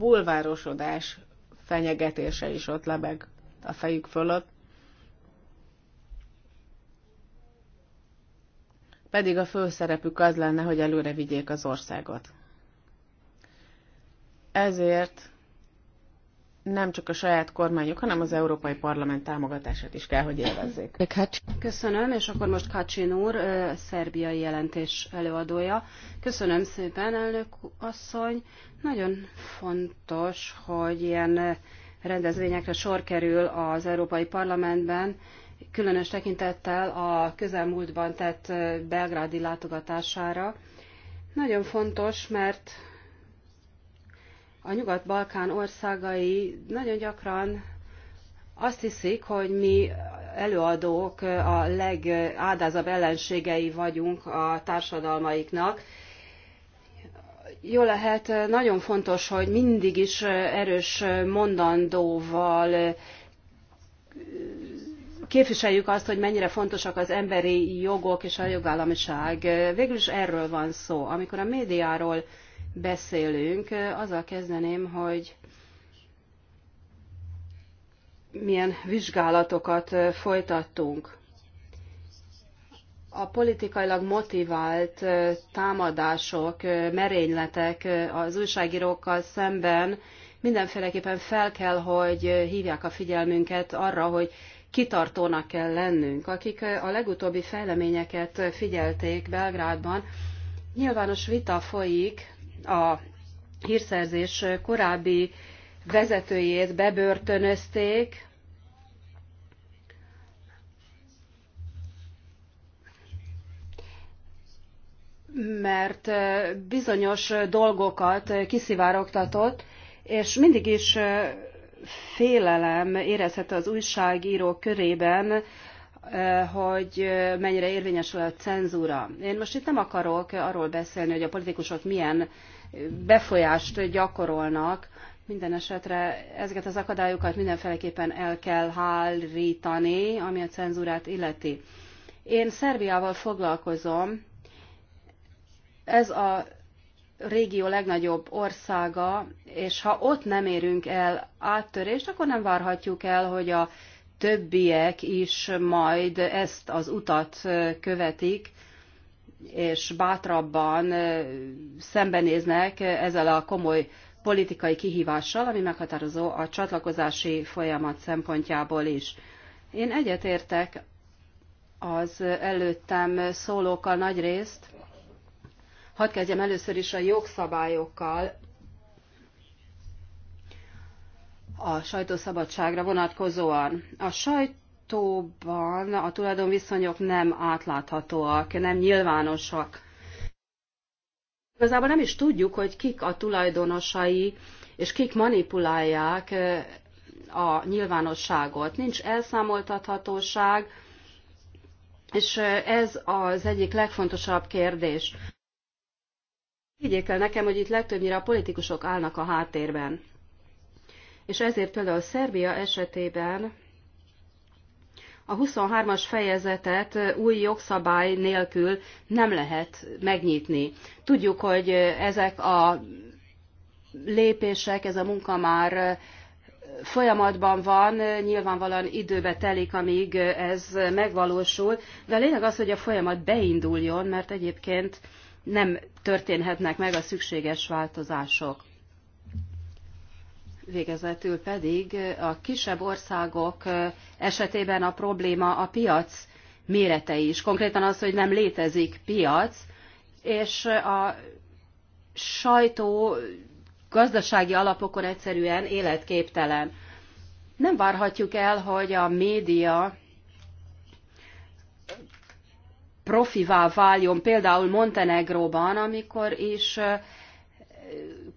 bulvárosodás fenyegetése is ott lebeg a fejük fölött. Pedig a főszerepük az lenne, hogy előre vigyék az országot. Ezért nem csak a saját kormányok, hanem az Európai Parlament támogatását is kell, hogy élvezzék. Köszönöm, és akkor most Kacsin úr, szerbiai jelentés előadója. Köszönöm szépen, elnök asszony. Nagyon fontos, hogy ilyen rendezvényekre sor kerül az Európai Parlamentben, különös tekintettel a közelmúltban tett belgrádi látogatására. Nagyon fontos, mert a Nyugat-Balkán országai nagyon gyakran azt hiszik, hogy mi előadók a legáldázabb ellenségei vagyunk a társadalmaiknak. Jó lehet, nagyon fontos, hogy mindig is erős mondandóval képviseljük azt, hogy mennyire fontosak az emberi jogok és a jogállamiság. Végül is erről van szó. Amikor a médiáról beszélünk, azzal kezdeném, hogy milyen vizsgálatokat folytattunk. A politikailag motivált támadások, merényletek az újságírókkal szemben mindenféleképpen fel kell, hogy hívják a figyelmünket arra, hogy kitartónak kell lennünk. Akik a legutóbbi fejleményeket figyelték Belgrádban, nyilvános vita folyik a hírszerzés korábbi vezetőjét bebörtönözték, mert bizonyos dolgokat kiszivárogtatott, és mindig is félelem érezhető az újságírók körében Eh, hogy eh, mennyire érvényesül a cenzúra. Én most itt nem akarok arról beszélni, hogy a politikusok milyen befolyást gyakorolnak, minden esetre ezeket az akadályokat mindenféleképpen el kell hálítani, ami a cenzúrát illeti. Én Szerbiával foglalkozom, ez a régió legnagyobb országa, és ha ott nem érünk el áttörést, akkor nem várhatjuk el, hogy a többiek is majd ezt az utat követik, és bátrabban szembenéznek ezzel a komoly politikai kihívással, ami meghatározó a csatlakozási folyamat szempontjából is. Én egyetértek az előttem szólókkal nagy részt. Hadd kezdjem először is a jogszabályokkal. a sajtószabadságra vonatkozóan. A sajtóban a tulajdonviszonyok nem átláthatóak, nem nyilvánosak. Igazából nem is tudjuk, hogy kik a tulajdonosai, és kik manipulálják eh, a nyilvánosságot. Nincs elszámoltathatóság, és eh, ez az egyik legfontosabb kérdés. Higgyék el nekem, hogy itt legtöbbnyire a politikusok állnak a háttérben és ezért például Szerbia esetében a 23-as fejezetet új jogszabály nélkül nem lehet megnyitni. Tudjuk, hogy ezek a lépések, ez a munka már folyamatban van, nyilvánvalóan időbe telik, amíg ez megvalósul, de a lényeg az, hogy a folyamat beinduljon, mert egyébként nem történhetnek meg a szükséges változások. Végezetül pedig eh, a kisebb országok eh, esetében a probléma a piac mérete is. Konkrétan az, hogy nem létezik piac, és eh, a sajtó gazdasági alapokon egyszerűen életképtelen. Nem várhatjuk el, hogy a média profivá váljon például Montenegróban, amikor is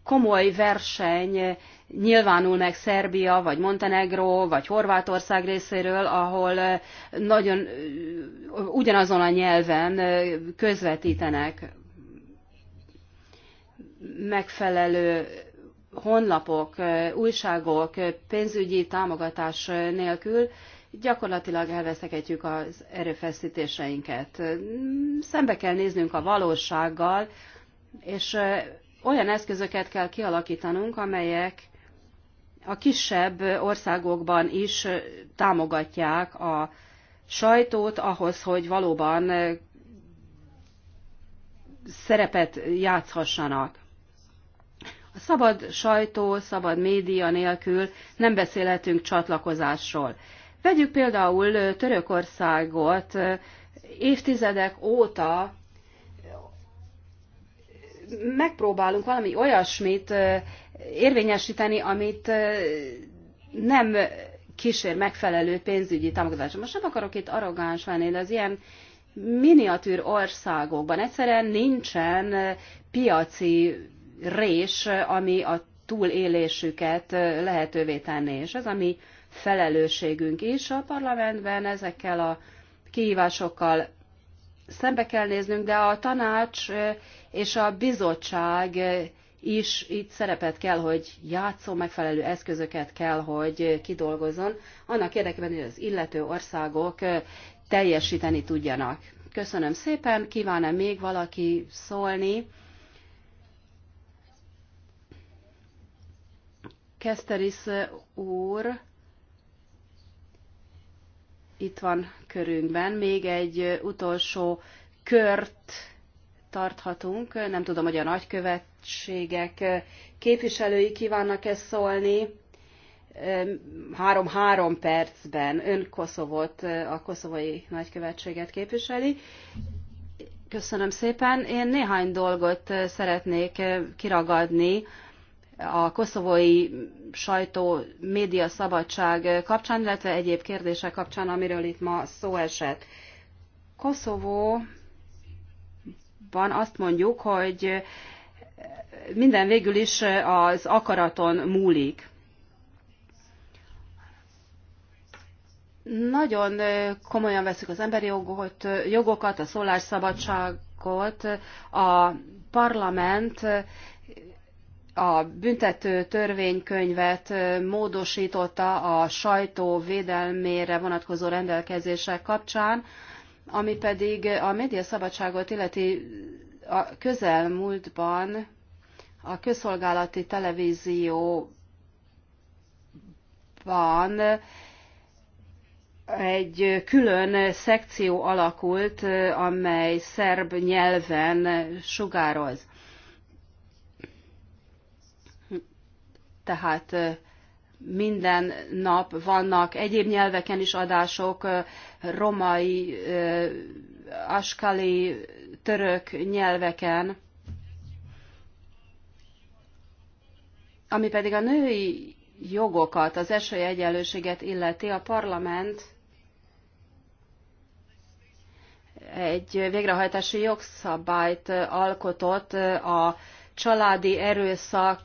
komoly verseny nyilvánul meg Szerbia, vagy Montenegro, vagy Horvátország részéről, ahol nagyon ugyanazon a nyelven közvetítenek megfelelő honlapok, újságok, pénzügyi támogatás nélkül gyakorlatilag elveszekedjük az erőfeszítéseinket. Szembe kell néznünk a valósággal, és olyan eszközöket kell kialakítanunk, amelyek a kisebb országokban is támogatják a sajtót ahhoz, hogy valóban szerepet játszhassanak. A szabad sajtó, szabad média nélkül nem beszélhetünk csatlakozásról. Vegyük például Törökországot, évtizedek óta megpróbálunk valami olyasmit érvényesíteni, amit nem kísér megfelelő pénzügyi támogatás. Most nem akarok itt arrogáns lenni, de az ilyen miniatűr országokban egyszerűen nincsen piaci rés, ami a túlélésüket lehetővé tenni. És ez a mi felelősségünk is a parlamentben ezekkel a kihívásokkal szembe kell néznünk, de a tanács és a bizottság is itt szerepet kell, hogy játszon, megfelelő eszközöket kell, hogy kidolgozzon, annak érdekében, hogy az illető országok teljesíteni tudjanak. Köszönöm szépen, kíván-e még valaki szólni? Keszteris úr itt van körünkben. Még egy utolsó kört tarthatunk. Nem tudom, hogy a nagykövet szövetségek képviselői kívánnak-e szólni. Három-három percben ön Koszovot, a koszovai nagykövetséget képviseli. Köszönöm szépen. Én néhány dolgot szeretnék kiragadni a koszovói sajtó média szabadság kapcsán, illetve egyéb kérdések kapcsán, amiről itt ma szó esett. Koszovóban azt mondjuk, hogy minden végül is az akaraton múlik. Nagyon komolyan veszük az emberi jogot, jogokat, a szólásszabadságot. A parlament a büntető törvénykönyvet módosította a sajtó védelmére vonatkozó rendelkezések kapcsán, ami pedig a médiaszabadságot illeti a közelmúltban a közszolgálati televízióban egy külön szekció alakult, amely szerb nyelven sugároz. Tehát minden nap vannak egyéb nyelveken is adások, romai, askali, török nyelveken, ami pedig a női jogokat, az esélyegyenlőséget illeti, a parlament egy végrehajtási jogszabályt alkotott a családi erőszak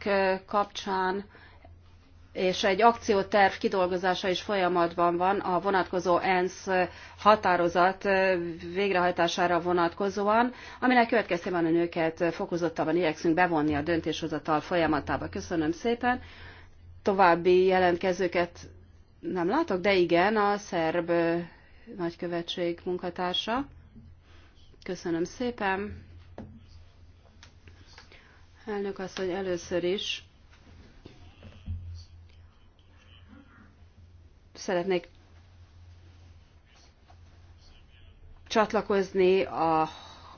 kapcsán, és egy akcióterv kidolgozása is folyamatban van a vonatkozó ENSZ határozat végrehajtására vonatkozóan, aminek következtében a nőket fokozottabban igyekszünk bevonni a döntéshozatal folyamatába. Köszönöm szépen. További jelentkezőket nem látok, de igen, a szerb nagykövetség munkatársa. Köszönöm szépen. Elnök asszony, először is szeretnék csatlakozni a,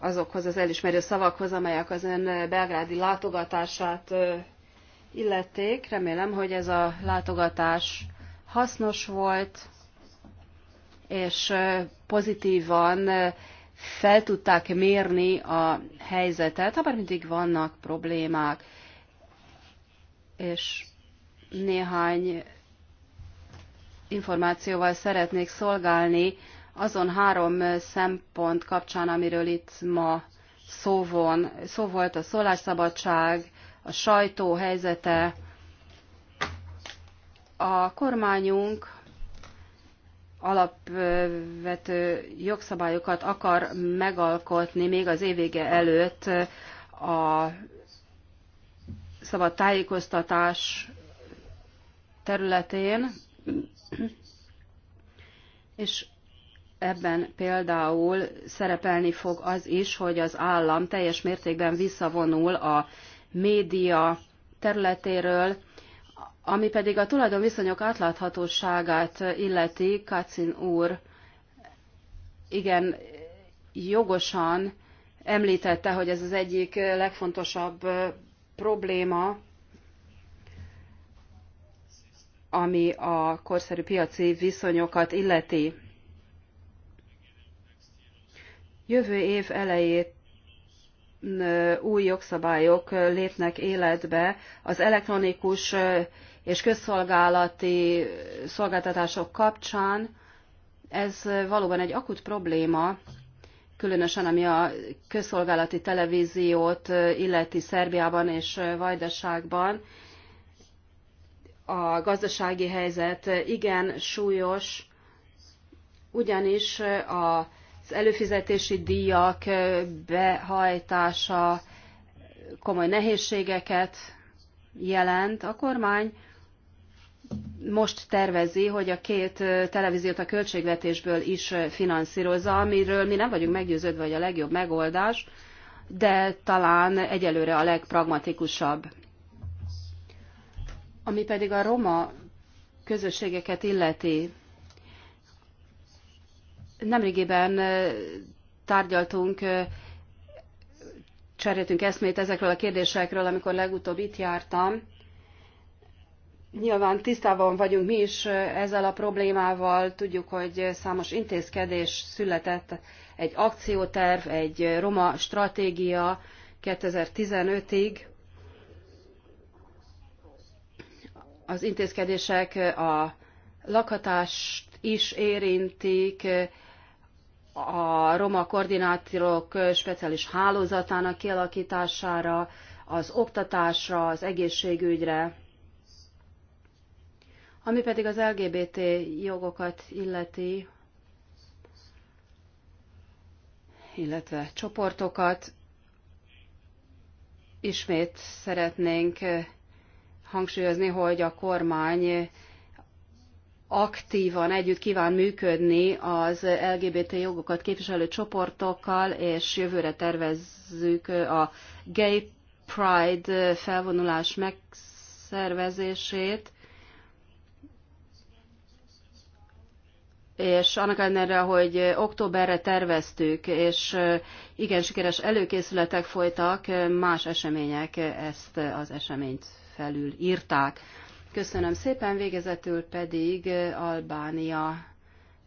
azokhoz az elismerő szavakhoz, amelyek az ön belgrádi látogatását illették. Remélem, hogy ez a látogatás hasznos volt, és pozitívan fel tudták mérni a helyzetet, habár mindig vannak problémák, és néhány információval szeretnék szolgálni azon három szempont kapcsán, amiről itt ma szó, von, szó volt a szólásszabadság, a sajtó helyzete. A kormányunk alapvető jogszabályokat akar megalkotni még az évvége előtt a szabad tájékoztatás területén, és ebben például szerepelni fog az is, hogy az állam teljes mértékben visszavonul a média területéről, ami pedig a tulajdonviszonyok átláthatóságát illeti, Kacin úr igen jogosan említette, hogy ez az egyik legfontosabb probléma, ami a korszerű piaci viszonyokat illeti. Jövő év elejét új jogszabályok lépnek életbe az elektronikus és közszolgálati szolgáltatások kapcsán. Ez valóban egy akut probléma, különösen ami a közszolgálati televíziót illeti Szerbiában és Vajdaságban, a gazdasági helyzet igen súlyos, ugyanis az előfizetési díjak behajtása komoly nehézségeket jelent. A kormány most tervezi, hogy a két televíziót a költségvetésből is finanszírozza, amiről mi nem vagyunk meggyőződve, hogy a legjobb megoldás, de talán egyelőre a legpragmatikusabb. Ami pedig a roma közösségeket illeti, nemrégiben tárgyaltunk, cseréltünk eszmét ezekről a kérdésekről, amikor legutóbb itt jártam. Nyilván tisztában vagyunk mi is ezzel a problémával, tudjuk, hogy számos intézkedés született, egy akcióterv, egy roma stratégia 2015-ig, az intézkedések a lakhatást is érintik, a roma koordinátorok speciális hálózatának kialakítására, az oktatásra, az egészségügyre, ami pedig az LGBT jogokat illeti, illetve csoportokat. Ismét szeretnénk hangsúlyozni, hogy a kormány aktívan együtt kíván működni az LGBT jogokat képviselő csoportokkal, és jövőre tervezzük a Gay Pride felvonulás megszervezését. és annak ellenére, hogy októberre terveztük, és igen sikeres előkészületek folytak, más események ezt az eseményt felül írták. Köszönöm szépen, végezetül pedig Albánia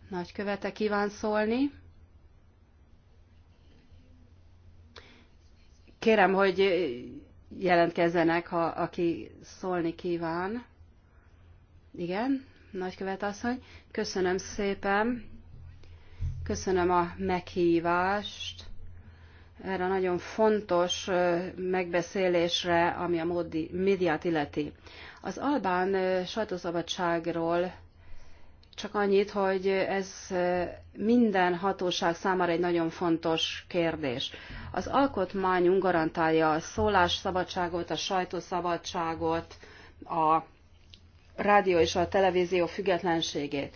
nagykövete kíván szólni. Kérem, hogy jelentkezzenek, ha aki szólni kíván. Igen, nagykövet asszony. Köszönöm szépen. Köszönöm a meghívást erre a nagyon fontos megbeszélésre, ami a módi, médiát illeti. Az albán sajtószabadságról csak annyit, hogy ez minden hatóság számára egy nagyon fontos kérdés. Az alkotmányunk garantálja a szólásszabadságot, a sajtószabadságot, a rádió és a televízió függetlenségét.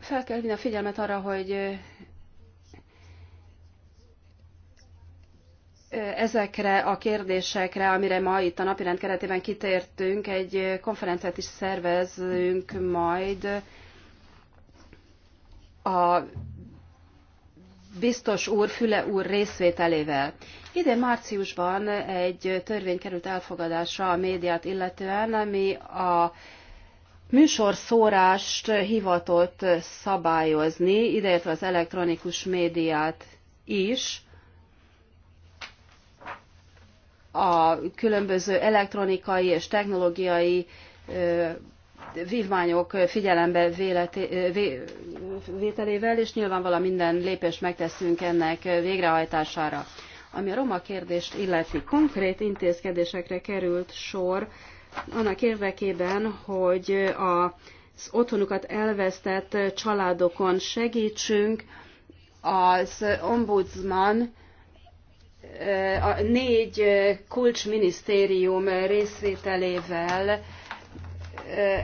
Fel kell vinni a figyelmet arra, hogy ezekre a kérdésekre, amire ma itt a napirend keretében kitértünk, egy konferenciát is szervezünk majd a biztos úr, Füle úr részvételével. Idén márciusban egy törvény került elfogadásra a médiát illetően, ami a műsorszórást hivatott szabályozni, ideértve az elektronikus médiát is a különböző elektronikai és technológiai vívmányok figyelembe vételével, és nyilvánvalóan minden lépést megteszünk ennek végrehajtására. Ami a roma kérdést illeti, konkrét intézkedésekre került sor annak érdekében, hogy az otthonukat elvesztett családokon segítsünk, az ombudsman a négy kulcsminisztérium részvételével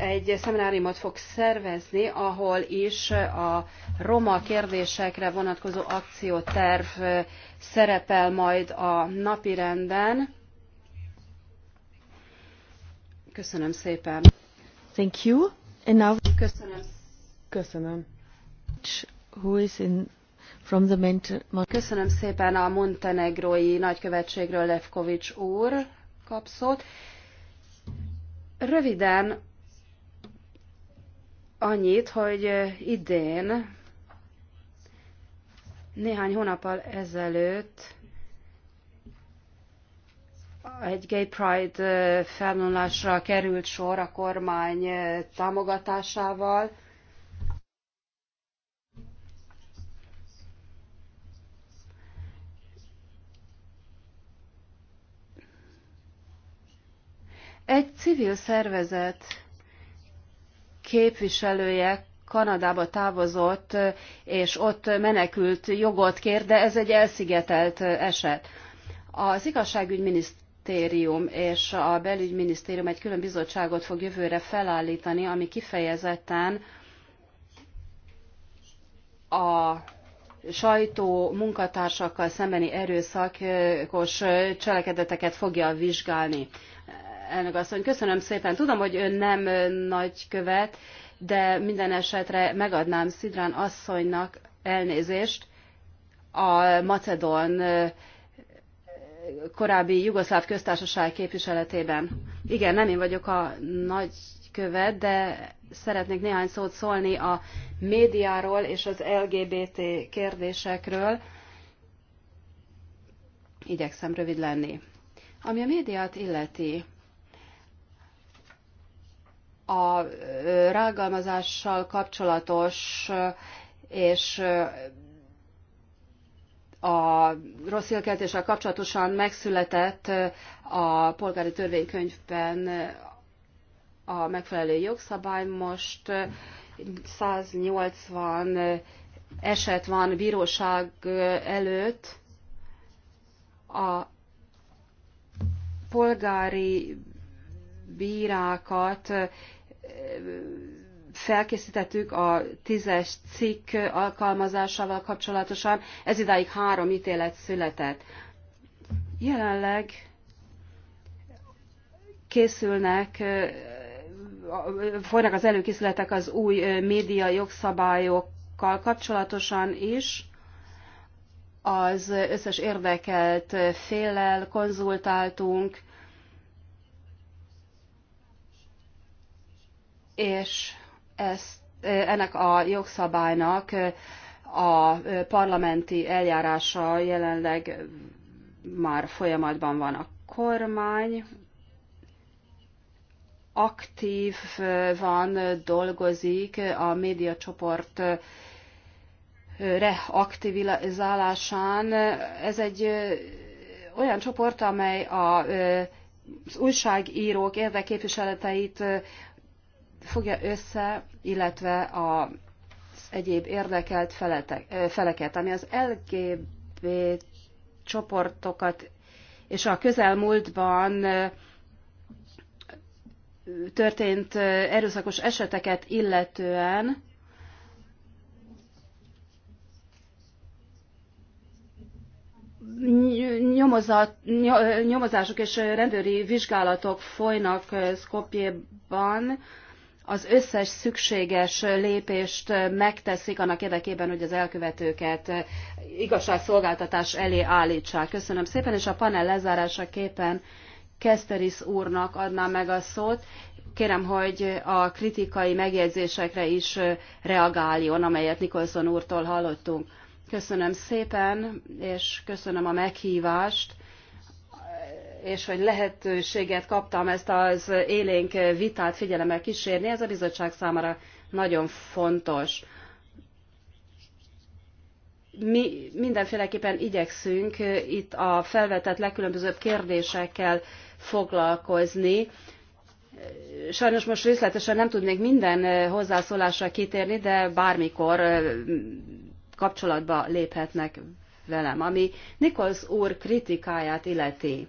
egy szemináriumot fog szervezni, ahol is a roma kérdésekre vonatkozó akcióterv szerepel majd a napirenden. Köszönöm szépen. Thank you. And now... Köszönöm. Köszönöm. Who is in From the Köszönöm szépen a montenegrói nagykövetségről Levkovics úr kapszót. Röviden annyit, hogy idén néhány hónappal ezelőtt egy Gay Pride felvonulásra került sor a kormány támogatásával, Egy civil szervezet képviselője Kanadába távozott, és ott menekült jogot kér, de ez egy elszigetelt eset. Az igazságügyminisztérium és a belügyminisztérium egy külön bizottságot fog jövőre felállítani, ami kifejezetten a sajtó munkatársakkal szembeni erőszakos cselekedeteket fogja vizsgálni elnök asszony, köszönöm szépen. Tudom, hogy ön nem nagy követ, de minden esetre megadnám Szidrán asszonynak elnézést a Macedon korábbi Jugoszláv köztársaság képviseletében. Igen, nem én vagyok a nagy követ, de szeretnék néhány szót szólni a médiáról és az LGBT kérdésekről. Igyekszem rövid lenni. Ami a médiát illeti, a rágalmazással kapcsolatos és a rossz élkeltéssel kapcsolatosan megszületett a polgári törvénykönyvben a megfelelő jogszabály. Most 180 eset van bíróság előtt. A polgári bírákat felkészítettük a tízes cikk alkalmazásával kapcsolatosan. Ez idáig három ítélet született. Jelenleg készülnek folynak az előkészületek az új média jogszabályokkal kapcsolatosan is. Az összes érdekelt félel konzultáltunk, és ezt, ennek a jogszabálynak a parlamenti eljárása jelenleg már folyamatban van a kormány, aktív van, dolgozik a médiacsoport reaktivizálásán. Ez egy olyan csoport, amely a az újságírók érdeképviseleteit fogja össze, illetve az egyéb érdekelt feletek, feleket, ami az LGB csoportokat és a közelmúltban történt erőszakos eseteket illetően nyomozások és rendőri vizsgálatok folynak Skopjeban, az összes szükséges lépést megteszik annak érdekében, hogy az elkövetőket igazságszolgáltatás elé állítsák. Köszönöm szépen, és a panel lezárásaképpen Keszteris úrnak adnám meg a szót. Kérem, hogy a kritikai megjegyzésekre is reagáljon, amelyet Nikolson úrtól hallottunk. Köszönöm szépen, és köszönöm a meghívást és hogy lehetőséget kaptam ezt az élénk vitát figyelemmel kísérni, ez a bizottság számára nagyon fontos. Mi mindenféleképpen igyekszünk itt a felvetett legkülönbözőbb kérdésekkel foglalkozni. Sajnos most részletesen nem tudnék minden hozzászólásra kitérni, de bármikor kapcsolatba léphetnek velem, ami Nichols úr kritikáját illeti.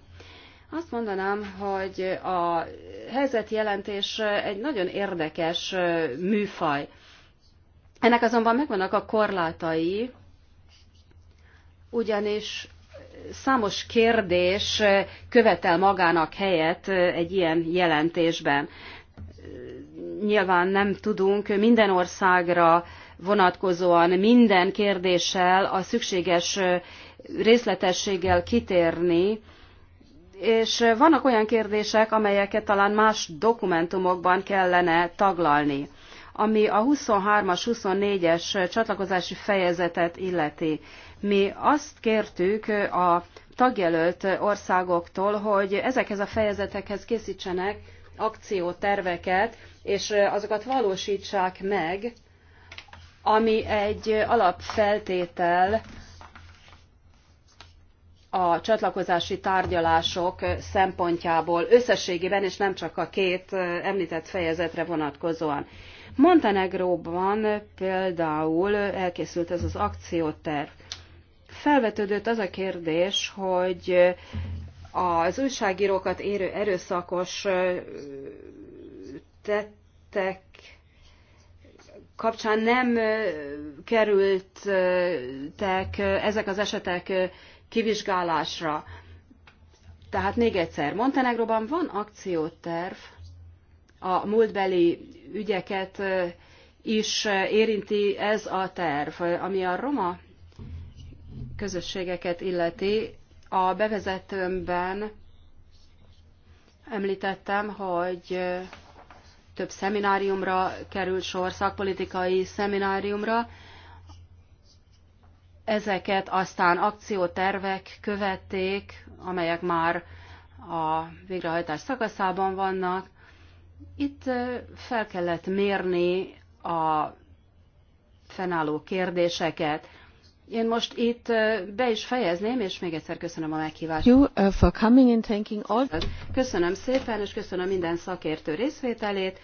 Azt mondanám, hogy a helyzetjelentés egy nagyon érdekes műfaj. Ennek azonban megvannak a korlátai, ugyanis számos kérdés követel magának helyet egy ilyen jelentésben. Nyilván nem tudunk minden országra vonatkozóan minden kérdéssel a szükséges részletességgel kitérni, és vannak olyan kérdések, amelyeket talán más dokumentumokban kellene taglalni, ami a 23-as, 24-es csatlakozási fejezetet illeti. Mi azt kértük a tagjelölt országoktól, hogy ezekhez a fejezetekhez készítsenek akcióterveket, és azokat valósítsák meg, ami egy alapfeltétel a csatlakozási tárgyalások szempontjából összességében, és nem csak a két említett fejezetre vonatkozóan. Montenegróban például elkészült ez az akcióterv. Felvetődött az a kérdés, hogy az újságírókat érő erőszakos tettek kapcsán nem kerültek ezek az esetek kivizsgálásra. Tehát még egyszer, Montenegróban van akcióterv, a múltbeli ügyeket is érinti ez a terv, ami a roma közösségeket illeti. A bevezetőmben említettem, hogy több szemináriumra került sor, szakpolitikai szemináriumra, Ezeket aztán akciótervek követték, amelyek már a végrehajtás szakaszában vannak. Itt fel kellett mérni a fennálló kérdéseket. Én most itt be is fejezném, és még egyszer köszönöm a meghívást. You, uh, for coming and thanking all... Köszönöm szépen, és köszönöm minden szakértő részvételét,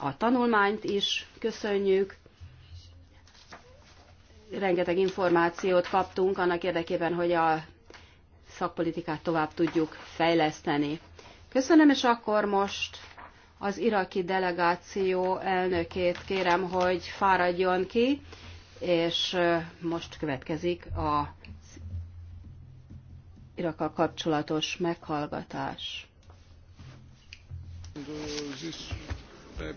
a tanulmányt is köszönjük rengeteg információt kaptunk annak érdekében, hogy a szakpolitikát tovább tudjuk fejleszteni. Köszönöm, és akkor most az iraki delegáció elnökét kérem, hogy fáradjon ki, és most következik a Irakkal kapcsolatos meghallgatás. Köszönöm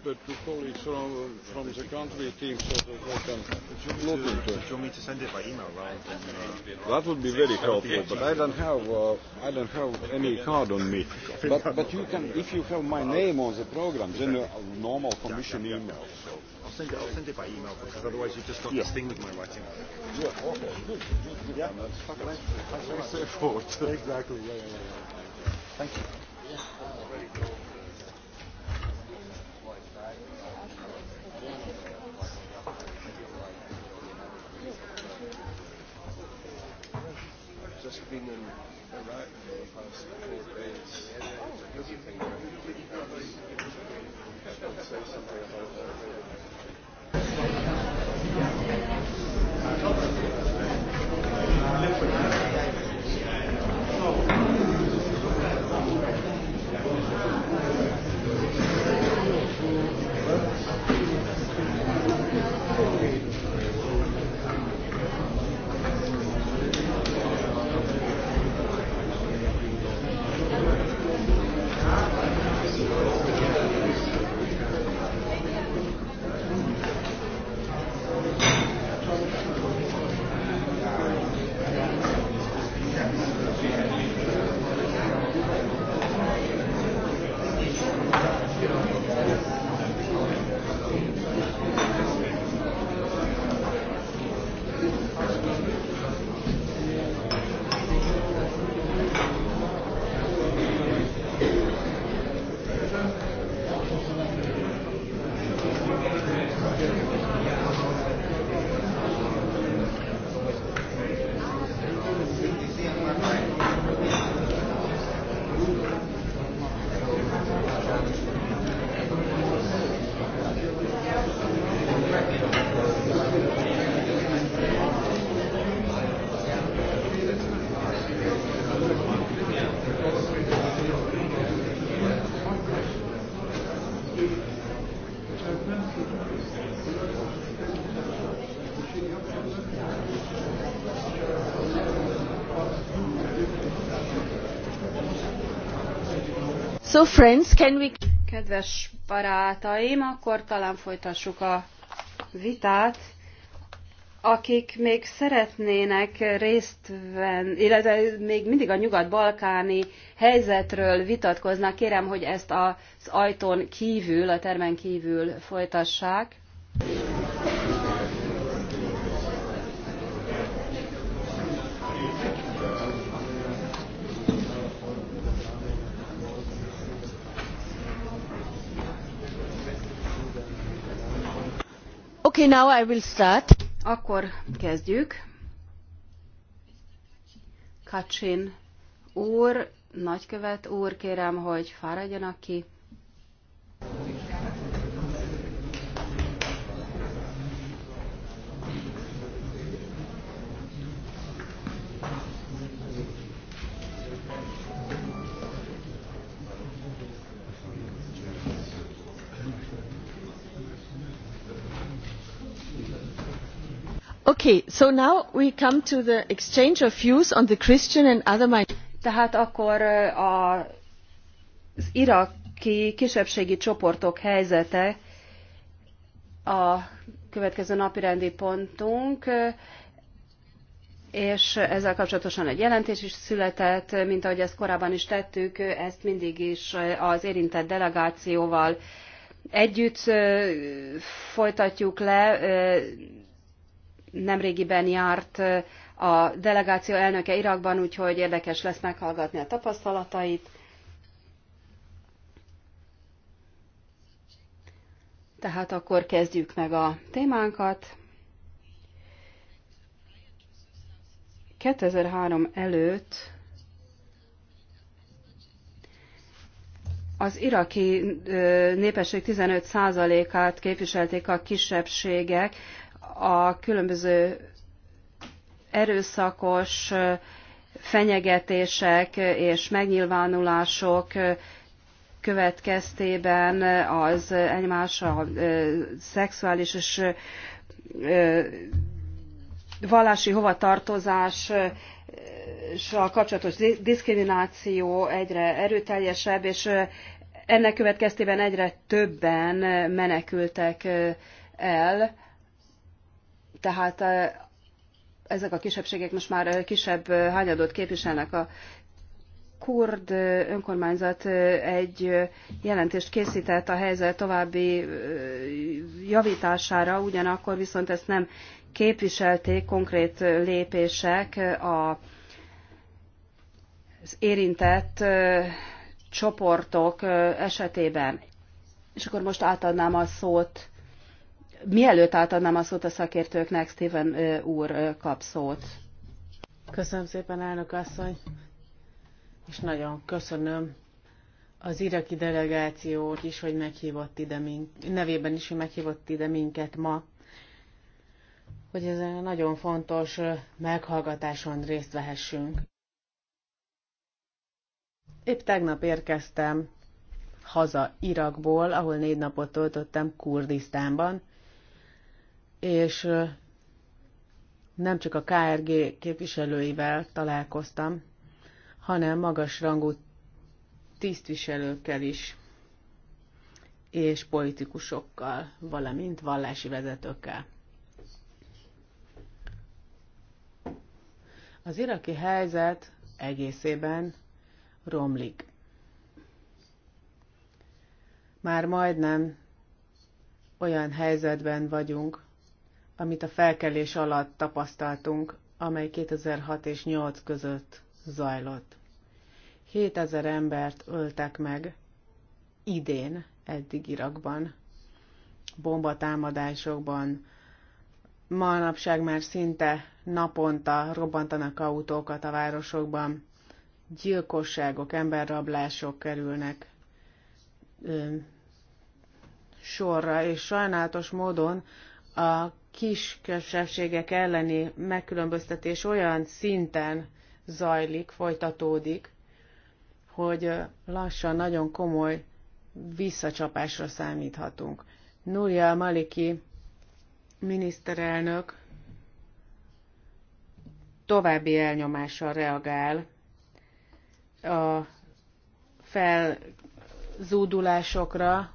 but two colleagues from, from the country team so that they can look into it. Do you want me to send it by email rather than... Uh, that would be very helpful, but I don't have uh, I don't have any card on me. But, but you can, if you have my name on the program, then a uh, normal commission email. So. I'll send it. I'll send it by email because otherwise you've just got yeah. this thing with my writing. Yeah. Okay. Good. Good. good. Yeah. That's very straightforward. Exactly. Yeah, yeah, yeah. Thank you. Yeah. I've been Thank you. So friends, can we... Kedves barátaim, akkor talán folytassuk a vitát. Akik még szeretnének részt venni, illetve még mindig a nyugat-balkáni helyzetről vitatkoznak, kérem, hogy ezt az ajtón kívül, a termen kívül folytassák. Okay, now I will start. Akkor kezdjük. Kacsin úr, nagykövet úr, kérem, hogy fáradjanak ki. Tehát akkor az iraki kisebbségi csoportok helyzete a következő napirendi pontunk, és ezzel kapcsolatosan egy jelentés is született, mint ahogy ezt korábban is tettük, ezt mindig is az érintett delegációval együtt folytatjuk le nemrégiben járt a delegáció elnöke Irakban, úgyhogy érdekes lesz meghallgatni a tapasztalatait. Tehát akkor kezdjük meg a témánkat. 2003 előtt az iraki népesség 15%-át képviselték a kisebbségek, a különböző erőszakos fenyegetések és megnyilvánulások következtében az egymás a szexuális és vallási hovatartozás a kapcsolatos diszkrimináció egyre erőteljesebb, és ennek következtében egyre többen menekültek el tehát ezek a kisebbségek most már kisebb hányadot képviselnek a kurd önkormányzat egy jelentést készített a helyzet további javítására, ugyanakkor viszont ezt nem képviselték konkrét lépések a, az érintett csoportok esetében. És akkor most átadnám a szót Mielőtt átadnám a szót a szakértőknek, Steven úr kap szót. Köszönöm szépen, elnök asszony, és nagyon köszönöm az iraki delegációt is, hogy meghívott ide minket, nevében is, hogy meghívott ide minket ma, hogy ez egy nagyon fontos meghallgatáson részt vehessünk. Épp tegnap érkeztem haza Irakból, ahol négy napot töltöttem Kurdisztánban, és nem csak a KRG képviselőivel találkoztam, hanem magasrangú tisztviselőkkel is, és politikusokkal, valamint vallási vezetőkkel. Az iraki helyzet egészében romlik. Már majdnem olyan helyzetben vagyunk, amit a felkelés alatt tapasztaltunk, amely 2006 és 8 között zajlott. 7000 embert öltek meg idén, eddig Irakban, bombatámadásokban. Manapság már szinte naponta robbantanak autókat a városokban, gyilkosságok, emberrablások kerülnek ö, sorra, és sajnálatos módon a kis kisebbségek elleni megkülönböztetés olyan szinten zajlik, folytatódik, hogy lassan nagyon komoly visszacsapásra számíthatunk. Nuria Maliki miniszterelnök további elnyomással reagál a felzúdulásokra,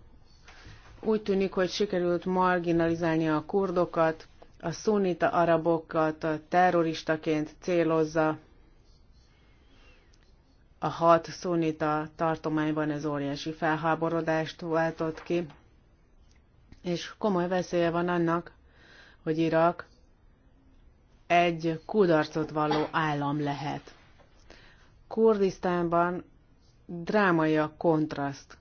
úgy tűnik, hogy sikerült marginalizálni a kurdokat, a szunita arabokat a terroristaként célozza. A hat szunita tartományban ez óriási felháborodást váltott ki, és komoly veszélye van annak, hogy Irak egy kudarcot valló állam lehet. Kurdisztánban drámai a kontraszt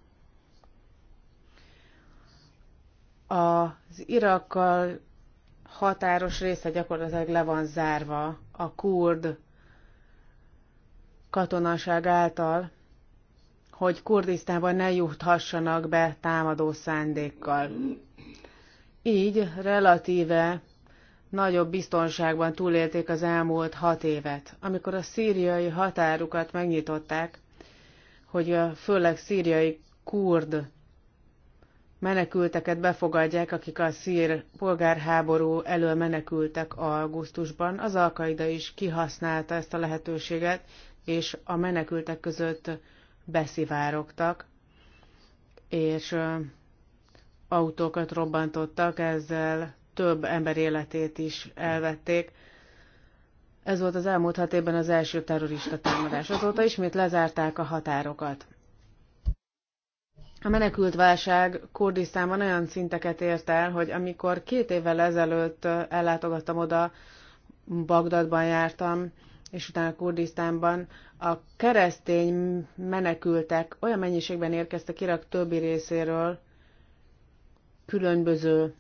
az Irakkal határos része gyakorlatilag le van zárva a kurd katonaság által, hogy Kurdisztánban ne juthassanak be támadó szándékkal. Így relatíve nagyobb biztonságban túlélték az elmúlt hat évet. Amikor a szíriai határukat megnyitották, hogy a főleg szíriai kurd menekülteket befogadják, akik a szír polgárháború elől menekültek augusztusban. Az Alkaida is kihasználta ezt a lehetőséget, és a menekültek között beszivárogtak, és autókat robbantottak, ezzel több ember életét is elvették. Ez volt az elmúlt hat évben az első terrorista támadás. Azóta ismét lezárták a határokat. A menekült válság Kurdisztánban olyan szinteket ért el, hogy amikor két évvel ezelőtt ellátogattam oda, Bagdadban jártam, és utána Kurdisztánban, a keresztény menekültek olyan mennyiségben érkeztek Irak többi részéről, különböző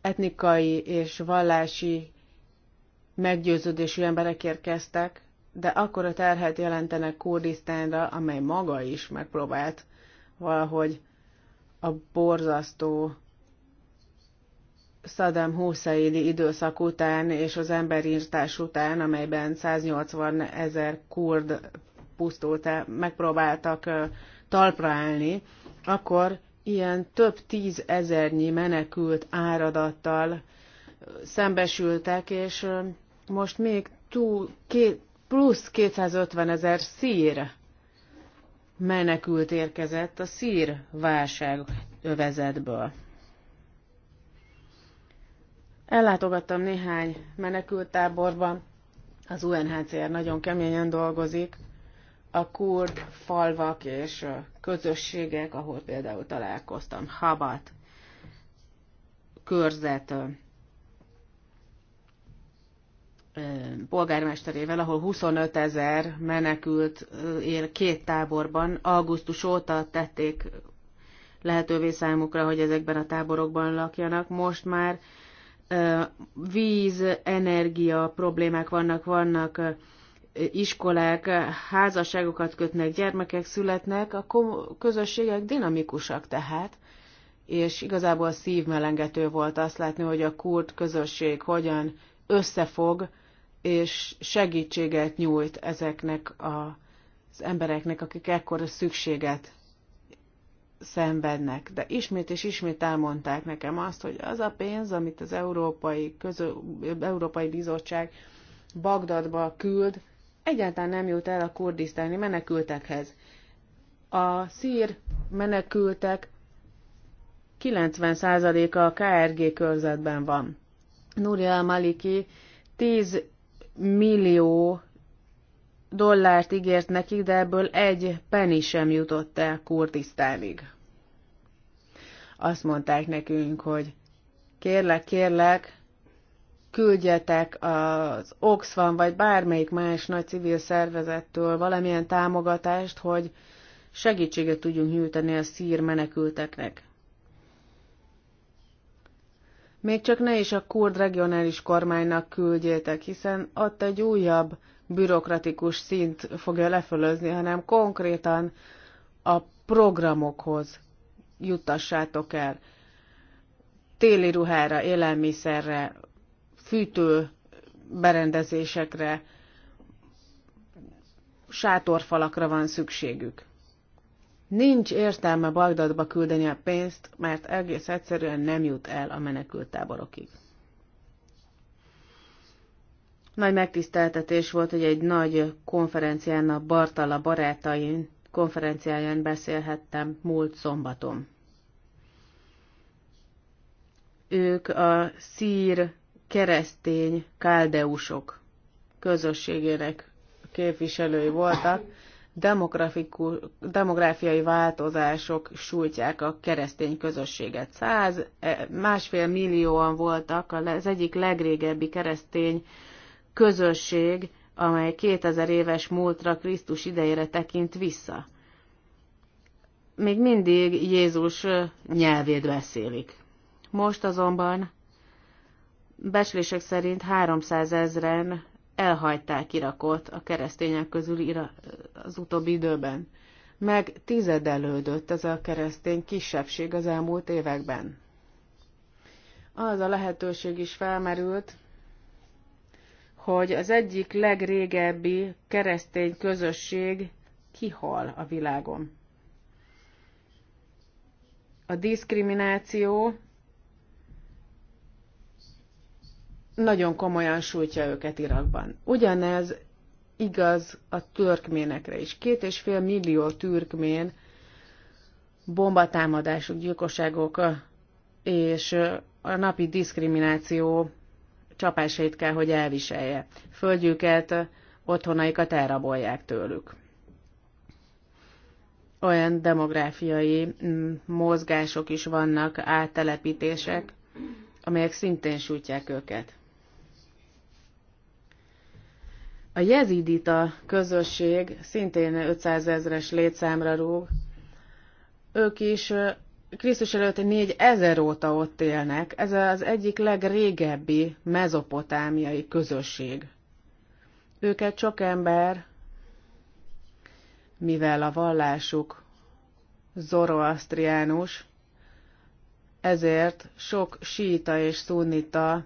etnikai és vallási meggyőződésű emberek érkeztek, de a terhet jelentenek Kurdisztánra, amely maga is megpróbált valahogy a borzasztó Saddam Husseini időszak után és az emberírtás után, amelyben 180 ezer kurd pusztult el, megpróbáltak talpra állni, akkor ilyen több tízezernyi menekült áradattal szembesültek, és most még túl, két, plusz 250 ezer szír menekült érkezett a szír válság övezetből. Ellátogattam néhány menekülttáborban, az UNHCR nagyon keményen dolgozik, a kurd falvak és közösségek, ahol például találkoztam, Habat körzet polgármesterével, ahol 25 ezer menekült él két táborban. Augusztus óta tették lehetővé számukra, hogy ezekben a táborokban lakjanak. Most már víz, energia problémák vannak, vannak iskolák, házasságokat kötnek, gyermekek születnek, a közösségek dinamikusak tehát, és igazából szívmelengető volt azt látni, hogy a kurt közösség hogyan összefog, és segítséget nyújt ezeknek a, az embereknek, akik ekkora szükséget szenvednek. De ismét és ismét elmondták nekem azt, hogy az a pénz, amit az Európai, Közö, Európai Bizottság Bagdadba küld, egyáltalán nem jut el a kurdisztáni menekültekhez. A szír menekültek 90%-a a KRG körzetben van. Nuria Maliki 10 millió dollárt ígért nekik, de ebből egy penny sem jutott el Kurdisztánig. Azt mondták nekünk, hogy kérlek, kérlek, küldjetek az Oxfam vagy bármelyik más nagy civil szervezettől valamilyen támogatást, hogy segítséget tudjunk nyújtani a szír menekülteknek. Még csak ne is a kurd regionális kormánynak küldjétek, hiszen ott egy újabb bürokratikus szint fogja lefölözni, hanem konkrétan a programokhoz juttassátok el. Téli ruhára, élelmiszerre, fűtő berendezésekre, sátorfalakra van szükségük. Nincs értelme Bagdadba küldeni a pénzt, mert egész egyszerűen nem jut el a menekült táborokig. Nagy megtiszteltetés volt, hogy egy nagy konferencián a Bartala barátain konferenciáján beszélhettem múlt szombaton. Ők a szír keresztény káldeusok közösségének képviselői voltak, demográfiai változások sújtják a keresztény közösséget. Száz, e, másfél millióan voltak az egyik legrégebbi keresztény közösség, amely 2000 éves múltra Krisztus idejére tekint vissza. Még mindig Jézus nyelvét beszélik. Most azonban becslések szerint 300 ezren elhagyták Irakot a keresztények közül az utóbbi időben. Meg tizedelődött ez a keresztény kisebbség az elmúlt években. Az a lehetőség is felmerült, hogy az egyik legrégebbi keresztény közösség kihal a világon. A diszkrimináció nagyon komolyan sújtja őket Irakban. Ugyanez igaz a türkménekre is. Két és fél millió türkmén bombatámadások, gyilkosságok és a napi diszkrimináció csapásait kell, hogy elviselje. Földjüket, otthonaikat elrabolják tőlük. Olyan demográfiai mm, mozgások is vannak, áttelepítések, amelyek szintén sújtják őket. A jezidita közösség szintén 500 ezres létszámra rúg. Ők is Krisztus előtt 4000 óta ott élnek. Ez az egyik legrégebbi mezopotámiai közösség. Őket sok ember, mivel a vallásuk zoroasztriánus, ezért sok síta és szunnita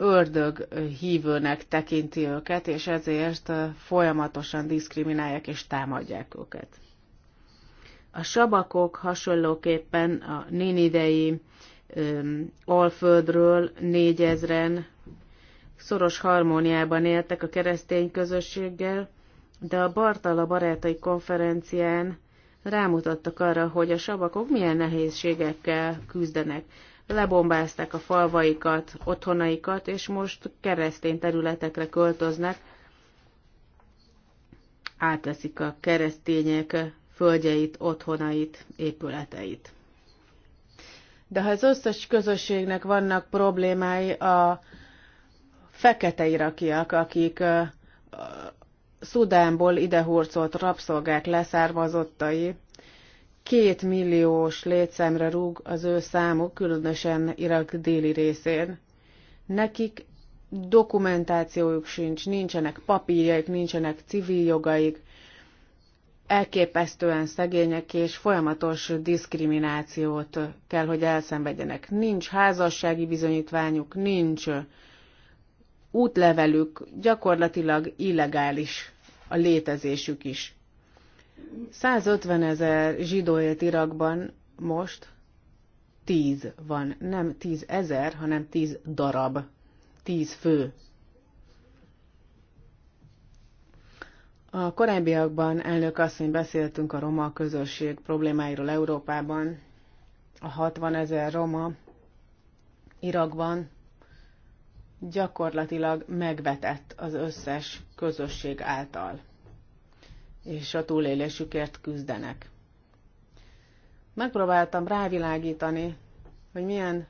ördög hívőnek tekinti őket, és ezért folyamatosan diszkriminálják és támadják őket. A sabakok hasonlóképpen a nénidei alföldről négyezren szoros harmóniában éltek a keresztény közösséggel, de a Bartala barátai konferencián rámutattak arra, hogy a sabakok milyen nehézségekkel küzdenek lebombázták a falvaikat, otthonaikat, és most keresztény területekre költöznek, átveszik a keresztények földjeit, otthonait, épületeit. De ha az összes közösségnek vannak problémái, a fekete irakiak, akik Szudánból idehurcolt rabszolgák leszármazottai, két milliós létszámra rúg az ő számuk, különösen Irak déli részén. Nekik dokumentációjuk sincs, nincsenek papírjaik, nincsenek civil jogaik, elképesztően szegények és folyamatos diszkriminációt kell, hogy elszenvedjenek. Nincs házassági bizonyítványuk, nincs útlevelük, gyakorlatilag illegális a létezésük is. 150 ezer zsidó élt Irakban most, 10 van, nem 10 ezer, hanem 10 darab, 10 fő. A korábbiakban elnök asszony beszéltünk a roma közösség problémáiról Európában. A 60 ezer roma Irakban gyakorlatilag megvetett az összes közösség által és a túlélésükért küzdenek. Megpróbáltam rávilágítani, hogy milyen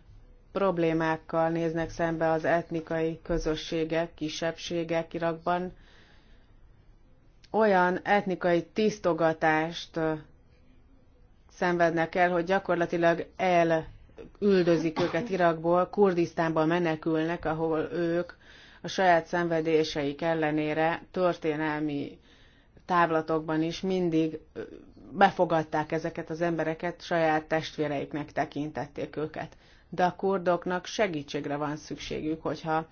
problémákkal néznek szembe az etnikai közösségek, kisebbségek Irakban, olyan etnikai tisztogatást szenvednek el, hogy gyakorlatilag elüldözik őket Irakból, Kurdisztánba menekülnek, ahol ők a saját szenvedéseik ellenére történelmi távlatokban is mindig befogadták ezeket az embereket, saját testvéreiknek tekintették őket. De a kurdoknak segítségre van szükségük, hogyha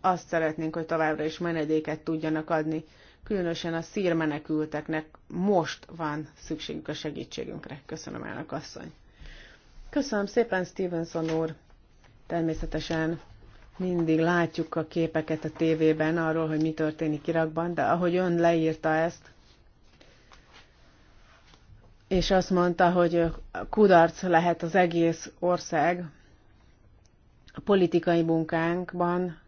azt szeretnénk, hogy továbbra is menedéket tudjanak adni, különösen a szírmenekülteknek most van szükségük a segítségünkre. Köszönöm, elnök asszony. Köszönöm szépen, Stevenson úr. Természetesen mindig látjuk a képeket a tévében arról, hogy mi történik Irakban, de ahogy ön leírta ezt, és azt mondta, hogy kudarc lehet az egész ország, a politikai munkánkban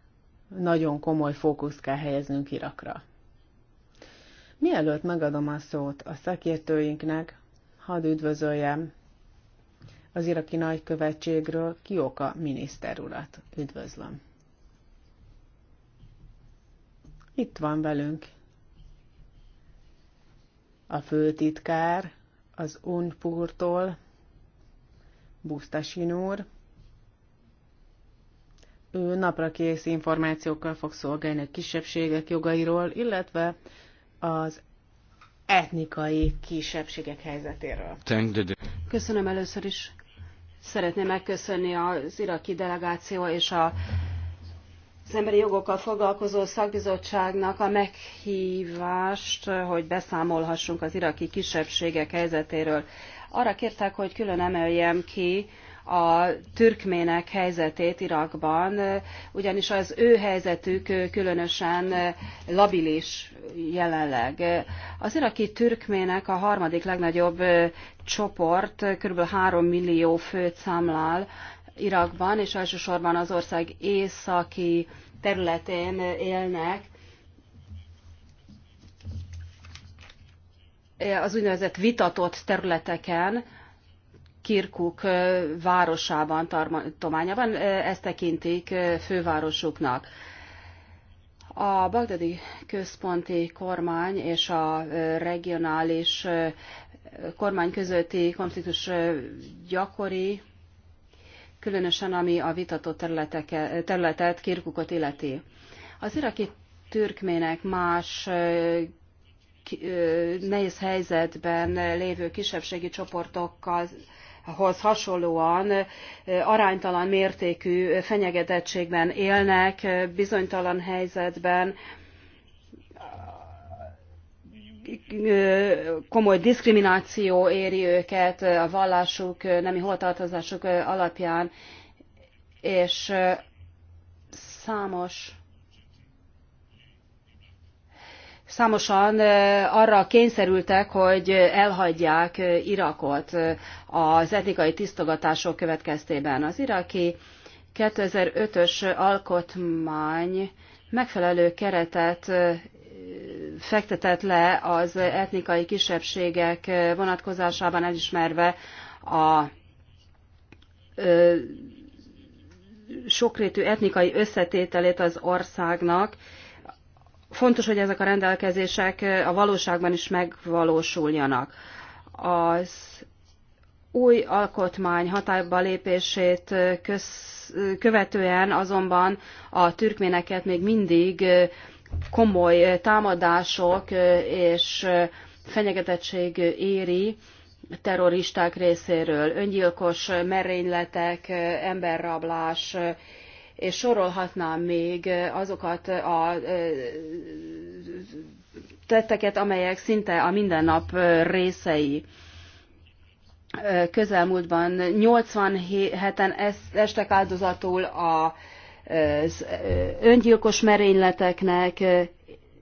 nagyon komoly fókuszt kell helyeznünk Irakra. Mielőtt megadom a szót a szakértőinknek, hadd üdvözöljem az iraki nagykövetségről Kioka miniszter urat. Üdvözlöm! Itt van velünk a főtitkár az Unpurtól, Busztasin úr. Ő napra kész információkkal fog szolgálni a kisebbségek jogairól, illetve az etnikai kisebbségek helyzetéről. Köszönöm először is Szeretném megköszönni az iraki delegáció és a az emberi jogokkal foglalkozó szakbizottságnak a meghívást, hogy beszámolhassunk az iraki kisebbségek helyzetéről. Arra kértek, hogy külön emeljem ki a türkmének helyzetét Irakban, ugyanis az ő helyzetük különösen labilis jelenleg. Az iraki türkmének a harmadik legnagyobb csoport kb. 3 millió főt számlál Irakban, és elsősorban az ország északi területén élnek. Az úgynevezett vitatott területeken, Kirkuk városában, tartományában ezt tekintik fővárosuknak. A bagdadi központi kormány és a regionális kormány közötti konfliktus gyakori, különösen ami a vitatott területet, Kirkukot illeti. Az iraki türkmének más nehéz helyzetben lévő kisebbségi csoportokkal hoz hasonlóan aránytalan mértékű fenyegetettségben élnek, bizonytalan helyzetben, komoly diszkrimináció éri őket a vallásuk, nemi hovatartozásuk alapján, és számos számosan arra kényszerültek, hogy elhagyják Irakot az etnikai tisztogatások következtében. Az iraki 2005-ös alkotmány megfelelő keretet fektetett le az etnikai kisebbségek vonatkozásában elismerve a sokrétű etnikai összetételét az országnak, fontos, hogy ezek a rendelkezések a valóságban is megvalósuljanak. Az új alkotmány hatályba lépését köz, követően azonban a türkméneket még mindig komoly támadások és fenyegetettség éri terroristák részéről. Öngyilkos merényletek, emberrablás, és sorolhatnám még azokat a tetteket, amelyek szinte a mindennap részei. Közelmúltban 87-en estek áldozatul az öngyilkos merényleteknek,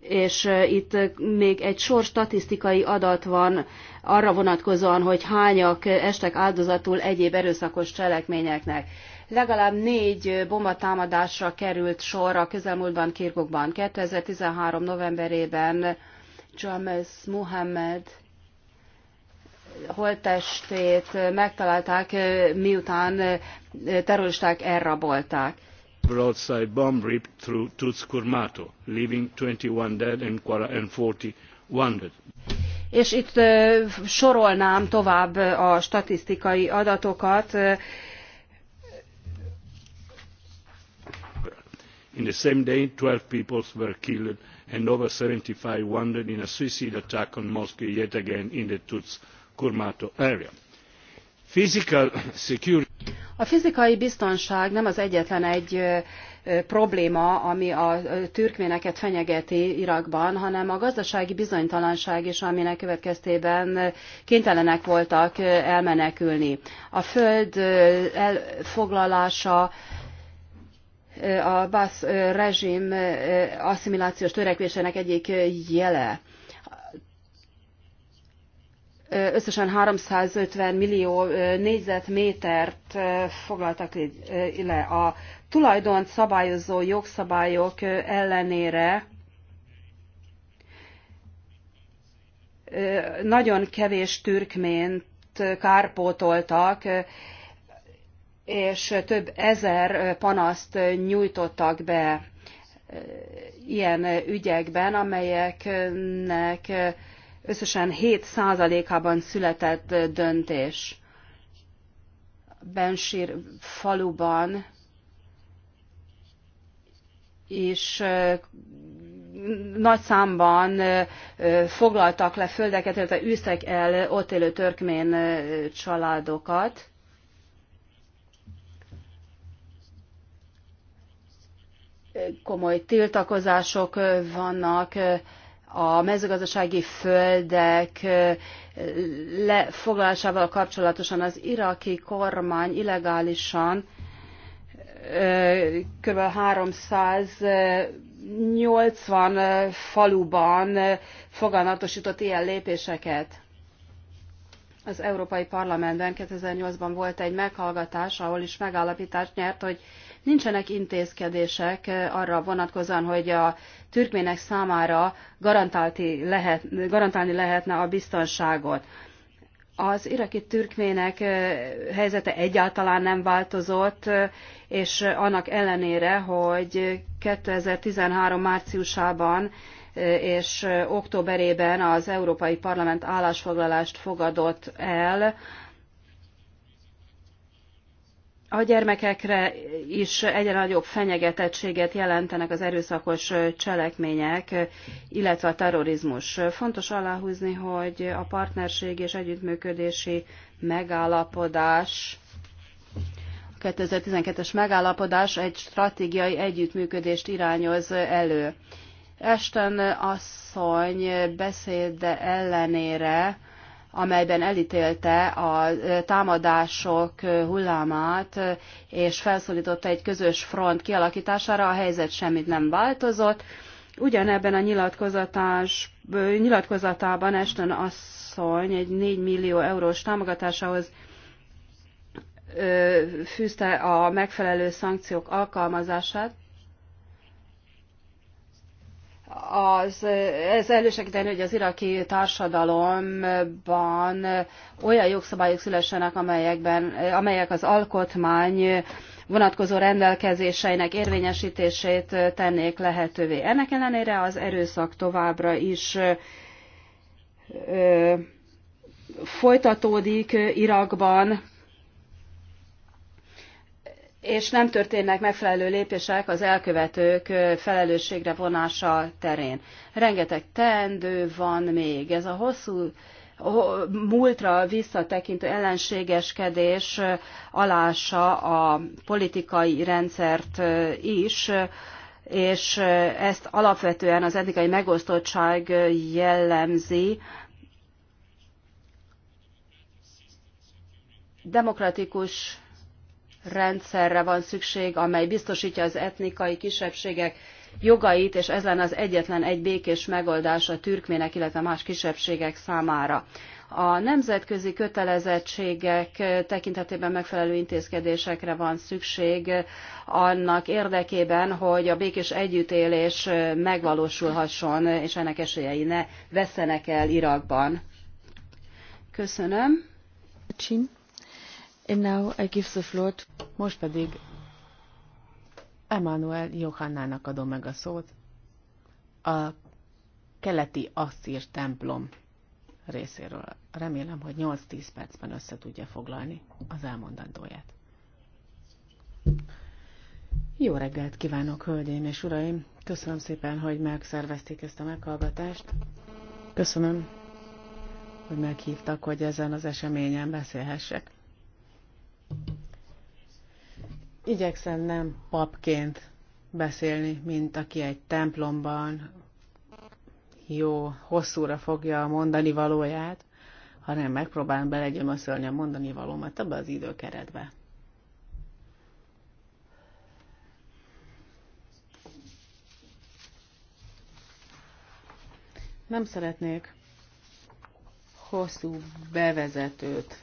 és itt még egy sor statisztikai adat van arra vonatkozóan, hogy hányak estek áldozatul egyéb erőszakos cselekményeknek. Legalább négy bombatámadásra került sor a közelmúltban Kirkukban. 2013. novemberében James Muhammad holttestét megtalálták, miután terroristák elrabolták. Broadside bomb ripped through Tutskurmato, leaving 21 dead and 40 wounded és itt sorolnám tovább a statisztikai adatokat. In the same day, 12 people were killed and over 75 wounded in a suicide attack on Moscow yet again in the Tuts Kurmato area. Physical security. A fizikai biztonság nem az egyetlen egy probléma, ami a türkméneket fenyegeti Irakban, hanem a gazdasági bizonytalanság is, aminek következtében kénytelenek voltak elmenekülni. A föld elfoglalása a Basz rezsim asszimilációs törekvésének egyik jele összesen 350 millió négyzetmétert foglaltak le. A tulajdont szabályozó jogszabályok ellenére nagyon kevés türkmént kárpótoltak, és több ezer panaszt nyújtottak be ilyen ügyekben, amelyeknek összesen 7 százalékában született döntés. Bensír faluban és nagy számban foglaltak le földeket, illetve űztek el ott élő törkmén családokat. Komoly tiltakozások vannak, a mezőgazdasági földek lefoglalásával kapcsolatosan az iraki kormány illegálisan kb. 380 faluban foganatosított ilyen lépéseket. Az Európai Parlamentben 2008-ban volt egy meghallgatás, ahol is megállapítást nyert, hogy nincsenek intézkedések arra vonatkozóan, hogy a türkmének számára lehet, garantálni lehetne a biztonságot. Az iraki türkmének helyzete egyáltalán nem változott, és annak ellenére, hogy 2013 márciusában és októberében az Európai Parlament állásfoglalást fogadott el a gyermekekre is egyre nagyobb fenyegetettséget jelentenek az erőszakos cselekmények, illetve a terrorizmus. Fontos aláhúzni, hogy a partnerség és együttműködési megállapodás, a 2012-es megállapodás egy stratégiai együttműködést irányoz elő. Esten asszony beszéde ellenére amelyben elítélte a támadások hullámát, és felszólította egy közös front kialakítására, a helyzet semmit nem változott. Ugyanebben a nyilatkozatás, nyilatkozatában Esten asszony egy 4 millió eurós támogatásához fűzte a megfelelő szankciók alkalmazását, az, ez elősegíteni, hogy az iraki társadalomban olyan jogszabályok szülessenek, amelyekben, amelyek az alkotmány vonatkozó rendelkezéseinek érvényesítését tennék lehetővé. Ennek ellenére az erőszak továbbra is ö, folytatódik Irakban, és nem történnek megfelelő lépések az elkövetők felelősségre vonása terén. Rengeteg teendő van még. Ez a hosszú múltra visszatekintő ellenségeskedés alása a politikai rendszert is, és ezt alapvetően az etnikai megosztottság jellemzi. Demokratikus rendszerre van szükség, amely biztosítja az etnikai kisebbségek jogait, és ez lenne az egyetlen egy békés megoldás a türkmének, illetve más kisebbségek számára. A nemzetközi kötelezettségek tekintetében megfelelő intézkedésekre van szükség annak érdekében, hogy a békés együttélés megvalósulhasson, és ennek esélyei ne vesszenek el Irakban. Köszönöm. Csin. And now I give the floor to... Most pedig Emmanuel Johannának adom meg a szót. A keleti asszír templom részéről. Remélem, hogy 8-10 percben össze tudja foglalni az elmondandóját. Jó reggelt kívánok, hölgyeim és uraim! Köszönöm szépen, hogy megszervezték ezt a meghallgatást. Köszönöm, hogy meghívtak, hogy ezen az eseményen beszélhessek. Igyekszem nem papként beszélni, mint aki egy templomban jó, hosszúra fogja a mondani valóját, hanem megpróbálom belegyömöszölni a mondani valómat abba az időkeretbe. Nem szeretnék hosszú bevezetőt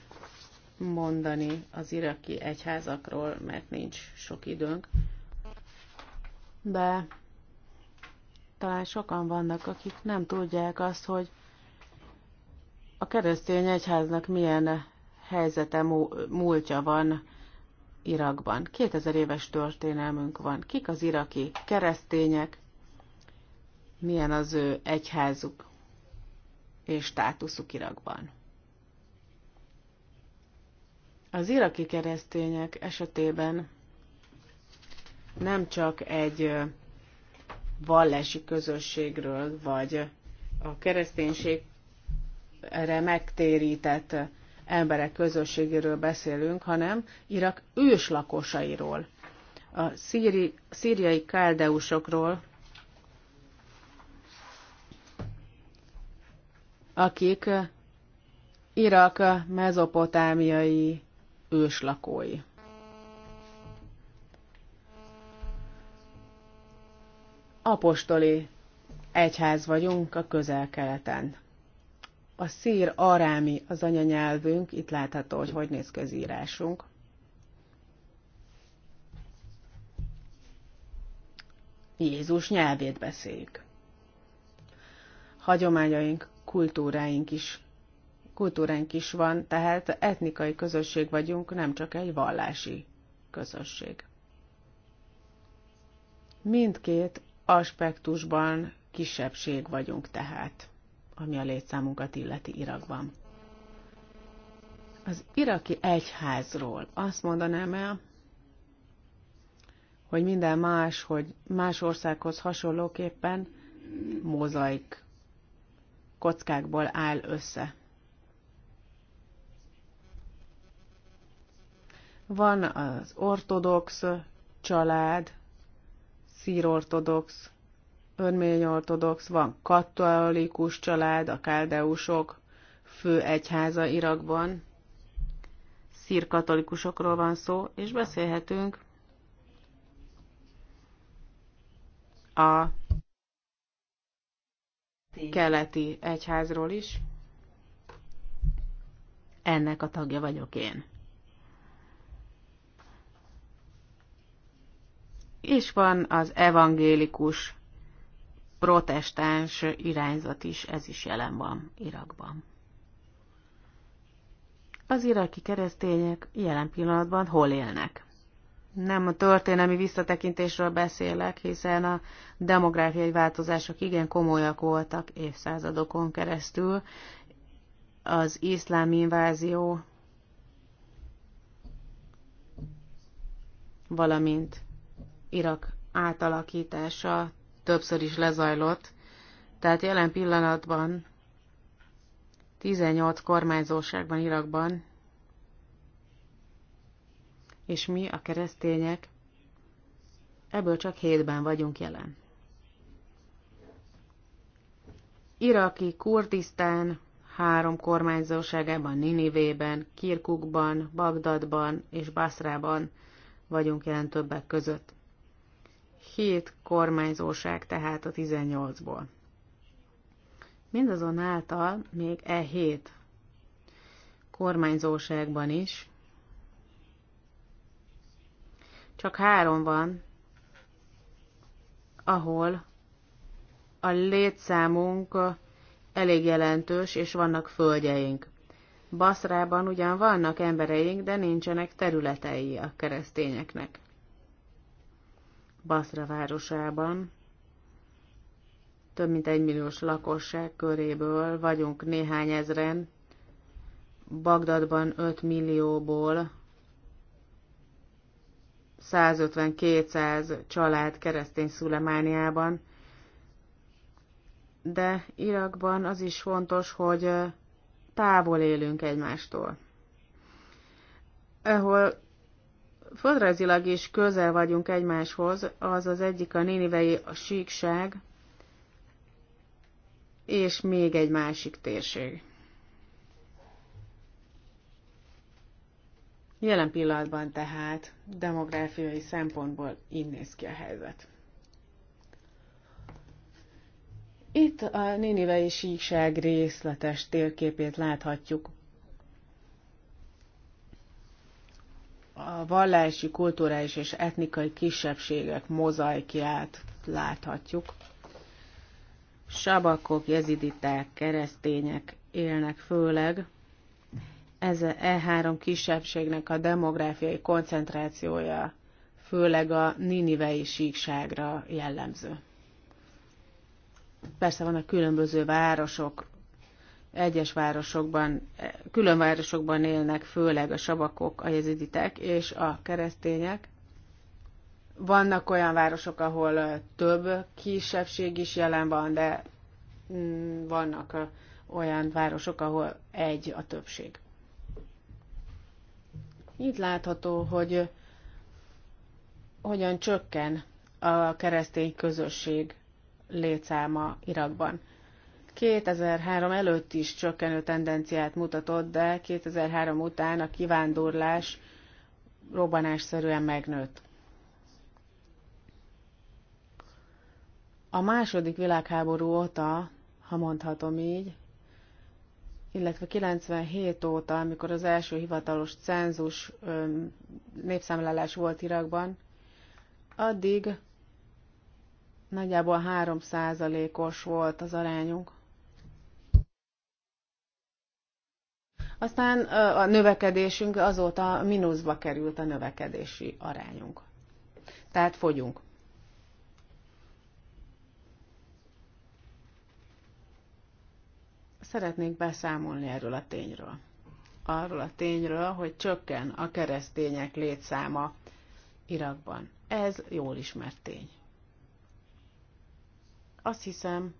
mondani az iraki egyházakról, mert nincs sok időnk. De talán sokan vannak, akik nem tudják azt, hogy a keresztény egyháznak milyen helyzete, múltja van Irakban. 2000 éves történelmünk van. Kik az iraki keresztények, milyen az ő egyházuk és státuszuk Irakban. Az iraki keresztények esetében nem csak egy vallási közösségről, vagy a kereszténységre megtérített emberek közösségéről beszélünk, hanem Irak őslakosairól, a szíri, szíriai káldeusokról, akik Irak mezopotámiai őslakói. Apostoli egyház vagyunk a közel-keleten. A szír arámi az anyanyelvünk, itt látható, hogy hogy néz ki Jézus nyelvét beszéljük. Hagyományaink, kultúráink is kultúránk is van, tehát etnikai közösség vagyunk, nem csak egy vallási közösség. Mindkét aspektusban kisebbség vagyunk tehát, ami a létszámunkat illeti Irakban. Az iraki egyházról azt mondanám el, hogy minden más, hogy más országhoz hasonlóképpen mozaik kockákból áll össze. Van az ortodox család, szírortodox, örményortodox, van katolikus család, a káldeusok fő egyháza Irakban, szírkatolikusokról van szó, és beszélhetünk a keleti egyházról is. Ennek a tagja vagyok én. és van az evangélikus protestáns irányzat is, ez is jelen van Irakban. Az iraki keresztények jelen pillanatban hol élnek? Nem a történelmi visszatekintésről beszélek, hiszen a demográfiai változások igen komolyak voltak évszázadokon keresztül. Az iszlám invázió, valamint Irak átalakítása többször is lezajlott, tehát jelen pillanatban 18 kormányzóságban Irakban, és mi, a keresztények, ebből csak hétben vagyunk jelen. Iraki Kurdisztán három kormányzóságában, Ninivében, Kirkukban, Bagdadban és Basrában vagyunk jelen többek között. Hét kormányzóság tehát a 18-ból. Mindazonáltal még e hét kormányzóságban is csak három van, ahol a létszámunk elég jelentős, és vannak földjeink. Baszrában ugyan vannak embereink, de nincsenek területei a keresztényeknek. Basra városában, több mint egymilliós lakosság köréből vagyunk néhány ezren, Bagdadban 5 millióból 150-200 család keresztény Szulemániában, de Irakban az is fontos, hogy távol élünk egymástól. ehol földrajzilag is közel vagyunk egymáshoz, az az egyik a Nénivei a síkság, és még egy másik térség. Jelen pillanatban tehát demográfiai szempontból így néz ki a helyzet. Itt a Nénivei síkság részletes térképét láthatjuk a vallási, kulturális és etnikai kisebbségek mozaikját láthatjuk. Sabakok, jeziditák, keresztények élnek főleg. Ez a e három kisebbségnek a demográfiai koncentrációja főleg a ninivei síkságra jellemző. Persze vannak különböző városok, egyes városokban, külön városokban élnek főleg a sabakok, a jeziditek és a keresztények. Vannak olyan városok, ahol több kisebbség is jelen van, de mm, vannak olyan városok, ahol egy a többség. Itt látható, hogy hogyan csökken a keresztény közösség létszáma Irakban. 2003 előtt is csökkenő tendenciát mutatott, de 2003 után a kivándorlás robbanásszerűen megnőtt. A második világháború óta, ha mondhatom így, illetve 97 óta, amikor az első hivatalos cenzus népszámlálás volt Irakban, addig nagyjából 3%-os volt az arányunk. Aztán a növekedésünk azóta mínuszba került a növekedési arányunk. Tehát fogyunk. Szeretnék beszámolni erről a tényről. Arról a tényről, hogy csökken a keresztények létszáma Irakban. Ez jól ismert tény. Azt hiszem,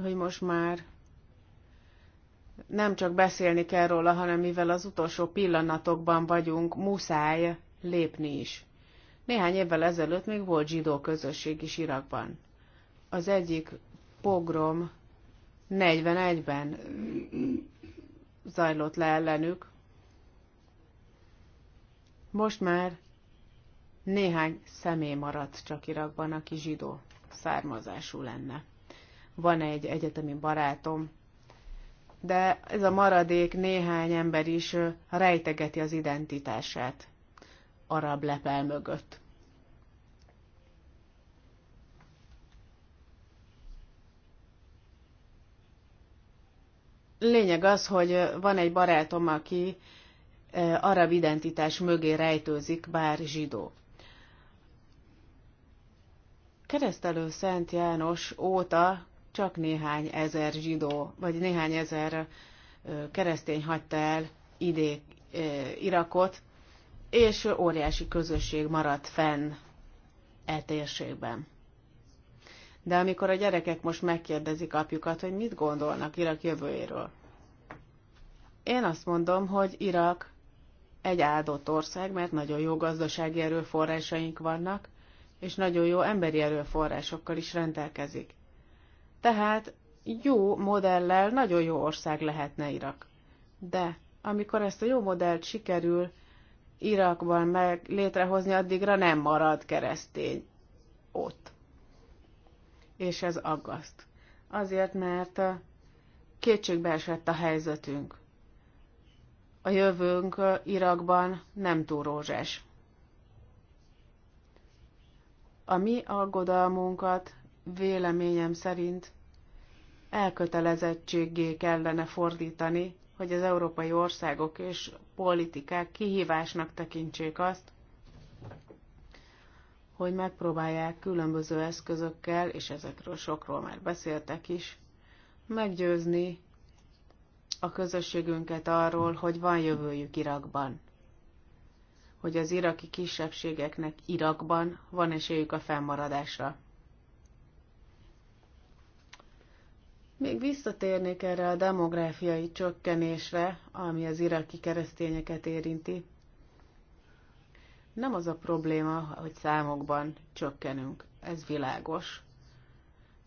hogy most már nem csak beszélni kell róla, hanem mivel az utolsó pillanatokban vagyunk, muszáj lépni is. Néhány évvel ezelőtt még volt zsidó közösség is Irakban. Az egyik pogrom 41-ben zajlott le ellenük. Most már néhány személy maradt csak Irakban, aki zsidó származású lenne. Van egy egyetemi barátom, de ez a maradék néhány ember is rejtegeti az identitását arab lepel mögött. Lényeg az, hogy van egy barátom, aki arab identitás mögé rejtőzik, bár zsidó. Keresztelő Szent János óta csak néhány ezer zsidó, vagy néhány ezer keresztény hagyta el idék, Irakot, és óriási közösség maradt fenn e térségben. De amikor a gyerekek most megkérdezik apjukat, hogy mit gondolnak Irak jövőjéről, én azt mondom, hogy Irak egy áldott ország, mert nagyon jó gazdasági erőforrásaink vannak, és nagyon jó emberi erőforrásokkal is rendelkezik. Tehát jó modellel nagyon jó ország lehetne Irak. De amikor ezt a jó modellt sikerül Irakban meg létrehozni, addigra nem marad keresztény ott. És ez aggaszt. Azért, mert kétségbe esett a helyzetünk. A jövőnk Irakban nem túl rózsás. A mi aggodalmunkat véleményem szerint elkötelezettségé kellene fordítani, hogy az európai országok és politikák kihívásnak tekintsék azt, hogy megpróbálják különböző eszközökkel, és ezekről sokról már beszéltek is, meggyőzni a közösségünket arról, hogy van jövőjük Irakban. Hogy az iraki kisebbségeknek Irakban van esélyük a fennmaradásra. Még visszatérnék erre a demográfiai csökkenésre, ami az iraki keresztényeket érinti. Nem az a probléma, hogy számokban csökkenünk, ez világos.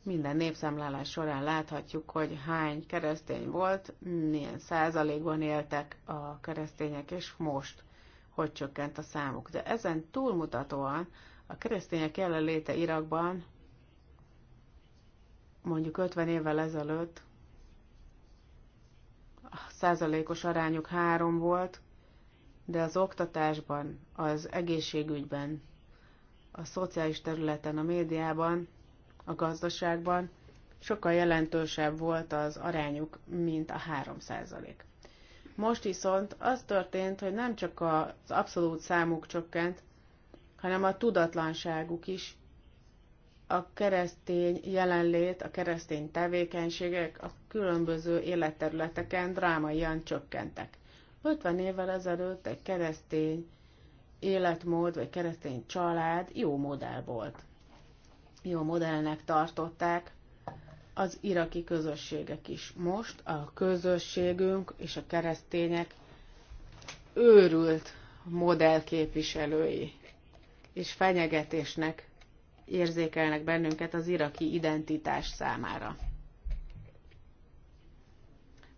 Minden népszámlálás során láthatjuk, hogy hány keresztény volt, milyen százalékban éltek a keresztények, és most hogy csökkent a számuk. De ezen túlmutatóan a keresztények jelenléte Irakban mondjuk 50 évvel ezelőtt a százalékos arányuk három volt, de az oktatásban, az egészségügyben, a szociális területen, a médiában, a gazdaságban sokkal jelentősebb volt az arányuk, mint a 3 százalék. Most viszont az történt, hogy nem csak az abszolút számuk csökkent, hanem a tudatlanságuk is a keresztény jelenlét, a keresztény tevékenységek a különböző életterületeken drámaian csökkentek. 50 évvel ezelőtt egy keresztény életmód vagy keresztény család jó modell volt. Jó modellnek tartották az iraki közösségek is. Most a közösségünk és a keresztények őrült modellképviselői és fenyegetésnek érzékelnek bennünket az iraki identitás számára.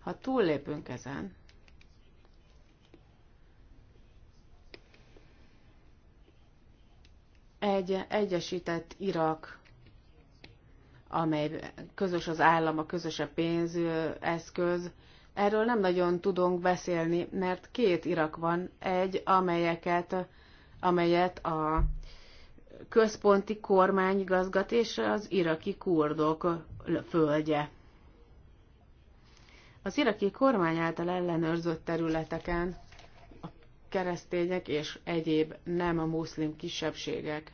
Ha túllépünk ezen, egy egyesített Irak, amely közös az állam, a közös a pénzeszköz, erről nem nagyon tudunk beszélni, mert két Irak van, egy, amelyeket, amelyet a központi kormány igazgatása az iraki kurdok földje. Az iraki kormány által ellenőrzött területeken a keresztények és egyéb nem a muszlim kisebbségek,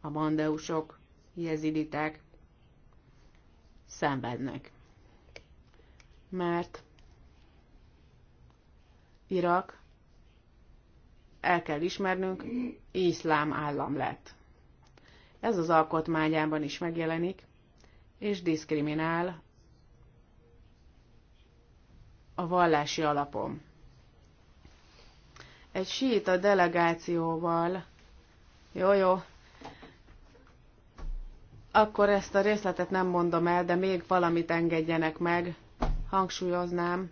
a mandeusok, jeziditek szenvednek. Mert Irak el kell ismernünk, iszlám állam lett. Ez az alkotmányában is megjelenik, és diszkriminál a vallási alapom. Egy síta delegációval, jó, jó, akkor ezt a részletet nem mondom el, de még valamit engedjenek meg, hangsúlyoznám,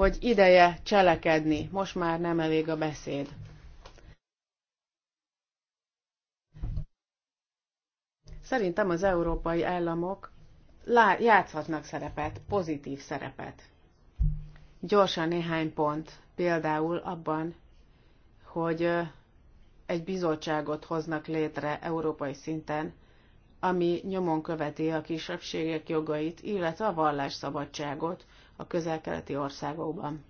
hogy ideje cselekedni, most már nem elég a beszéd. Szerintem az európai államok játszhatnak szerepet, pozitív szerepet. Gyorsan néhány pont, például abban, hogy egy bizottságot hoznak létre európai szinten, ami nyomon követi a kisebbségek jogait, illetve a vallásszabadságot, a közel-keleti országokban.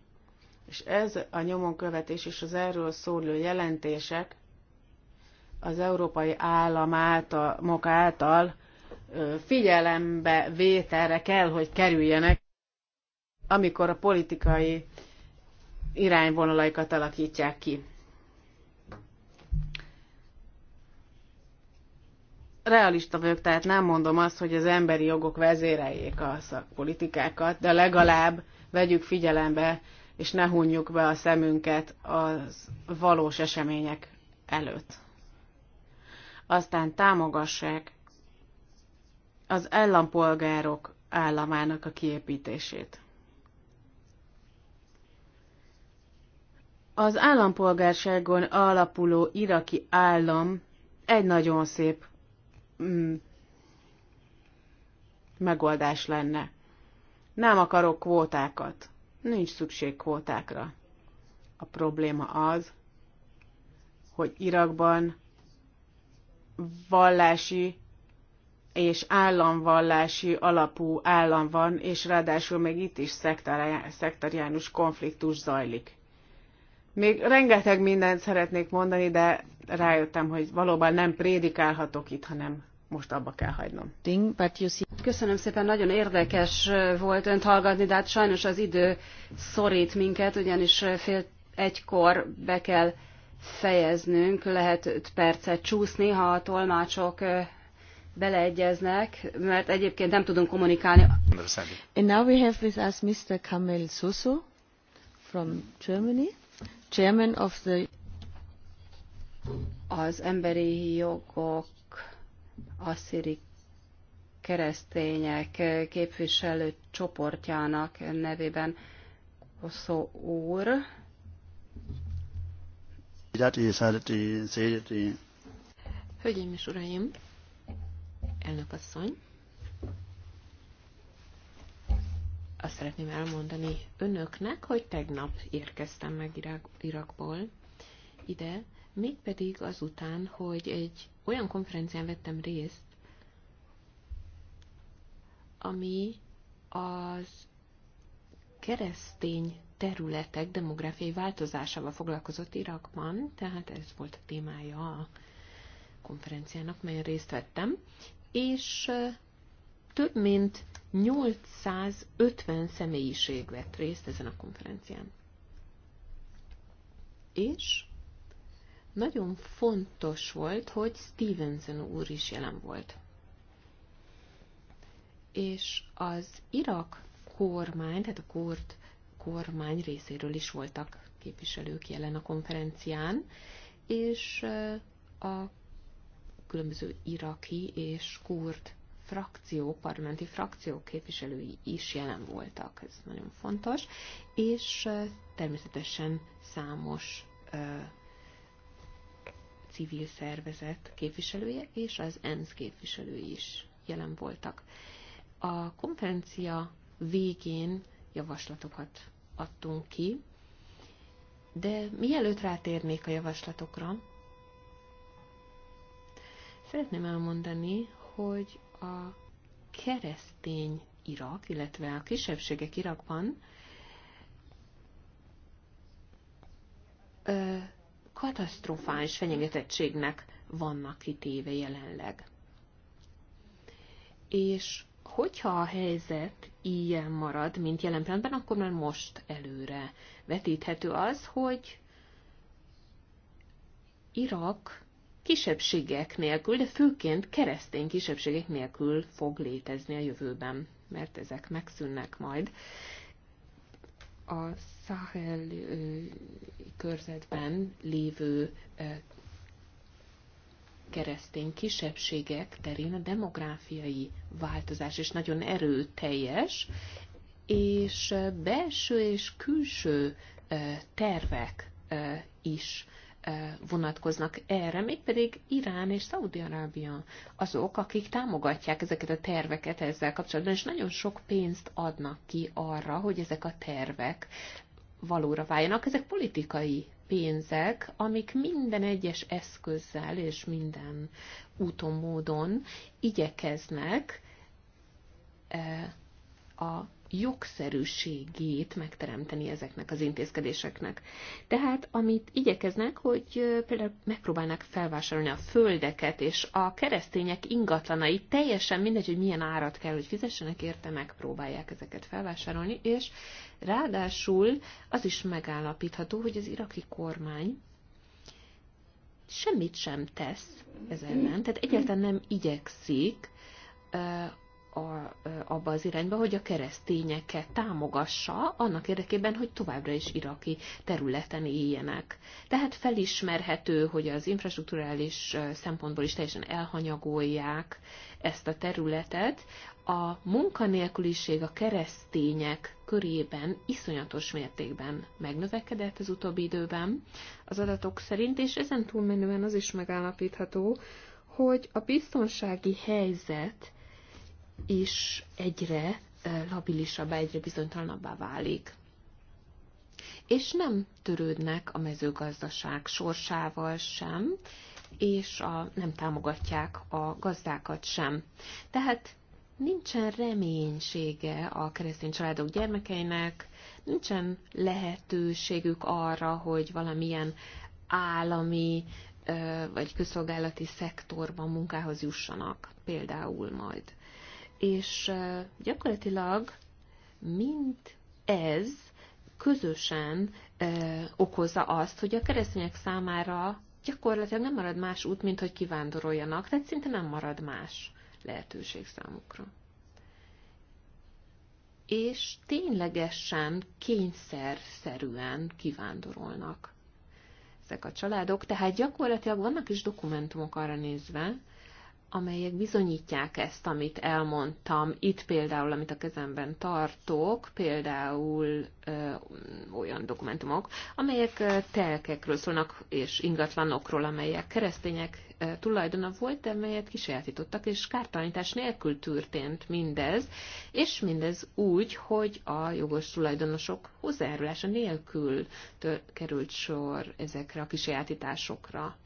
És ez a nyomonkövetés és az erről szóló jelentések az európai állam által, mok által figyelembe vételre kell, hogy kerüljenek, amikor a politikai irányvonalaikat alakítják ki. realista vagyok, tehát nem mondom azt, hogy az emberi jogok vezéreljék a szakpolitikákat, de legalább vegyük figyelembe, és ne hunjuk be a szemünket az valós események előtt. Aztán támogassák az ellampolgárok államának a kiépítését. Az állampolgárságon alapuló iraki állam egy nagyon szép mm, megoldás lenne. Nem akarok kvótákat. Nincs szükség kvótákra. A probléma az, hogy Irakban vallási és államvallási alapú állam van, és ráadásul még itt is szektariánus konfliktus zajlik. Még rengeteg mindent szeretnék mondani, de rájöttem, hogy valóban nem prédikálhatok itt, hanem most abba kell hagynom. Köszönöm szépen, nagyon érdekes volt önt hallgatni, de hát sajnos az idő szorít minket, ugyanis fél egykor be kell fejeznünk, lehet 5 percet csúszni, ha a tolmácsok beleegyeznek, mert egyébként nem tudunk kommunikálni. And now we have with us Mr. Kamel Susu from Germany, chairman of the az emberi jogok asszíri keresztények képviselő csoportjának nevében oszó úr. Hölgyeim és uraim, elnökasszony, azt szeretném elmondani önöknek, hogy tegnap érkeztem meg Irak, Irakból ide, mégpedig azután, hogy egy olyan konferencián vettem részt, ami az keresztény területek demográfiai változásával foglalkozott Irakban, tehát ez volt a témája a konferenciának, melyen részt vettem, és több mint 850 személyiség vett részt ezen a konferencián. És nagyon fontos volt, hogy Stevenson úr is jelen volt. És az Irak kormány, tehát a kurd kormány részéről is voltak képviselők jelen a konferencián, és a különböző iraki és kurd frakció, parlamenti frakció képviselői is jelen voltak, ez nagyon fontos, és természetesen számos civil szervezet képviselője és az ENSZ képviselői is jelen voltak. A konferencia végén javaslatokat adtunk ki, de mielőtt rátérnék a javaslatokra, szeretném elmondani, hogy a keresztény Irak, illetve a kisebbségek Irakban ö, katasztrofális fenyegetettségnek vannak kitéve jelenleg. És hogyha a helyzet ilyen marad, mint jelen pillanatban, akkor már most előre vetíthető az, hogy Irak kisebbségek nélkül, de főként keresztény kisebbségek nélkül fog létezni a jövőben, mert ezek megszűnnek majd. Az Szahel körzetben lévő keresztény kisebbségek terén a demográfiai változás is nagyon erőteljes, és belső és külső tervek is vonatkoznak erre, mégpedig Irán és Szaudi-Arábia azok, akik támogatják ezeket a terveket ezzel kapcsolatban, és nagyon sok pénzt adnak ki arra, hogy ezek a tervek valóra váljanak. Ezek politikai pénzek, amik minden egyes eszközzel és minden úton, módon igyekeznek eh, a jogszerűségét megteremteni ezeknek az intézkedéseknek. Tehát amit igyekeznek, hogy például megpróbálnak felvásárolni a földeket, és a keresztények ingatlanai teljesen mindegy, hogy milyen árat kell, hogy fizessenek érte, megpróbálják ezeket felvásárolni, és ráadásul az is megállapítható, hogy az iraki kormány semmit sem tesz ez ellen, tehát egyáltalán nem igyekszik a, abba az irányba, hogy a keresztényeket támogassa annak érdekében, hogy továbbra is iraki területen éljenek. Tehát felismerhető, hogy az infrastruktúrális szempontból is teljesen elhanyagolják ezt a területet. A munkanélküliség a keresztények körében iszonyatos mértékben megnövekedett az utóbbi időben az adatok szerint, és ezen túlmenően az is megállapítható, hogy a biztonsági helyzet is egyre labilisabbá, egyre bizonytalanabbá válik. És nem törődnek a mezőgazdaság sorsával sem, és a, nem támogatják a gazdákat sem. Tehát nincsen reménysége a keresztény családok gyermekeinek, nincsen lehetőségük arra, hogy valamilyen állami vagy közszolgálati szektorban munkához jussanak, például majd és gyakorlatilag mind ez közösen okozza azt, hogy a keresztények számára gyakorlatilag nem marad más út, mint hogy kivándoroljanak, tehát szinte nem marad más lehetőség számukra. És ténylegesen, kényszerszerűen kivándorolnak ezek a családok, tehát gyakorlatilag vannak is dokumentumok arra nézve, amelyek bizonyítják ezt, amit elmondtam. Itt például, amit a kezemben tartok, például ö, olyan dokumentumok, amelyek telkekről szólnak, és ingatlanokról, amelyek keresztények tulajdona volt, de melyet kisajátítottak, és kártalanítás nélkül történt mindez, és mindez úgy, hogy a jogos tulajdonosok hozzájárulása nélkül került sor ezekre a kisajátításokra.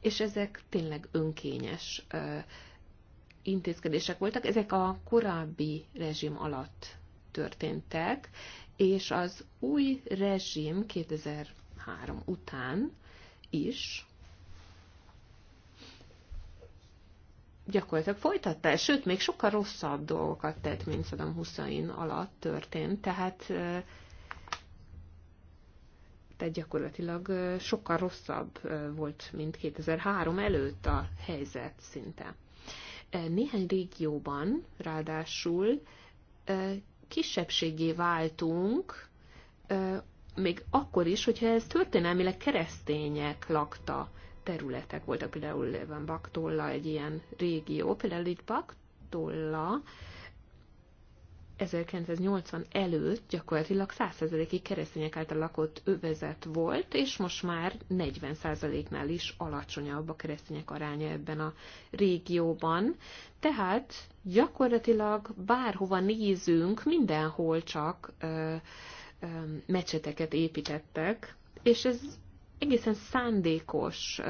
És ezek tényleg önkényes intézkedések voltak, ezek a korábbi rezsim alatt történtek, és az új rezsim 2003 után is gyakorlatilag folytatta sőt, még sokkal rosszabb dolgokat tett, mint Saddam Hussein alatt történt, tehát tehát gyakorlatilag sokkal rosszabb volt, mint 2003 előtt a helyzet szinte. Néhány régióban ráadásul kisebbségé váltunk, még akkor is, hogyha ez történelmileg keresztények lakta területek voltak, például van Baktolla, egy ilyen régió, például itt Baktolla 1980 előtt gyakorlatilag 100%-ig keresztények által lakott övezet volt, és most már 40%-nál is alacsonyabb a keresztények aránya ebben a régióban. Tehát gyakorlatilag bárhova nézünk, mindenhol csak ö, ö, mecseteket építettek, és ez egészen szándékos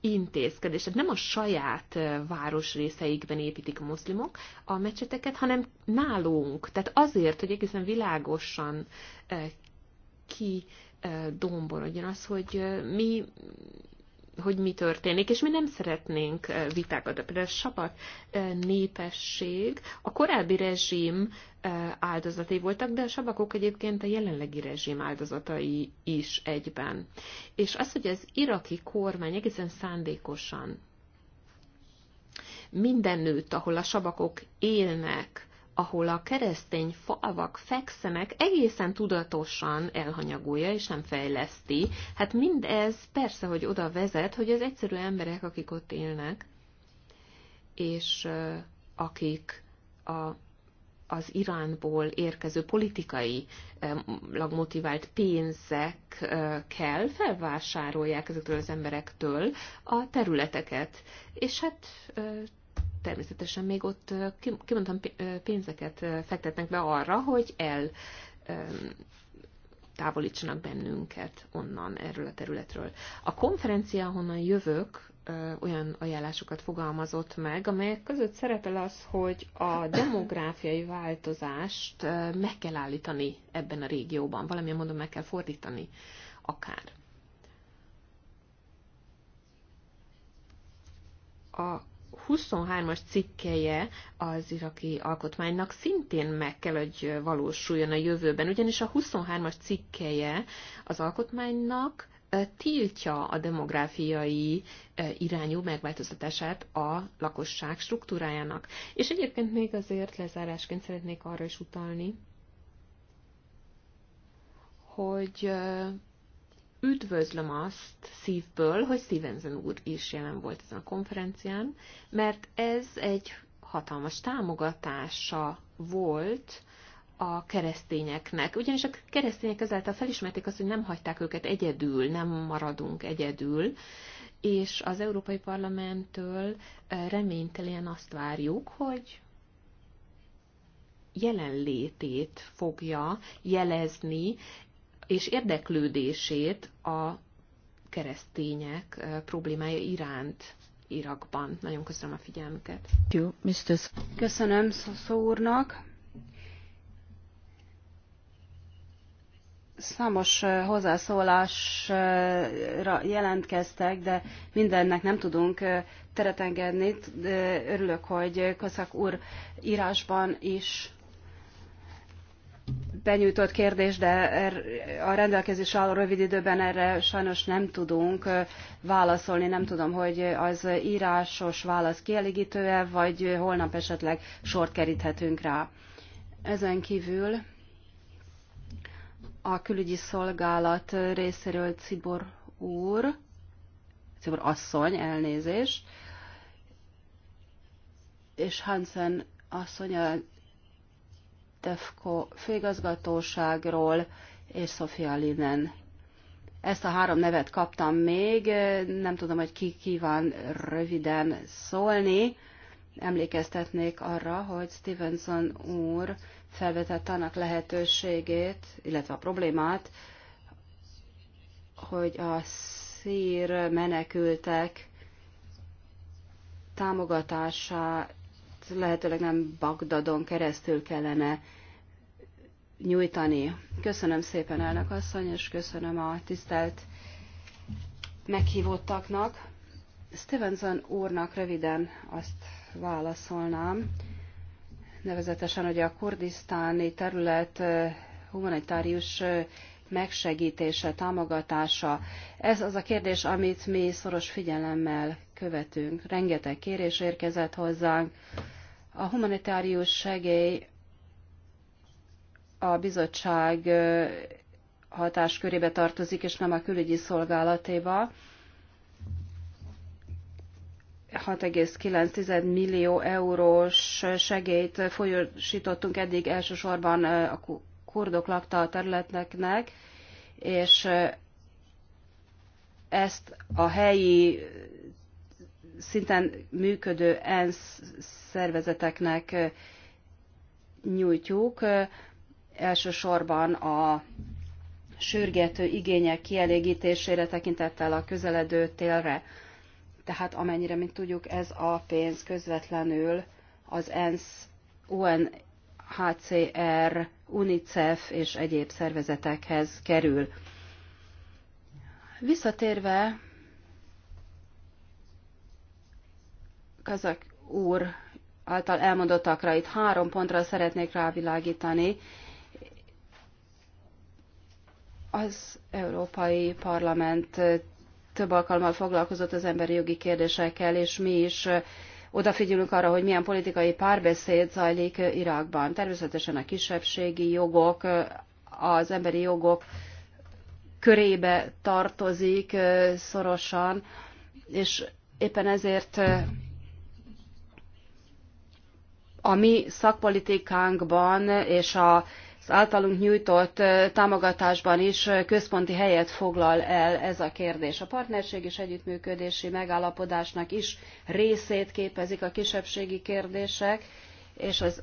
intézkedés. Tehát nem a saját városrészeikben építik a muszlimok a mecseteket, hanem nálunk. Tehát azért, hogy egészen világosan ki domborodjon az, hogy mi hogy mi történik, és mi nem szeretnénk eh, vitákat. Például a sabat eh, népesség a korábbi rezsim eh, áldozatai voltak, de a sabakok egyébként a jelenlegi rezsim áldozatai is egyben. És az, hogy az iraki kormány egészen szándékosan minden nőt, ahol a sabakok élnek, ahol a keresztény falvak, fekszemek egészen tudatosan elhanyagolja és nem fejleszti. Hát mindez persze, hogy oda vezet, hogy az egyszerű emberek, akik ott élnek, és akik a, az Iránból érkező politikai motivált pénzekkel felvásárolják ezektől az emberektől a területeket. És hát természetesen még ott kimondtam pénzeket fektetnek be arra, hogy el távolítsanak bennünket onnan, erről a területről. A konferencia, honnan jövök, olyan ajánlásokat fogalmazott meg, amelyek között szerepel az, hogy a demográfiai változást meg kell állítani ebben a régióban, valamilyen módon meg kell fordítani akár. A 23-as cikkeje az iraki alkotmánynak szintén meg kell, hogy valósuljon a jövőben, ugyanis a 23-as cikkeje az alkotmánynak tiltja a demográfiai irányú megváltoztatását a lakosság struktúrájának. És egyébként még azért lezárásként szeretnék arra is utalni, hogy üdvözlöm azt szívből, hogy Stevenson úr is jelen volt ezen a konferencián, mert ez egy hatalmas támogatása volt a keresztényeknek. Ugyanis a keresztények ezáltal felismerték azt, hogy nem hagyták őket egyedül, nem maradunk egyedül, és az Európai Parlamenttől eh, reménytelen azt várjuk, hogy jelenlétét fogja jelezni és érdeklődését a keresztények problémája iránt Irakban. Nagyon köszönöm a figyelmüket. Köszönöm Szaszó úrnak. Számos hozzászólásra jelentkeztek, de mindennek nem tudunk teret engedni. Örülök, hogy Koszak úr írásban is benyújtott kérdés, de er, a rendelkezés álló rövid időben erre sajnos nem tudunk válaszolni. Nem tudom, hogy az írásos válasz kielégítő-e, vagy holnap esetleg sort keríthetünk rá. Ezen kívül a külügyi szolgálat részéről Cibor úr, Cibor asszony, elnézés, és Hansen asszony a Tefko főigazgatóságról, és Sofia Linen. Ezt a három nevet kaptam még, nem tudom, hogy ki kíván röviden szólni. Emlékeztetnék arra, hogy Stevenson úr felvetett annak lehetőségét, illetve a problémát, hogy a szír menekültek támogatása lehetőleg nem Bagdadon keresztül kellene nyújtani. Köszönöm szépen, elnök asszony, és köszönöm a tisztelt meghívottaknak. Stevenson úrnak röviden azt válaszolnám, nevezetesen, hogy a kurdisztáni terület humanitárius megsegítése, támogatása. Ez az a kérdés, amit mi szoros figyelemmel követünk. Rengeteg kérés érkezett hozzánk. A humanitárius segély a bizottság hatáskörébe tartozik, és nem a külügyi szolgálatéba. 6,9 millió eurós segélyt folyosítottunk eddig elsősorban a kurdok lakta a területnek, és ezt a helyi szinten működő ENSZ szervezeteknek nyújtjuk, elsősorban a sürgető igények kielégítésére tekintettel a közeledő télre. Tehát amennyire, mint tudjuk, ez a pénz közvetlenül az ENSZ UN HCR, UNICEF és egyéb szervezetekhez kerül. Visszatérve Kazak úr által elmondottakra, itt három pontra szeretnék rávilágítani. Az Európai Parlament több alkalommal foglalkozott az emberi jogi kérdésekkel, és mi is odafigyelünk arra, hogy milyen politikai párbeszéd zajlik Irakban. Természetesen a kisebbségi jogok, az emberi jogok körébe tartozik szorosan, és éppen ezért a mi szakpolitikánkban és a az általunk nyújtott támogatásban is központi helyet foglal el ez a kérdés. A partnerség és együttműködési megállapodásnak is részét képezik a kisebbségi kérdések, és az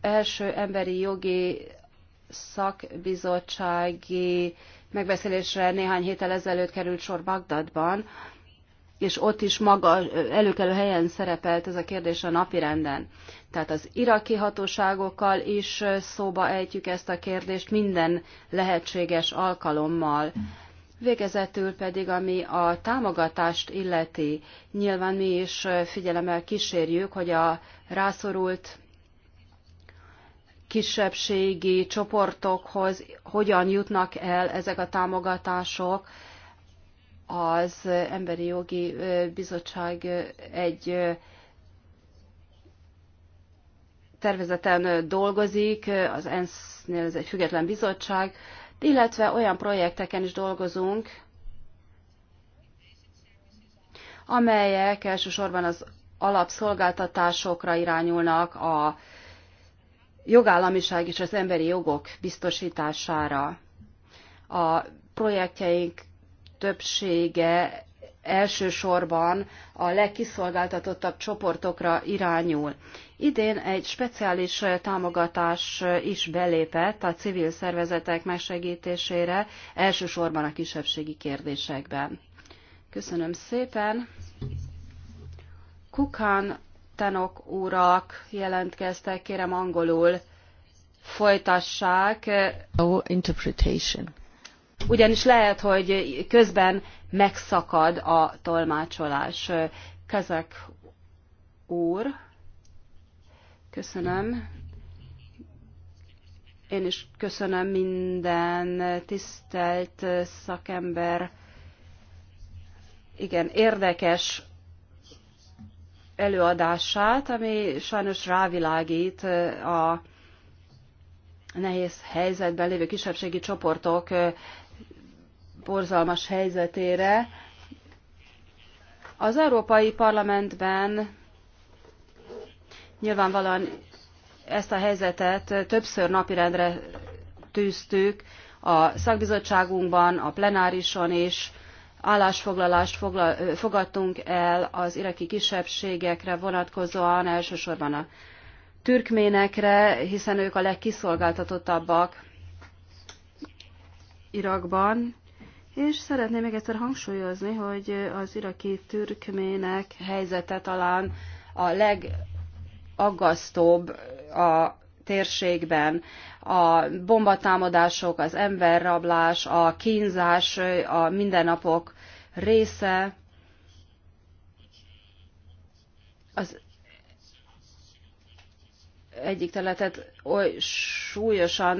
első emberi jogi szakbizottsági megbeszélésre néhány héttel ezelőtt került sor Bagdadban, és ott is maga előkelő helyen szerepelt ez a kérdés a napirenden. Tehát az iraki hatóságokkal is szóba ejtjük ezt a kérdést minden lehetséges alkalommal. Végezetül pedig, ami a támogatást illeti, nyilván mi is figyelemmel kísérjük, hogy a rászorult kisebbségi csoportokhoz hogyan jutnak el ezek a támogatások, az Emberi Jogi Bizottság egy tervezeten dolgozik, az ENSZ-nél ez egy független bizottság, illetve olyan projekteken is dolgozunk, amelyek elsősorban az alapszolgáltatásokra irányulnak, a jogállamiság és az emberi jogok biztosítására. A projektjeink többsége elsősorban a legkiszolgáltatottabb csoportokra irányul. Idén egy speciális támogatás is belépett a civil szervezetek megsegítésére, elsősorban a kisebbségi kérdésekben. Köszönöm szépen. Kukán tenok úrak jelentkeztek, kérem angolul folytassák. Our interpretation ugyanis lehet, hogy közben megszakad a tolmácsolás. Kezek úr, köszönöm. Én is köszönöm minden tisztelt szakember. Igen, érdekes előadását, ami sajnos rávilágít a nehéz helyzetben lévő kisebbségi csoportok borzalmas helyzetére. Az Európai Parlamentben nyilvánvalóan ezt a helyzetet többször napirendre tűztük, a szakbizottságunkban, a plenárison is állásfoglalást fogadtunk el az iraki kisebbségekre vonatkozóan, elsősorban a türkménekre, hiszen ők a legkiszolgáltatottabbak Irakban. És szeretném még egyszer hangsúlyozni, hogy az iraki türkmének helyzete talán a legaggasztóbb a térségben. A bombatámadások, az emberrablás, a kínzás, a mindennapok része. Az egyik területet oly súlyosan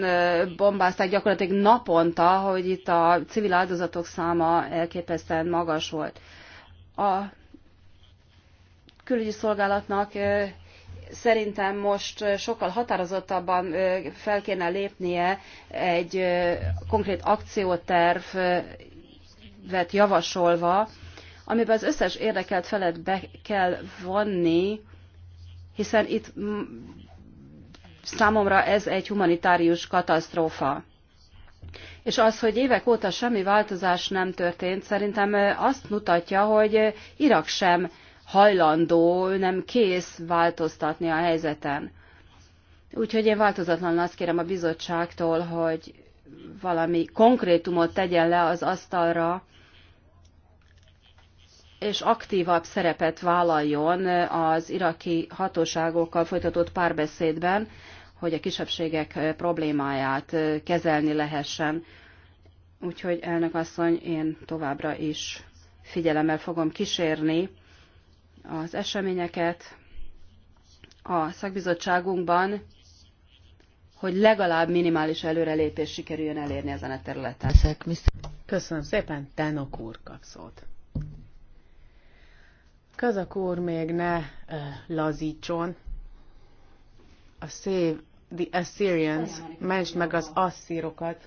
bombázták gyakorlatilag naponta, hogy itt a civil áldozatok száma elképesztően magas volt. A külügyi szolgálatnak szerintem most sokkal határozottabban fel kéne lépnie egy konkrét akciótervet javasolva, amiben az összes érdekelt felet be kell vonni, hiszen itt számomra ez egy humanitárius katasztrófa. És az, hogy évek óta semmi változás nem történt, szerintem azt mutatja, hogy Irak sem hajlandó, nem kész változtatni a helyzeten. Úgyhogy én változatlanul azt kérem a bizottságtól, hogy valami konkrétumot tegyen le az asztalra, és aktívabb szerepet vállaljon az iraki hatóságokkal folytatott párbeszédben, hogy a kisebbségek problémáját kezelni lehessen. Úgyhogy elnök asszony, én továbbra is figyelemmel fogom kísérni az eseményeket a szakbizottságunkban, hogy legalább minimális előrelépés sikerüljön elérni ezen a területen. Köszönöm szépen, Tenok úr kapszót. Kazak úr még ne lazítson. A szép the Assyrians, mentsd meg az asszírokat.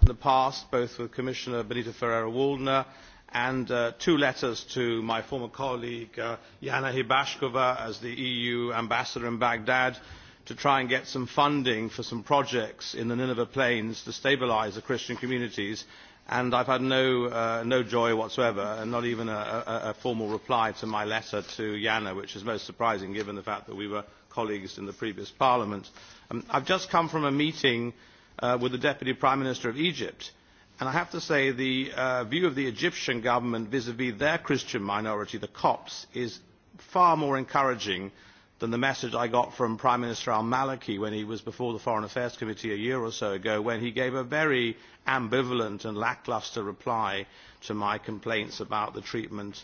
In the past, both with Commissioner Benita Ferreira Waldner and uh, two letters to my former colleague uh, Yana Hibashkova as the EU ambassador in Baghdad to try and get some funding for some projects in the Nineveh Plains to stabilise the Christian communities and I've had no, uh, no joy whatsoever, and not even a, a, a formal reply to my letter to Yana, which is most surprising given the fact that we were colleagues in the previous parliament. Um, i have just come from a meeting uh, with the deputy prime minister of egypt and i have to say the uh, view of the egyptian government vis vis their christian minority the copts is far more encouraging than the message i got from prime minister al maliki when he was before the foreign affairs committee a year or so ago when he gave a very ambivalent and lacklustre reply to my complaints about the treatment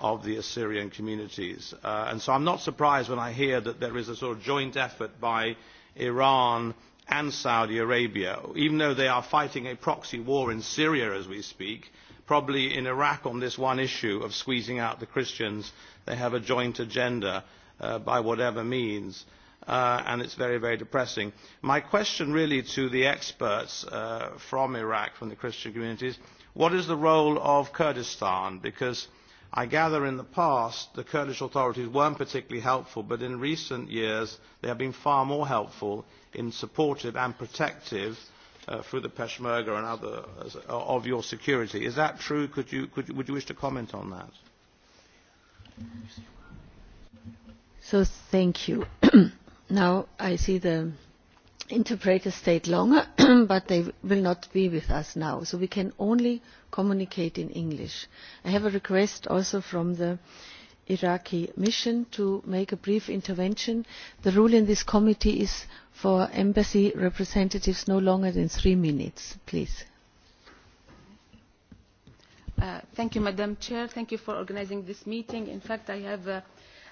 of the Assyrian communities. Uh, and so I'm not surprised when I hear that there is a sort of joint effort by Iran and Saudi Arabia, even though they are fighting a proxy war in Syria as we speak, probably in Iraq on this one issue of squeezing out the Christians, they have a joint agenda uh, by whatever means. Uh, and it's very, very depressing. My question really to the experts uh, from Iraq, from the Christian communities, what is the role of Kurdistan? Because i gather in the past the kurdish authorities were not particularly helpful but in recent years they have been far more helpful in supportive and protective uh, through the peshmerga and others uh, of your security. is that true? Could you, could, would you wish to comment on that? so thank you. (clears throat) now i see the interpreters stayed longer (clears throat) but they will not be with us now so we can only communicate in English. I have a request also from the Iraqi mission to make a brief intervention. The rule in this committee is for embassy representatives no longer than three minutes. Please. Uh, thank you, Madam Chair. Thank you for organizing this meeting. In fact, I have a,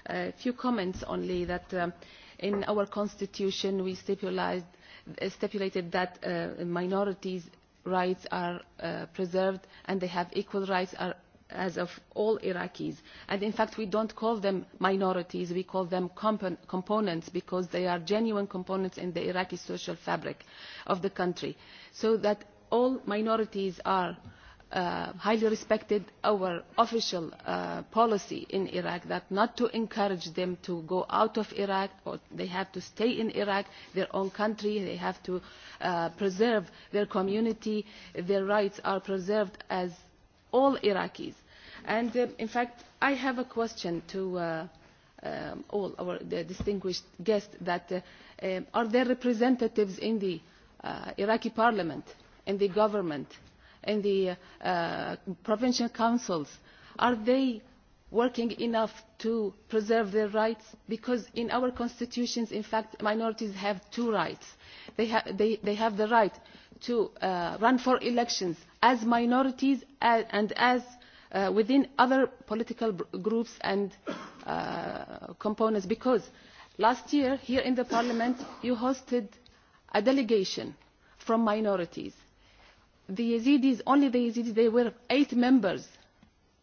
a few comments only that um, in our constitution we uh, stipulated that uh, minorities rights are uh, preserved and they have equal rights are, as of all Iraqis. And in fact, we don't call them minorities, we call them compon components because they are genuine components in the Iraqi social fabric of the country. So that all minorities are uh, Uh, highly respected our official uh, policy in iraq that not to encourage them to go out of iraq but they have to stay in iraq their own country they have to uh, preserve their community their rights are preserved as all iraqis and um, in fact i have a question to um, all our distinguished guests that um, are there representatives in the iraqi parliament in the government in the uh, provincial councils, are they working enough to preserve their rights? Because in our constitutions, in fact, minorities have two rights. They, ha they, they have the right to uh, run for elections as minorities as, and as uh, within other political groups and uh, components because last year here in the parliament you hosted a delegation from minorities the yazidis only the yazidis they were eight members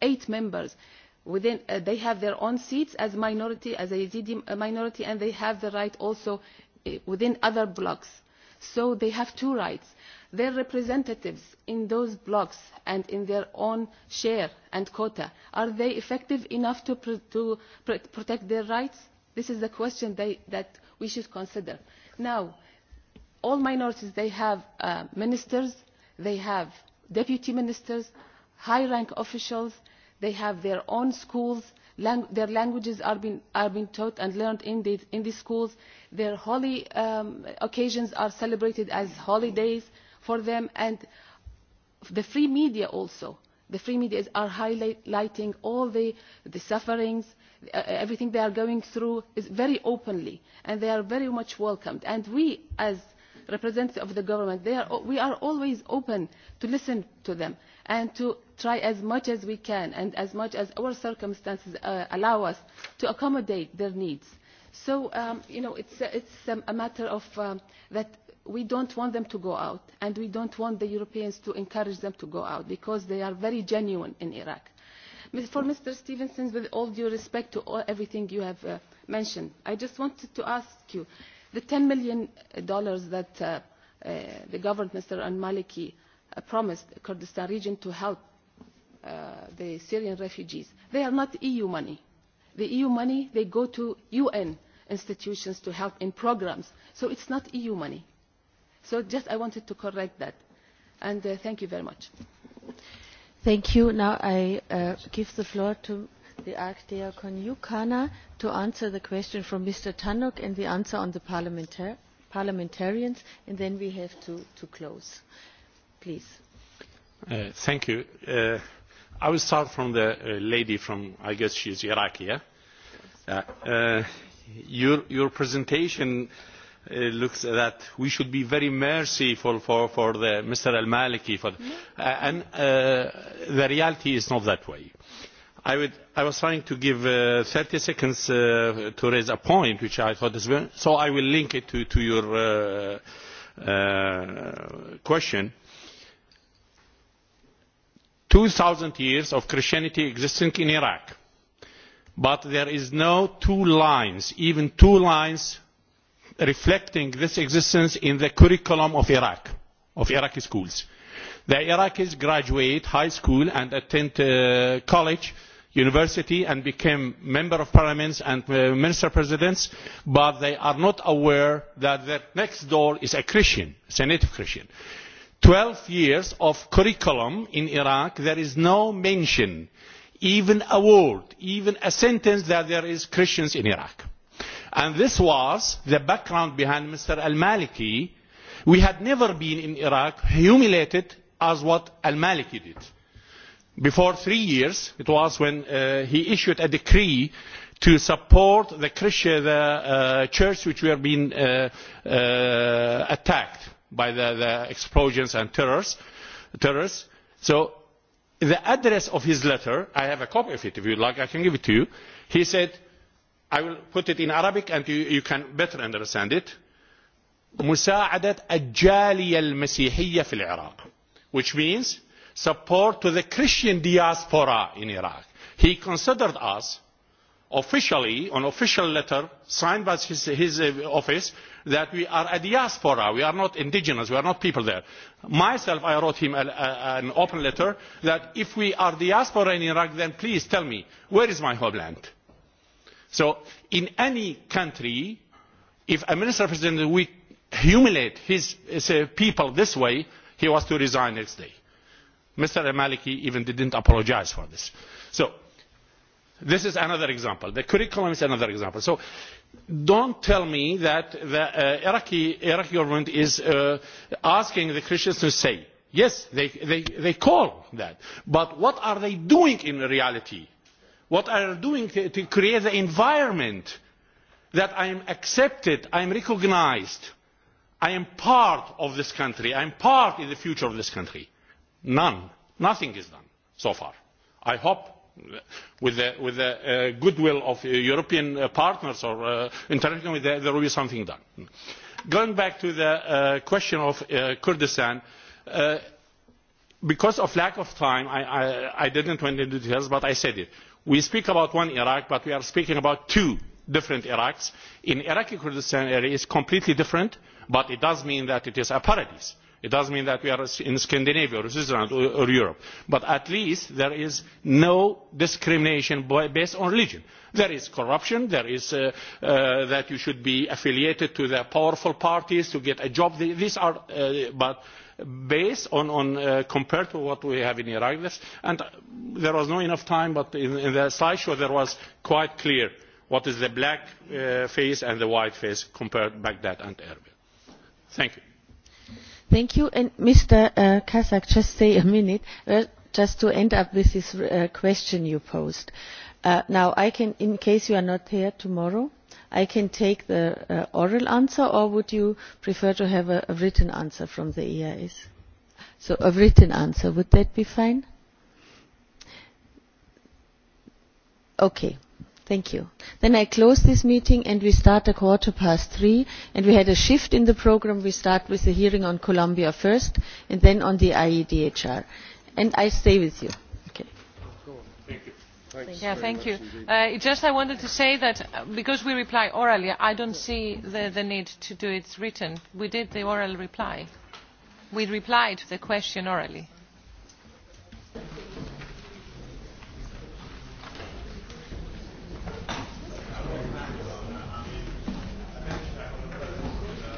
eight members within uh, they have their own seats as minority as a yazidi uh, minority and they have the right also uh, within other blocks so they have two rights their representatives in those blocks and in their own share and quota are they effective enough to, pr to pr protect their rights this is the question they, that we should consider now all minorities they have uh, ministers they have deputy ministers high rank officials they have their own schools their languages are being, taught and learned in, these schools their holy um, occasions are celebrated as holidays for them and the free media also the free media are highlighting all the, sufferings uh, everything they are going through is very openly and they are very much welcomed and we as representatives of the government they are, we are always open to listen to them and to try as much as we can and as much as our circumstances uh, allow us to accommodate their needs. so um, you know, it uh, is um, a matter of um, that we do not want them to go out and we do not want the europeans to encourage them to go out because they are very genuine in iraq. for mr stevenson with all due respect to everything you have uh, mentioned i just wanted to ask you the $10 million that uh, uh, the government, Mr. al-Maliki, uh, promised the Kurdistan region to help uh, the Syrian refugees, they are not EU money. The EU money, they go to UN institutions to help in programs. So it's not EU money. So just I wanted to correct that. And uh, thank you very much. Thank you. Now I uh, give the floor to the Archdeacon Yukana to answer the question from Mr. Tannock and the answer on the parliamentar parliamentarians, and then we have to, to close. Please. Uh, thank you. Uh, I will start from the uh, lady from, I guess she's Iraqi, yeah? Uh, uh, your, your presentation uh, looks that we should be very merciful for, for the, Mr. Al-Maliki. Mm-hmm. Uh, and uh, the reality is not that way I, was trying to give uh, thirty seconds uh, to raise a point which i thought was very so i will link it to, your uh, question. two thousand years of christianity existing in iraq but there is no two lines even two lines reflecting this existence in the curriculum of iraq of iraqi schools. the iraqis graduate high school and attend college university and became member of parliament and uh, minister presidents but they are not aware that their next door is a christian a native christian. twelve years of curriculum in iraq there is no mention even a word even a sentence that there are christians in iraq. And this was the background behind mr al maliki. we had never been in iraq humiliated as what al maliki did before three years it was when uh, he issued a decree to support the, Christian, uh, church which were being uh, attacked by the, explosions and terrorists. So the address of his letter, I have a copy of it if you like, I can give it to you. He said, I will put it in Arabic and you, you can better understand it. مساعدة الجالية المسيحية في العراق which means support to the christian diaspora in iraq. he considered us officially an official letter signed by his, his uh, office that we are a diaspora we are not indigenous we are not people there. myself i wrote him a, a, an open letter that if we are diaspora in iraq then please tell me where is my homeland? so in any country if a minister president we humiliate his, his uh, people this way he was to resign next day mr al maliki even did not apologise for this. so this is another example. the curriculum is another example. so do not tell me that the uh, iraqi, iraqi government is uh, asking the christians to say yes they, they, they call that but what are they doing in reality? what are they doing to, to create the environment that i am accepted i am recognised i am part of this country i am part in the future of this country? none. nothing is done so far. i hope with the, uh, goodwill of uh, european uh, partners or internationally there, there will be something done. going back to the question of kurdistan because of lack of time i, did not go into details but i said it we speak about one iraq but we are speaking about two different iraqs. in iraqi kurdistan area it is completely different but it does mean that it is a paradise it does not mean that we are in scandinavia or switzerland or, europe but at least there is no discrimination based on religion. there is corruption there is uh, uh, that you should be affiliated to the powerful parties to get a job these are uh, but based on, compared to what we have in iraq this, and there was not enough time but in, in the slideshow there was quite clear what is the black face and the white face compared to baghdad and erbil. thank you. Thank you. And Mr. Uh, Kazak, just stay a minute, uh, just to end up with this uh, question you posed. Uh, now, I can, in case you are not here tomorrow, I can take the uh, oral answer, or would you prefer to have a, a written answer from the EIS? So a written answer, would that be fine? Okay. Thank you. Then I close this meeting and we start at quarter past three. And we had a shift in the program. We start with the hearing on Colombia first and then on the IEDHR. And I stay with you. Okay. Thank you. Thanks yeah, thank you. Uh, just I wanted to say that uh, because we reply orally, I don't see the, the need to do it written. We did the oral reply. We replied to the question orally.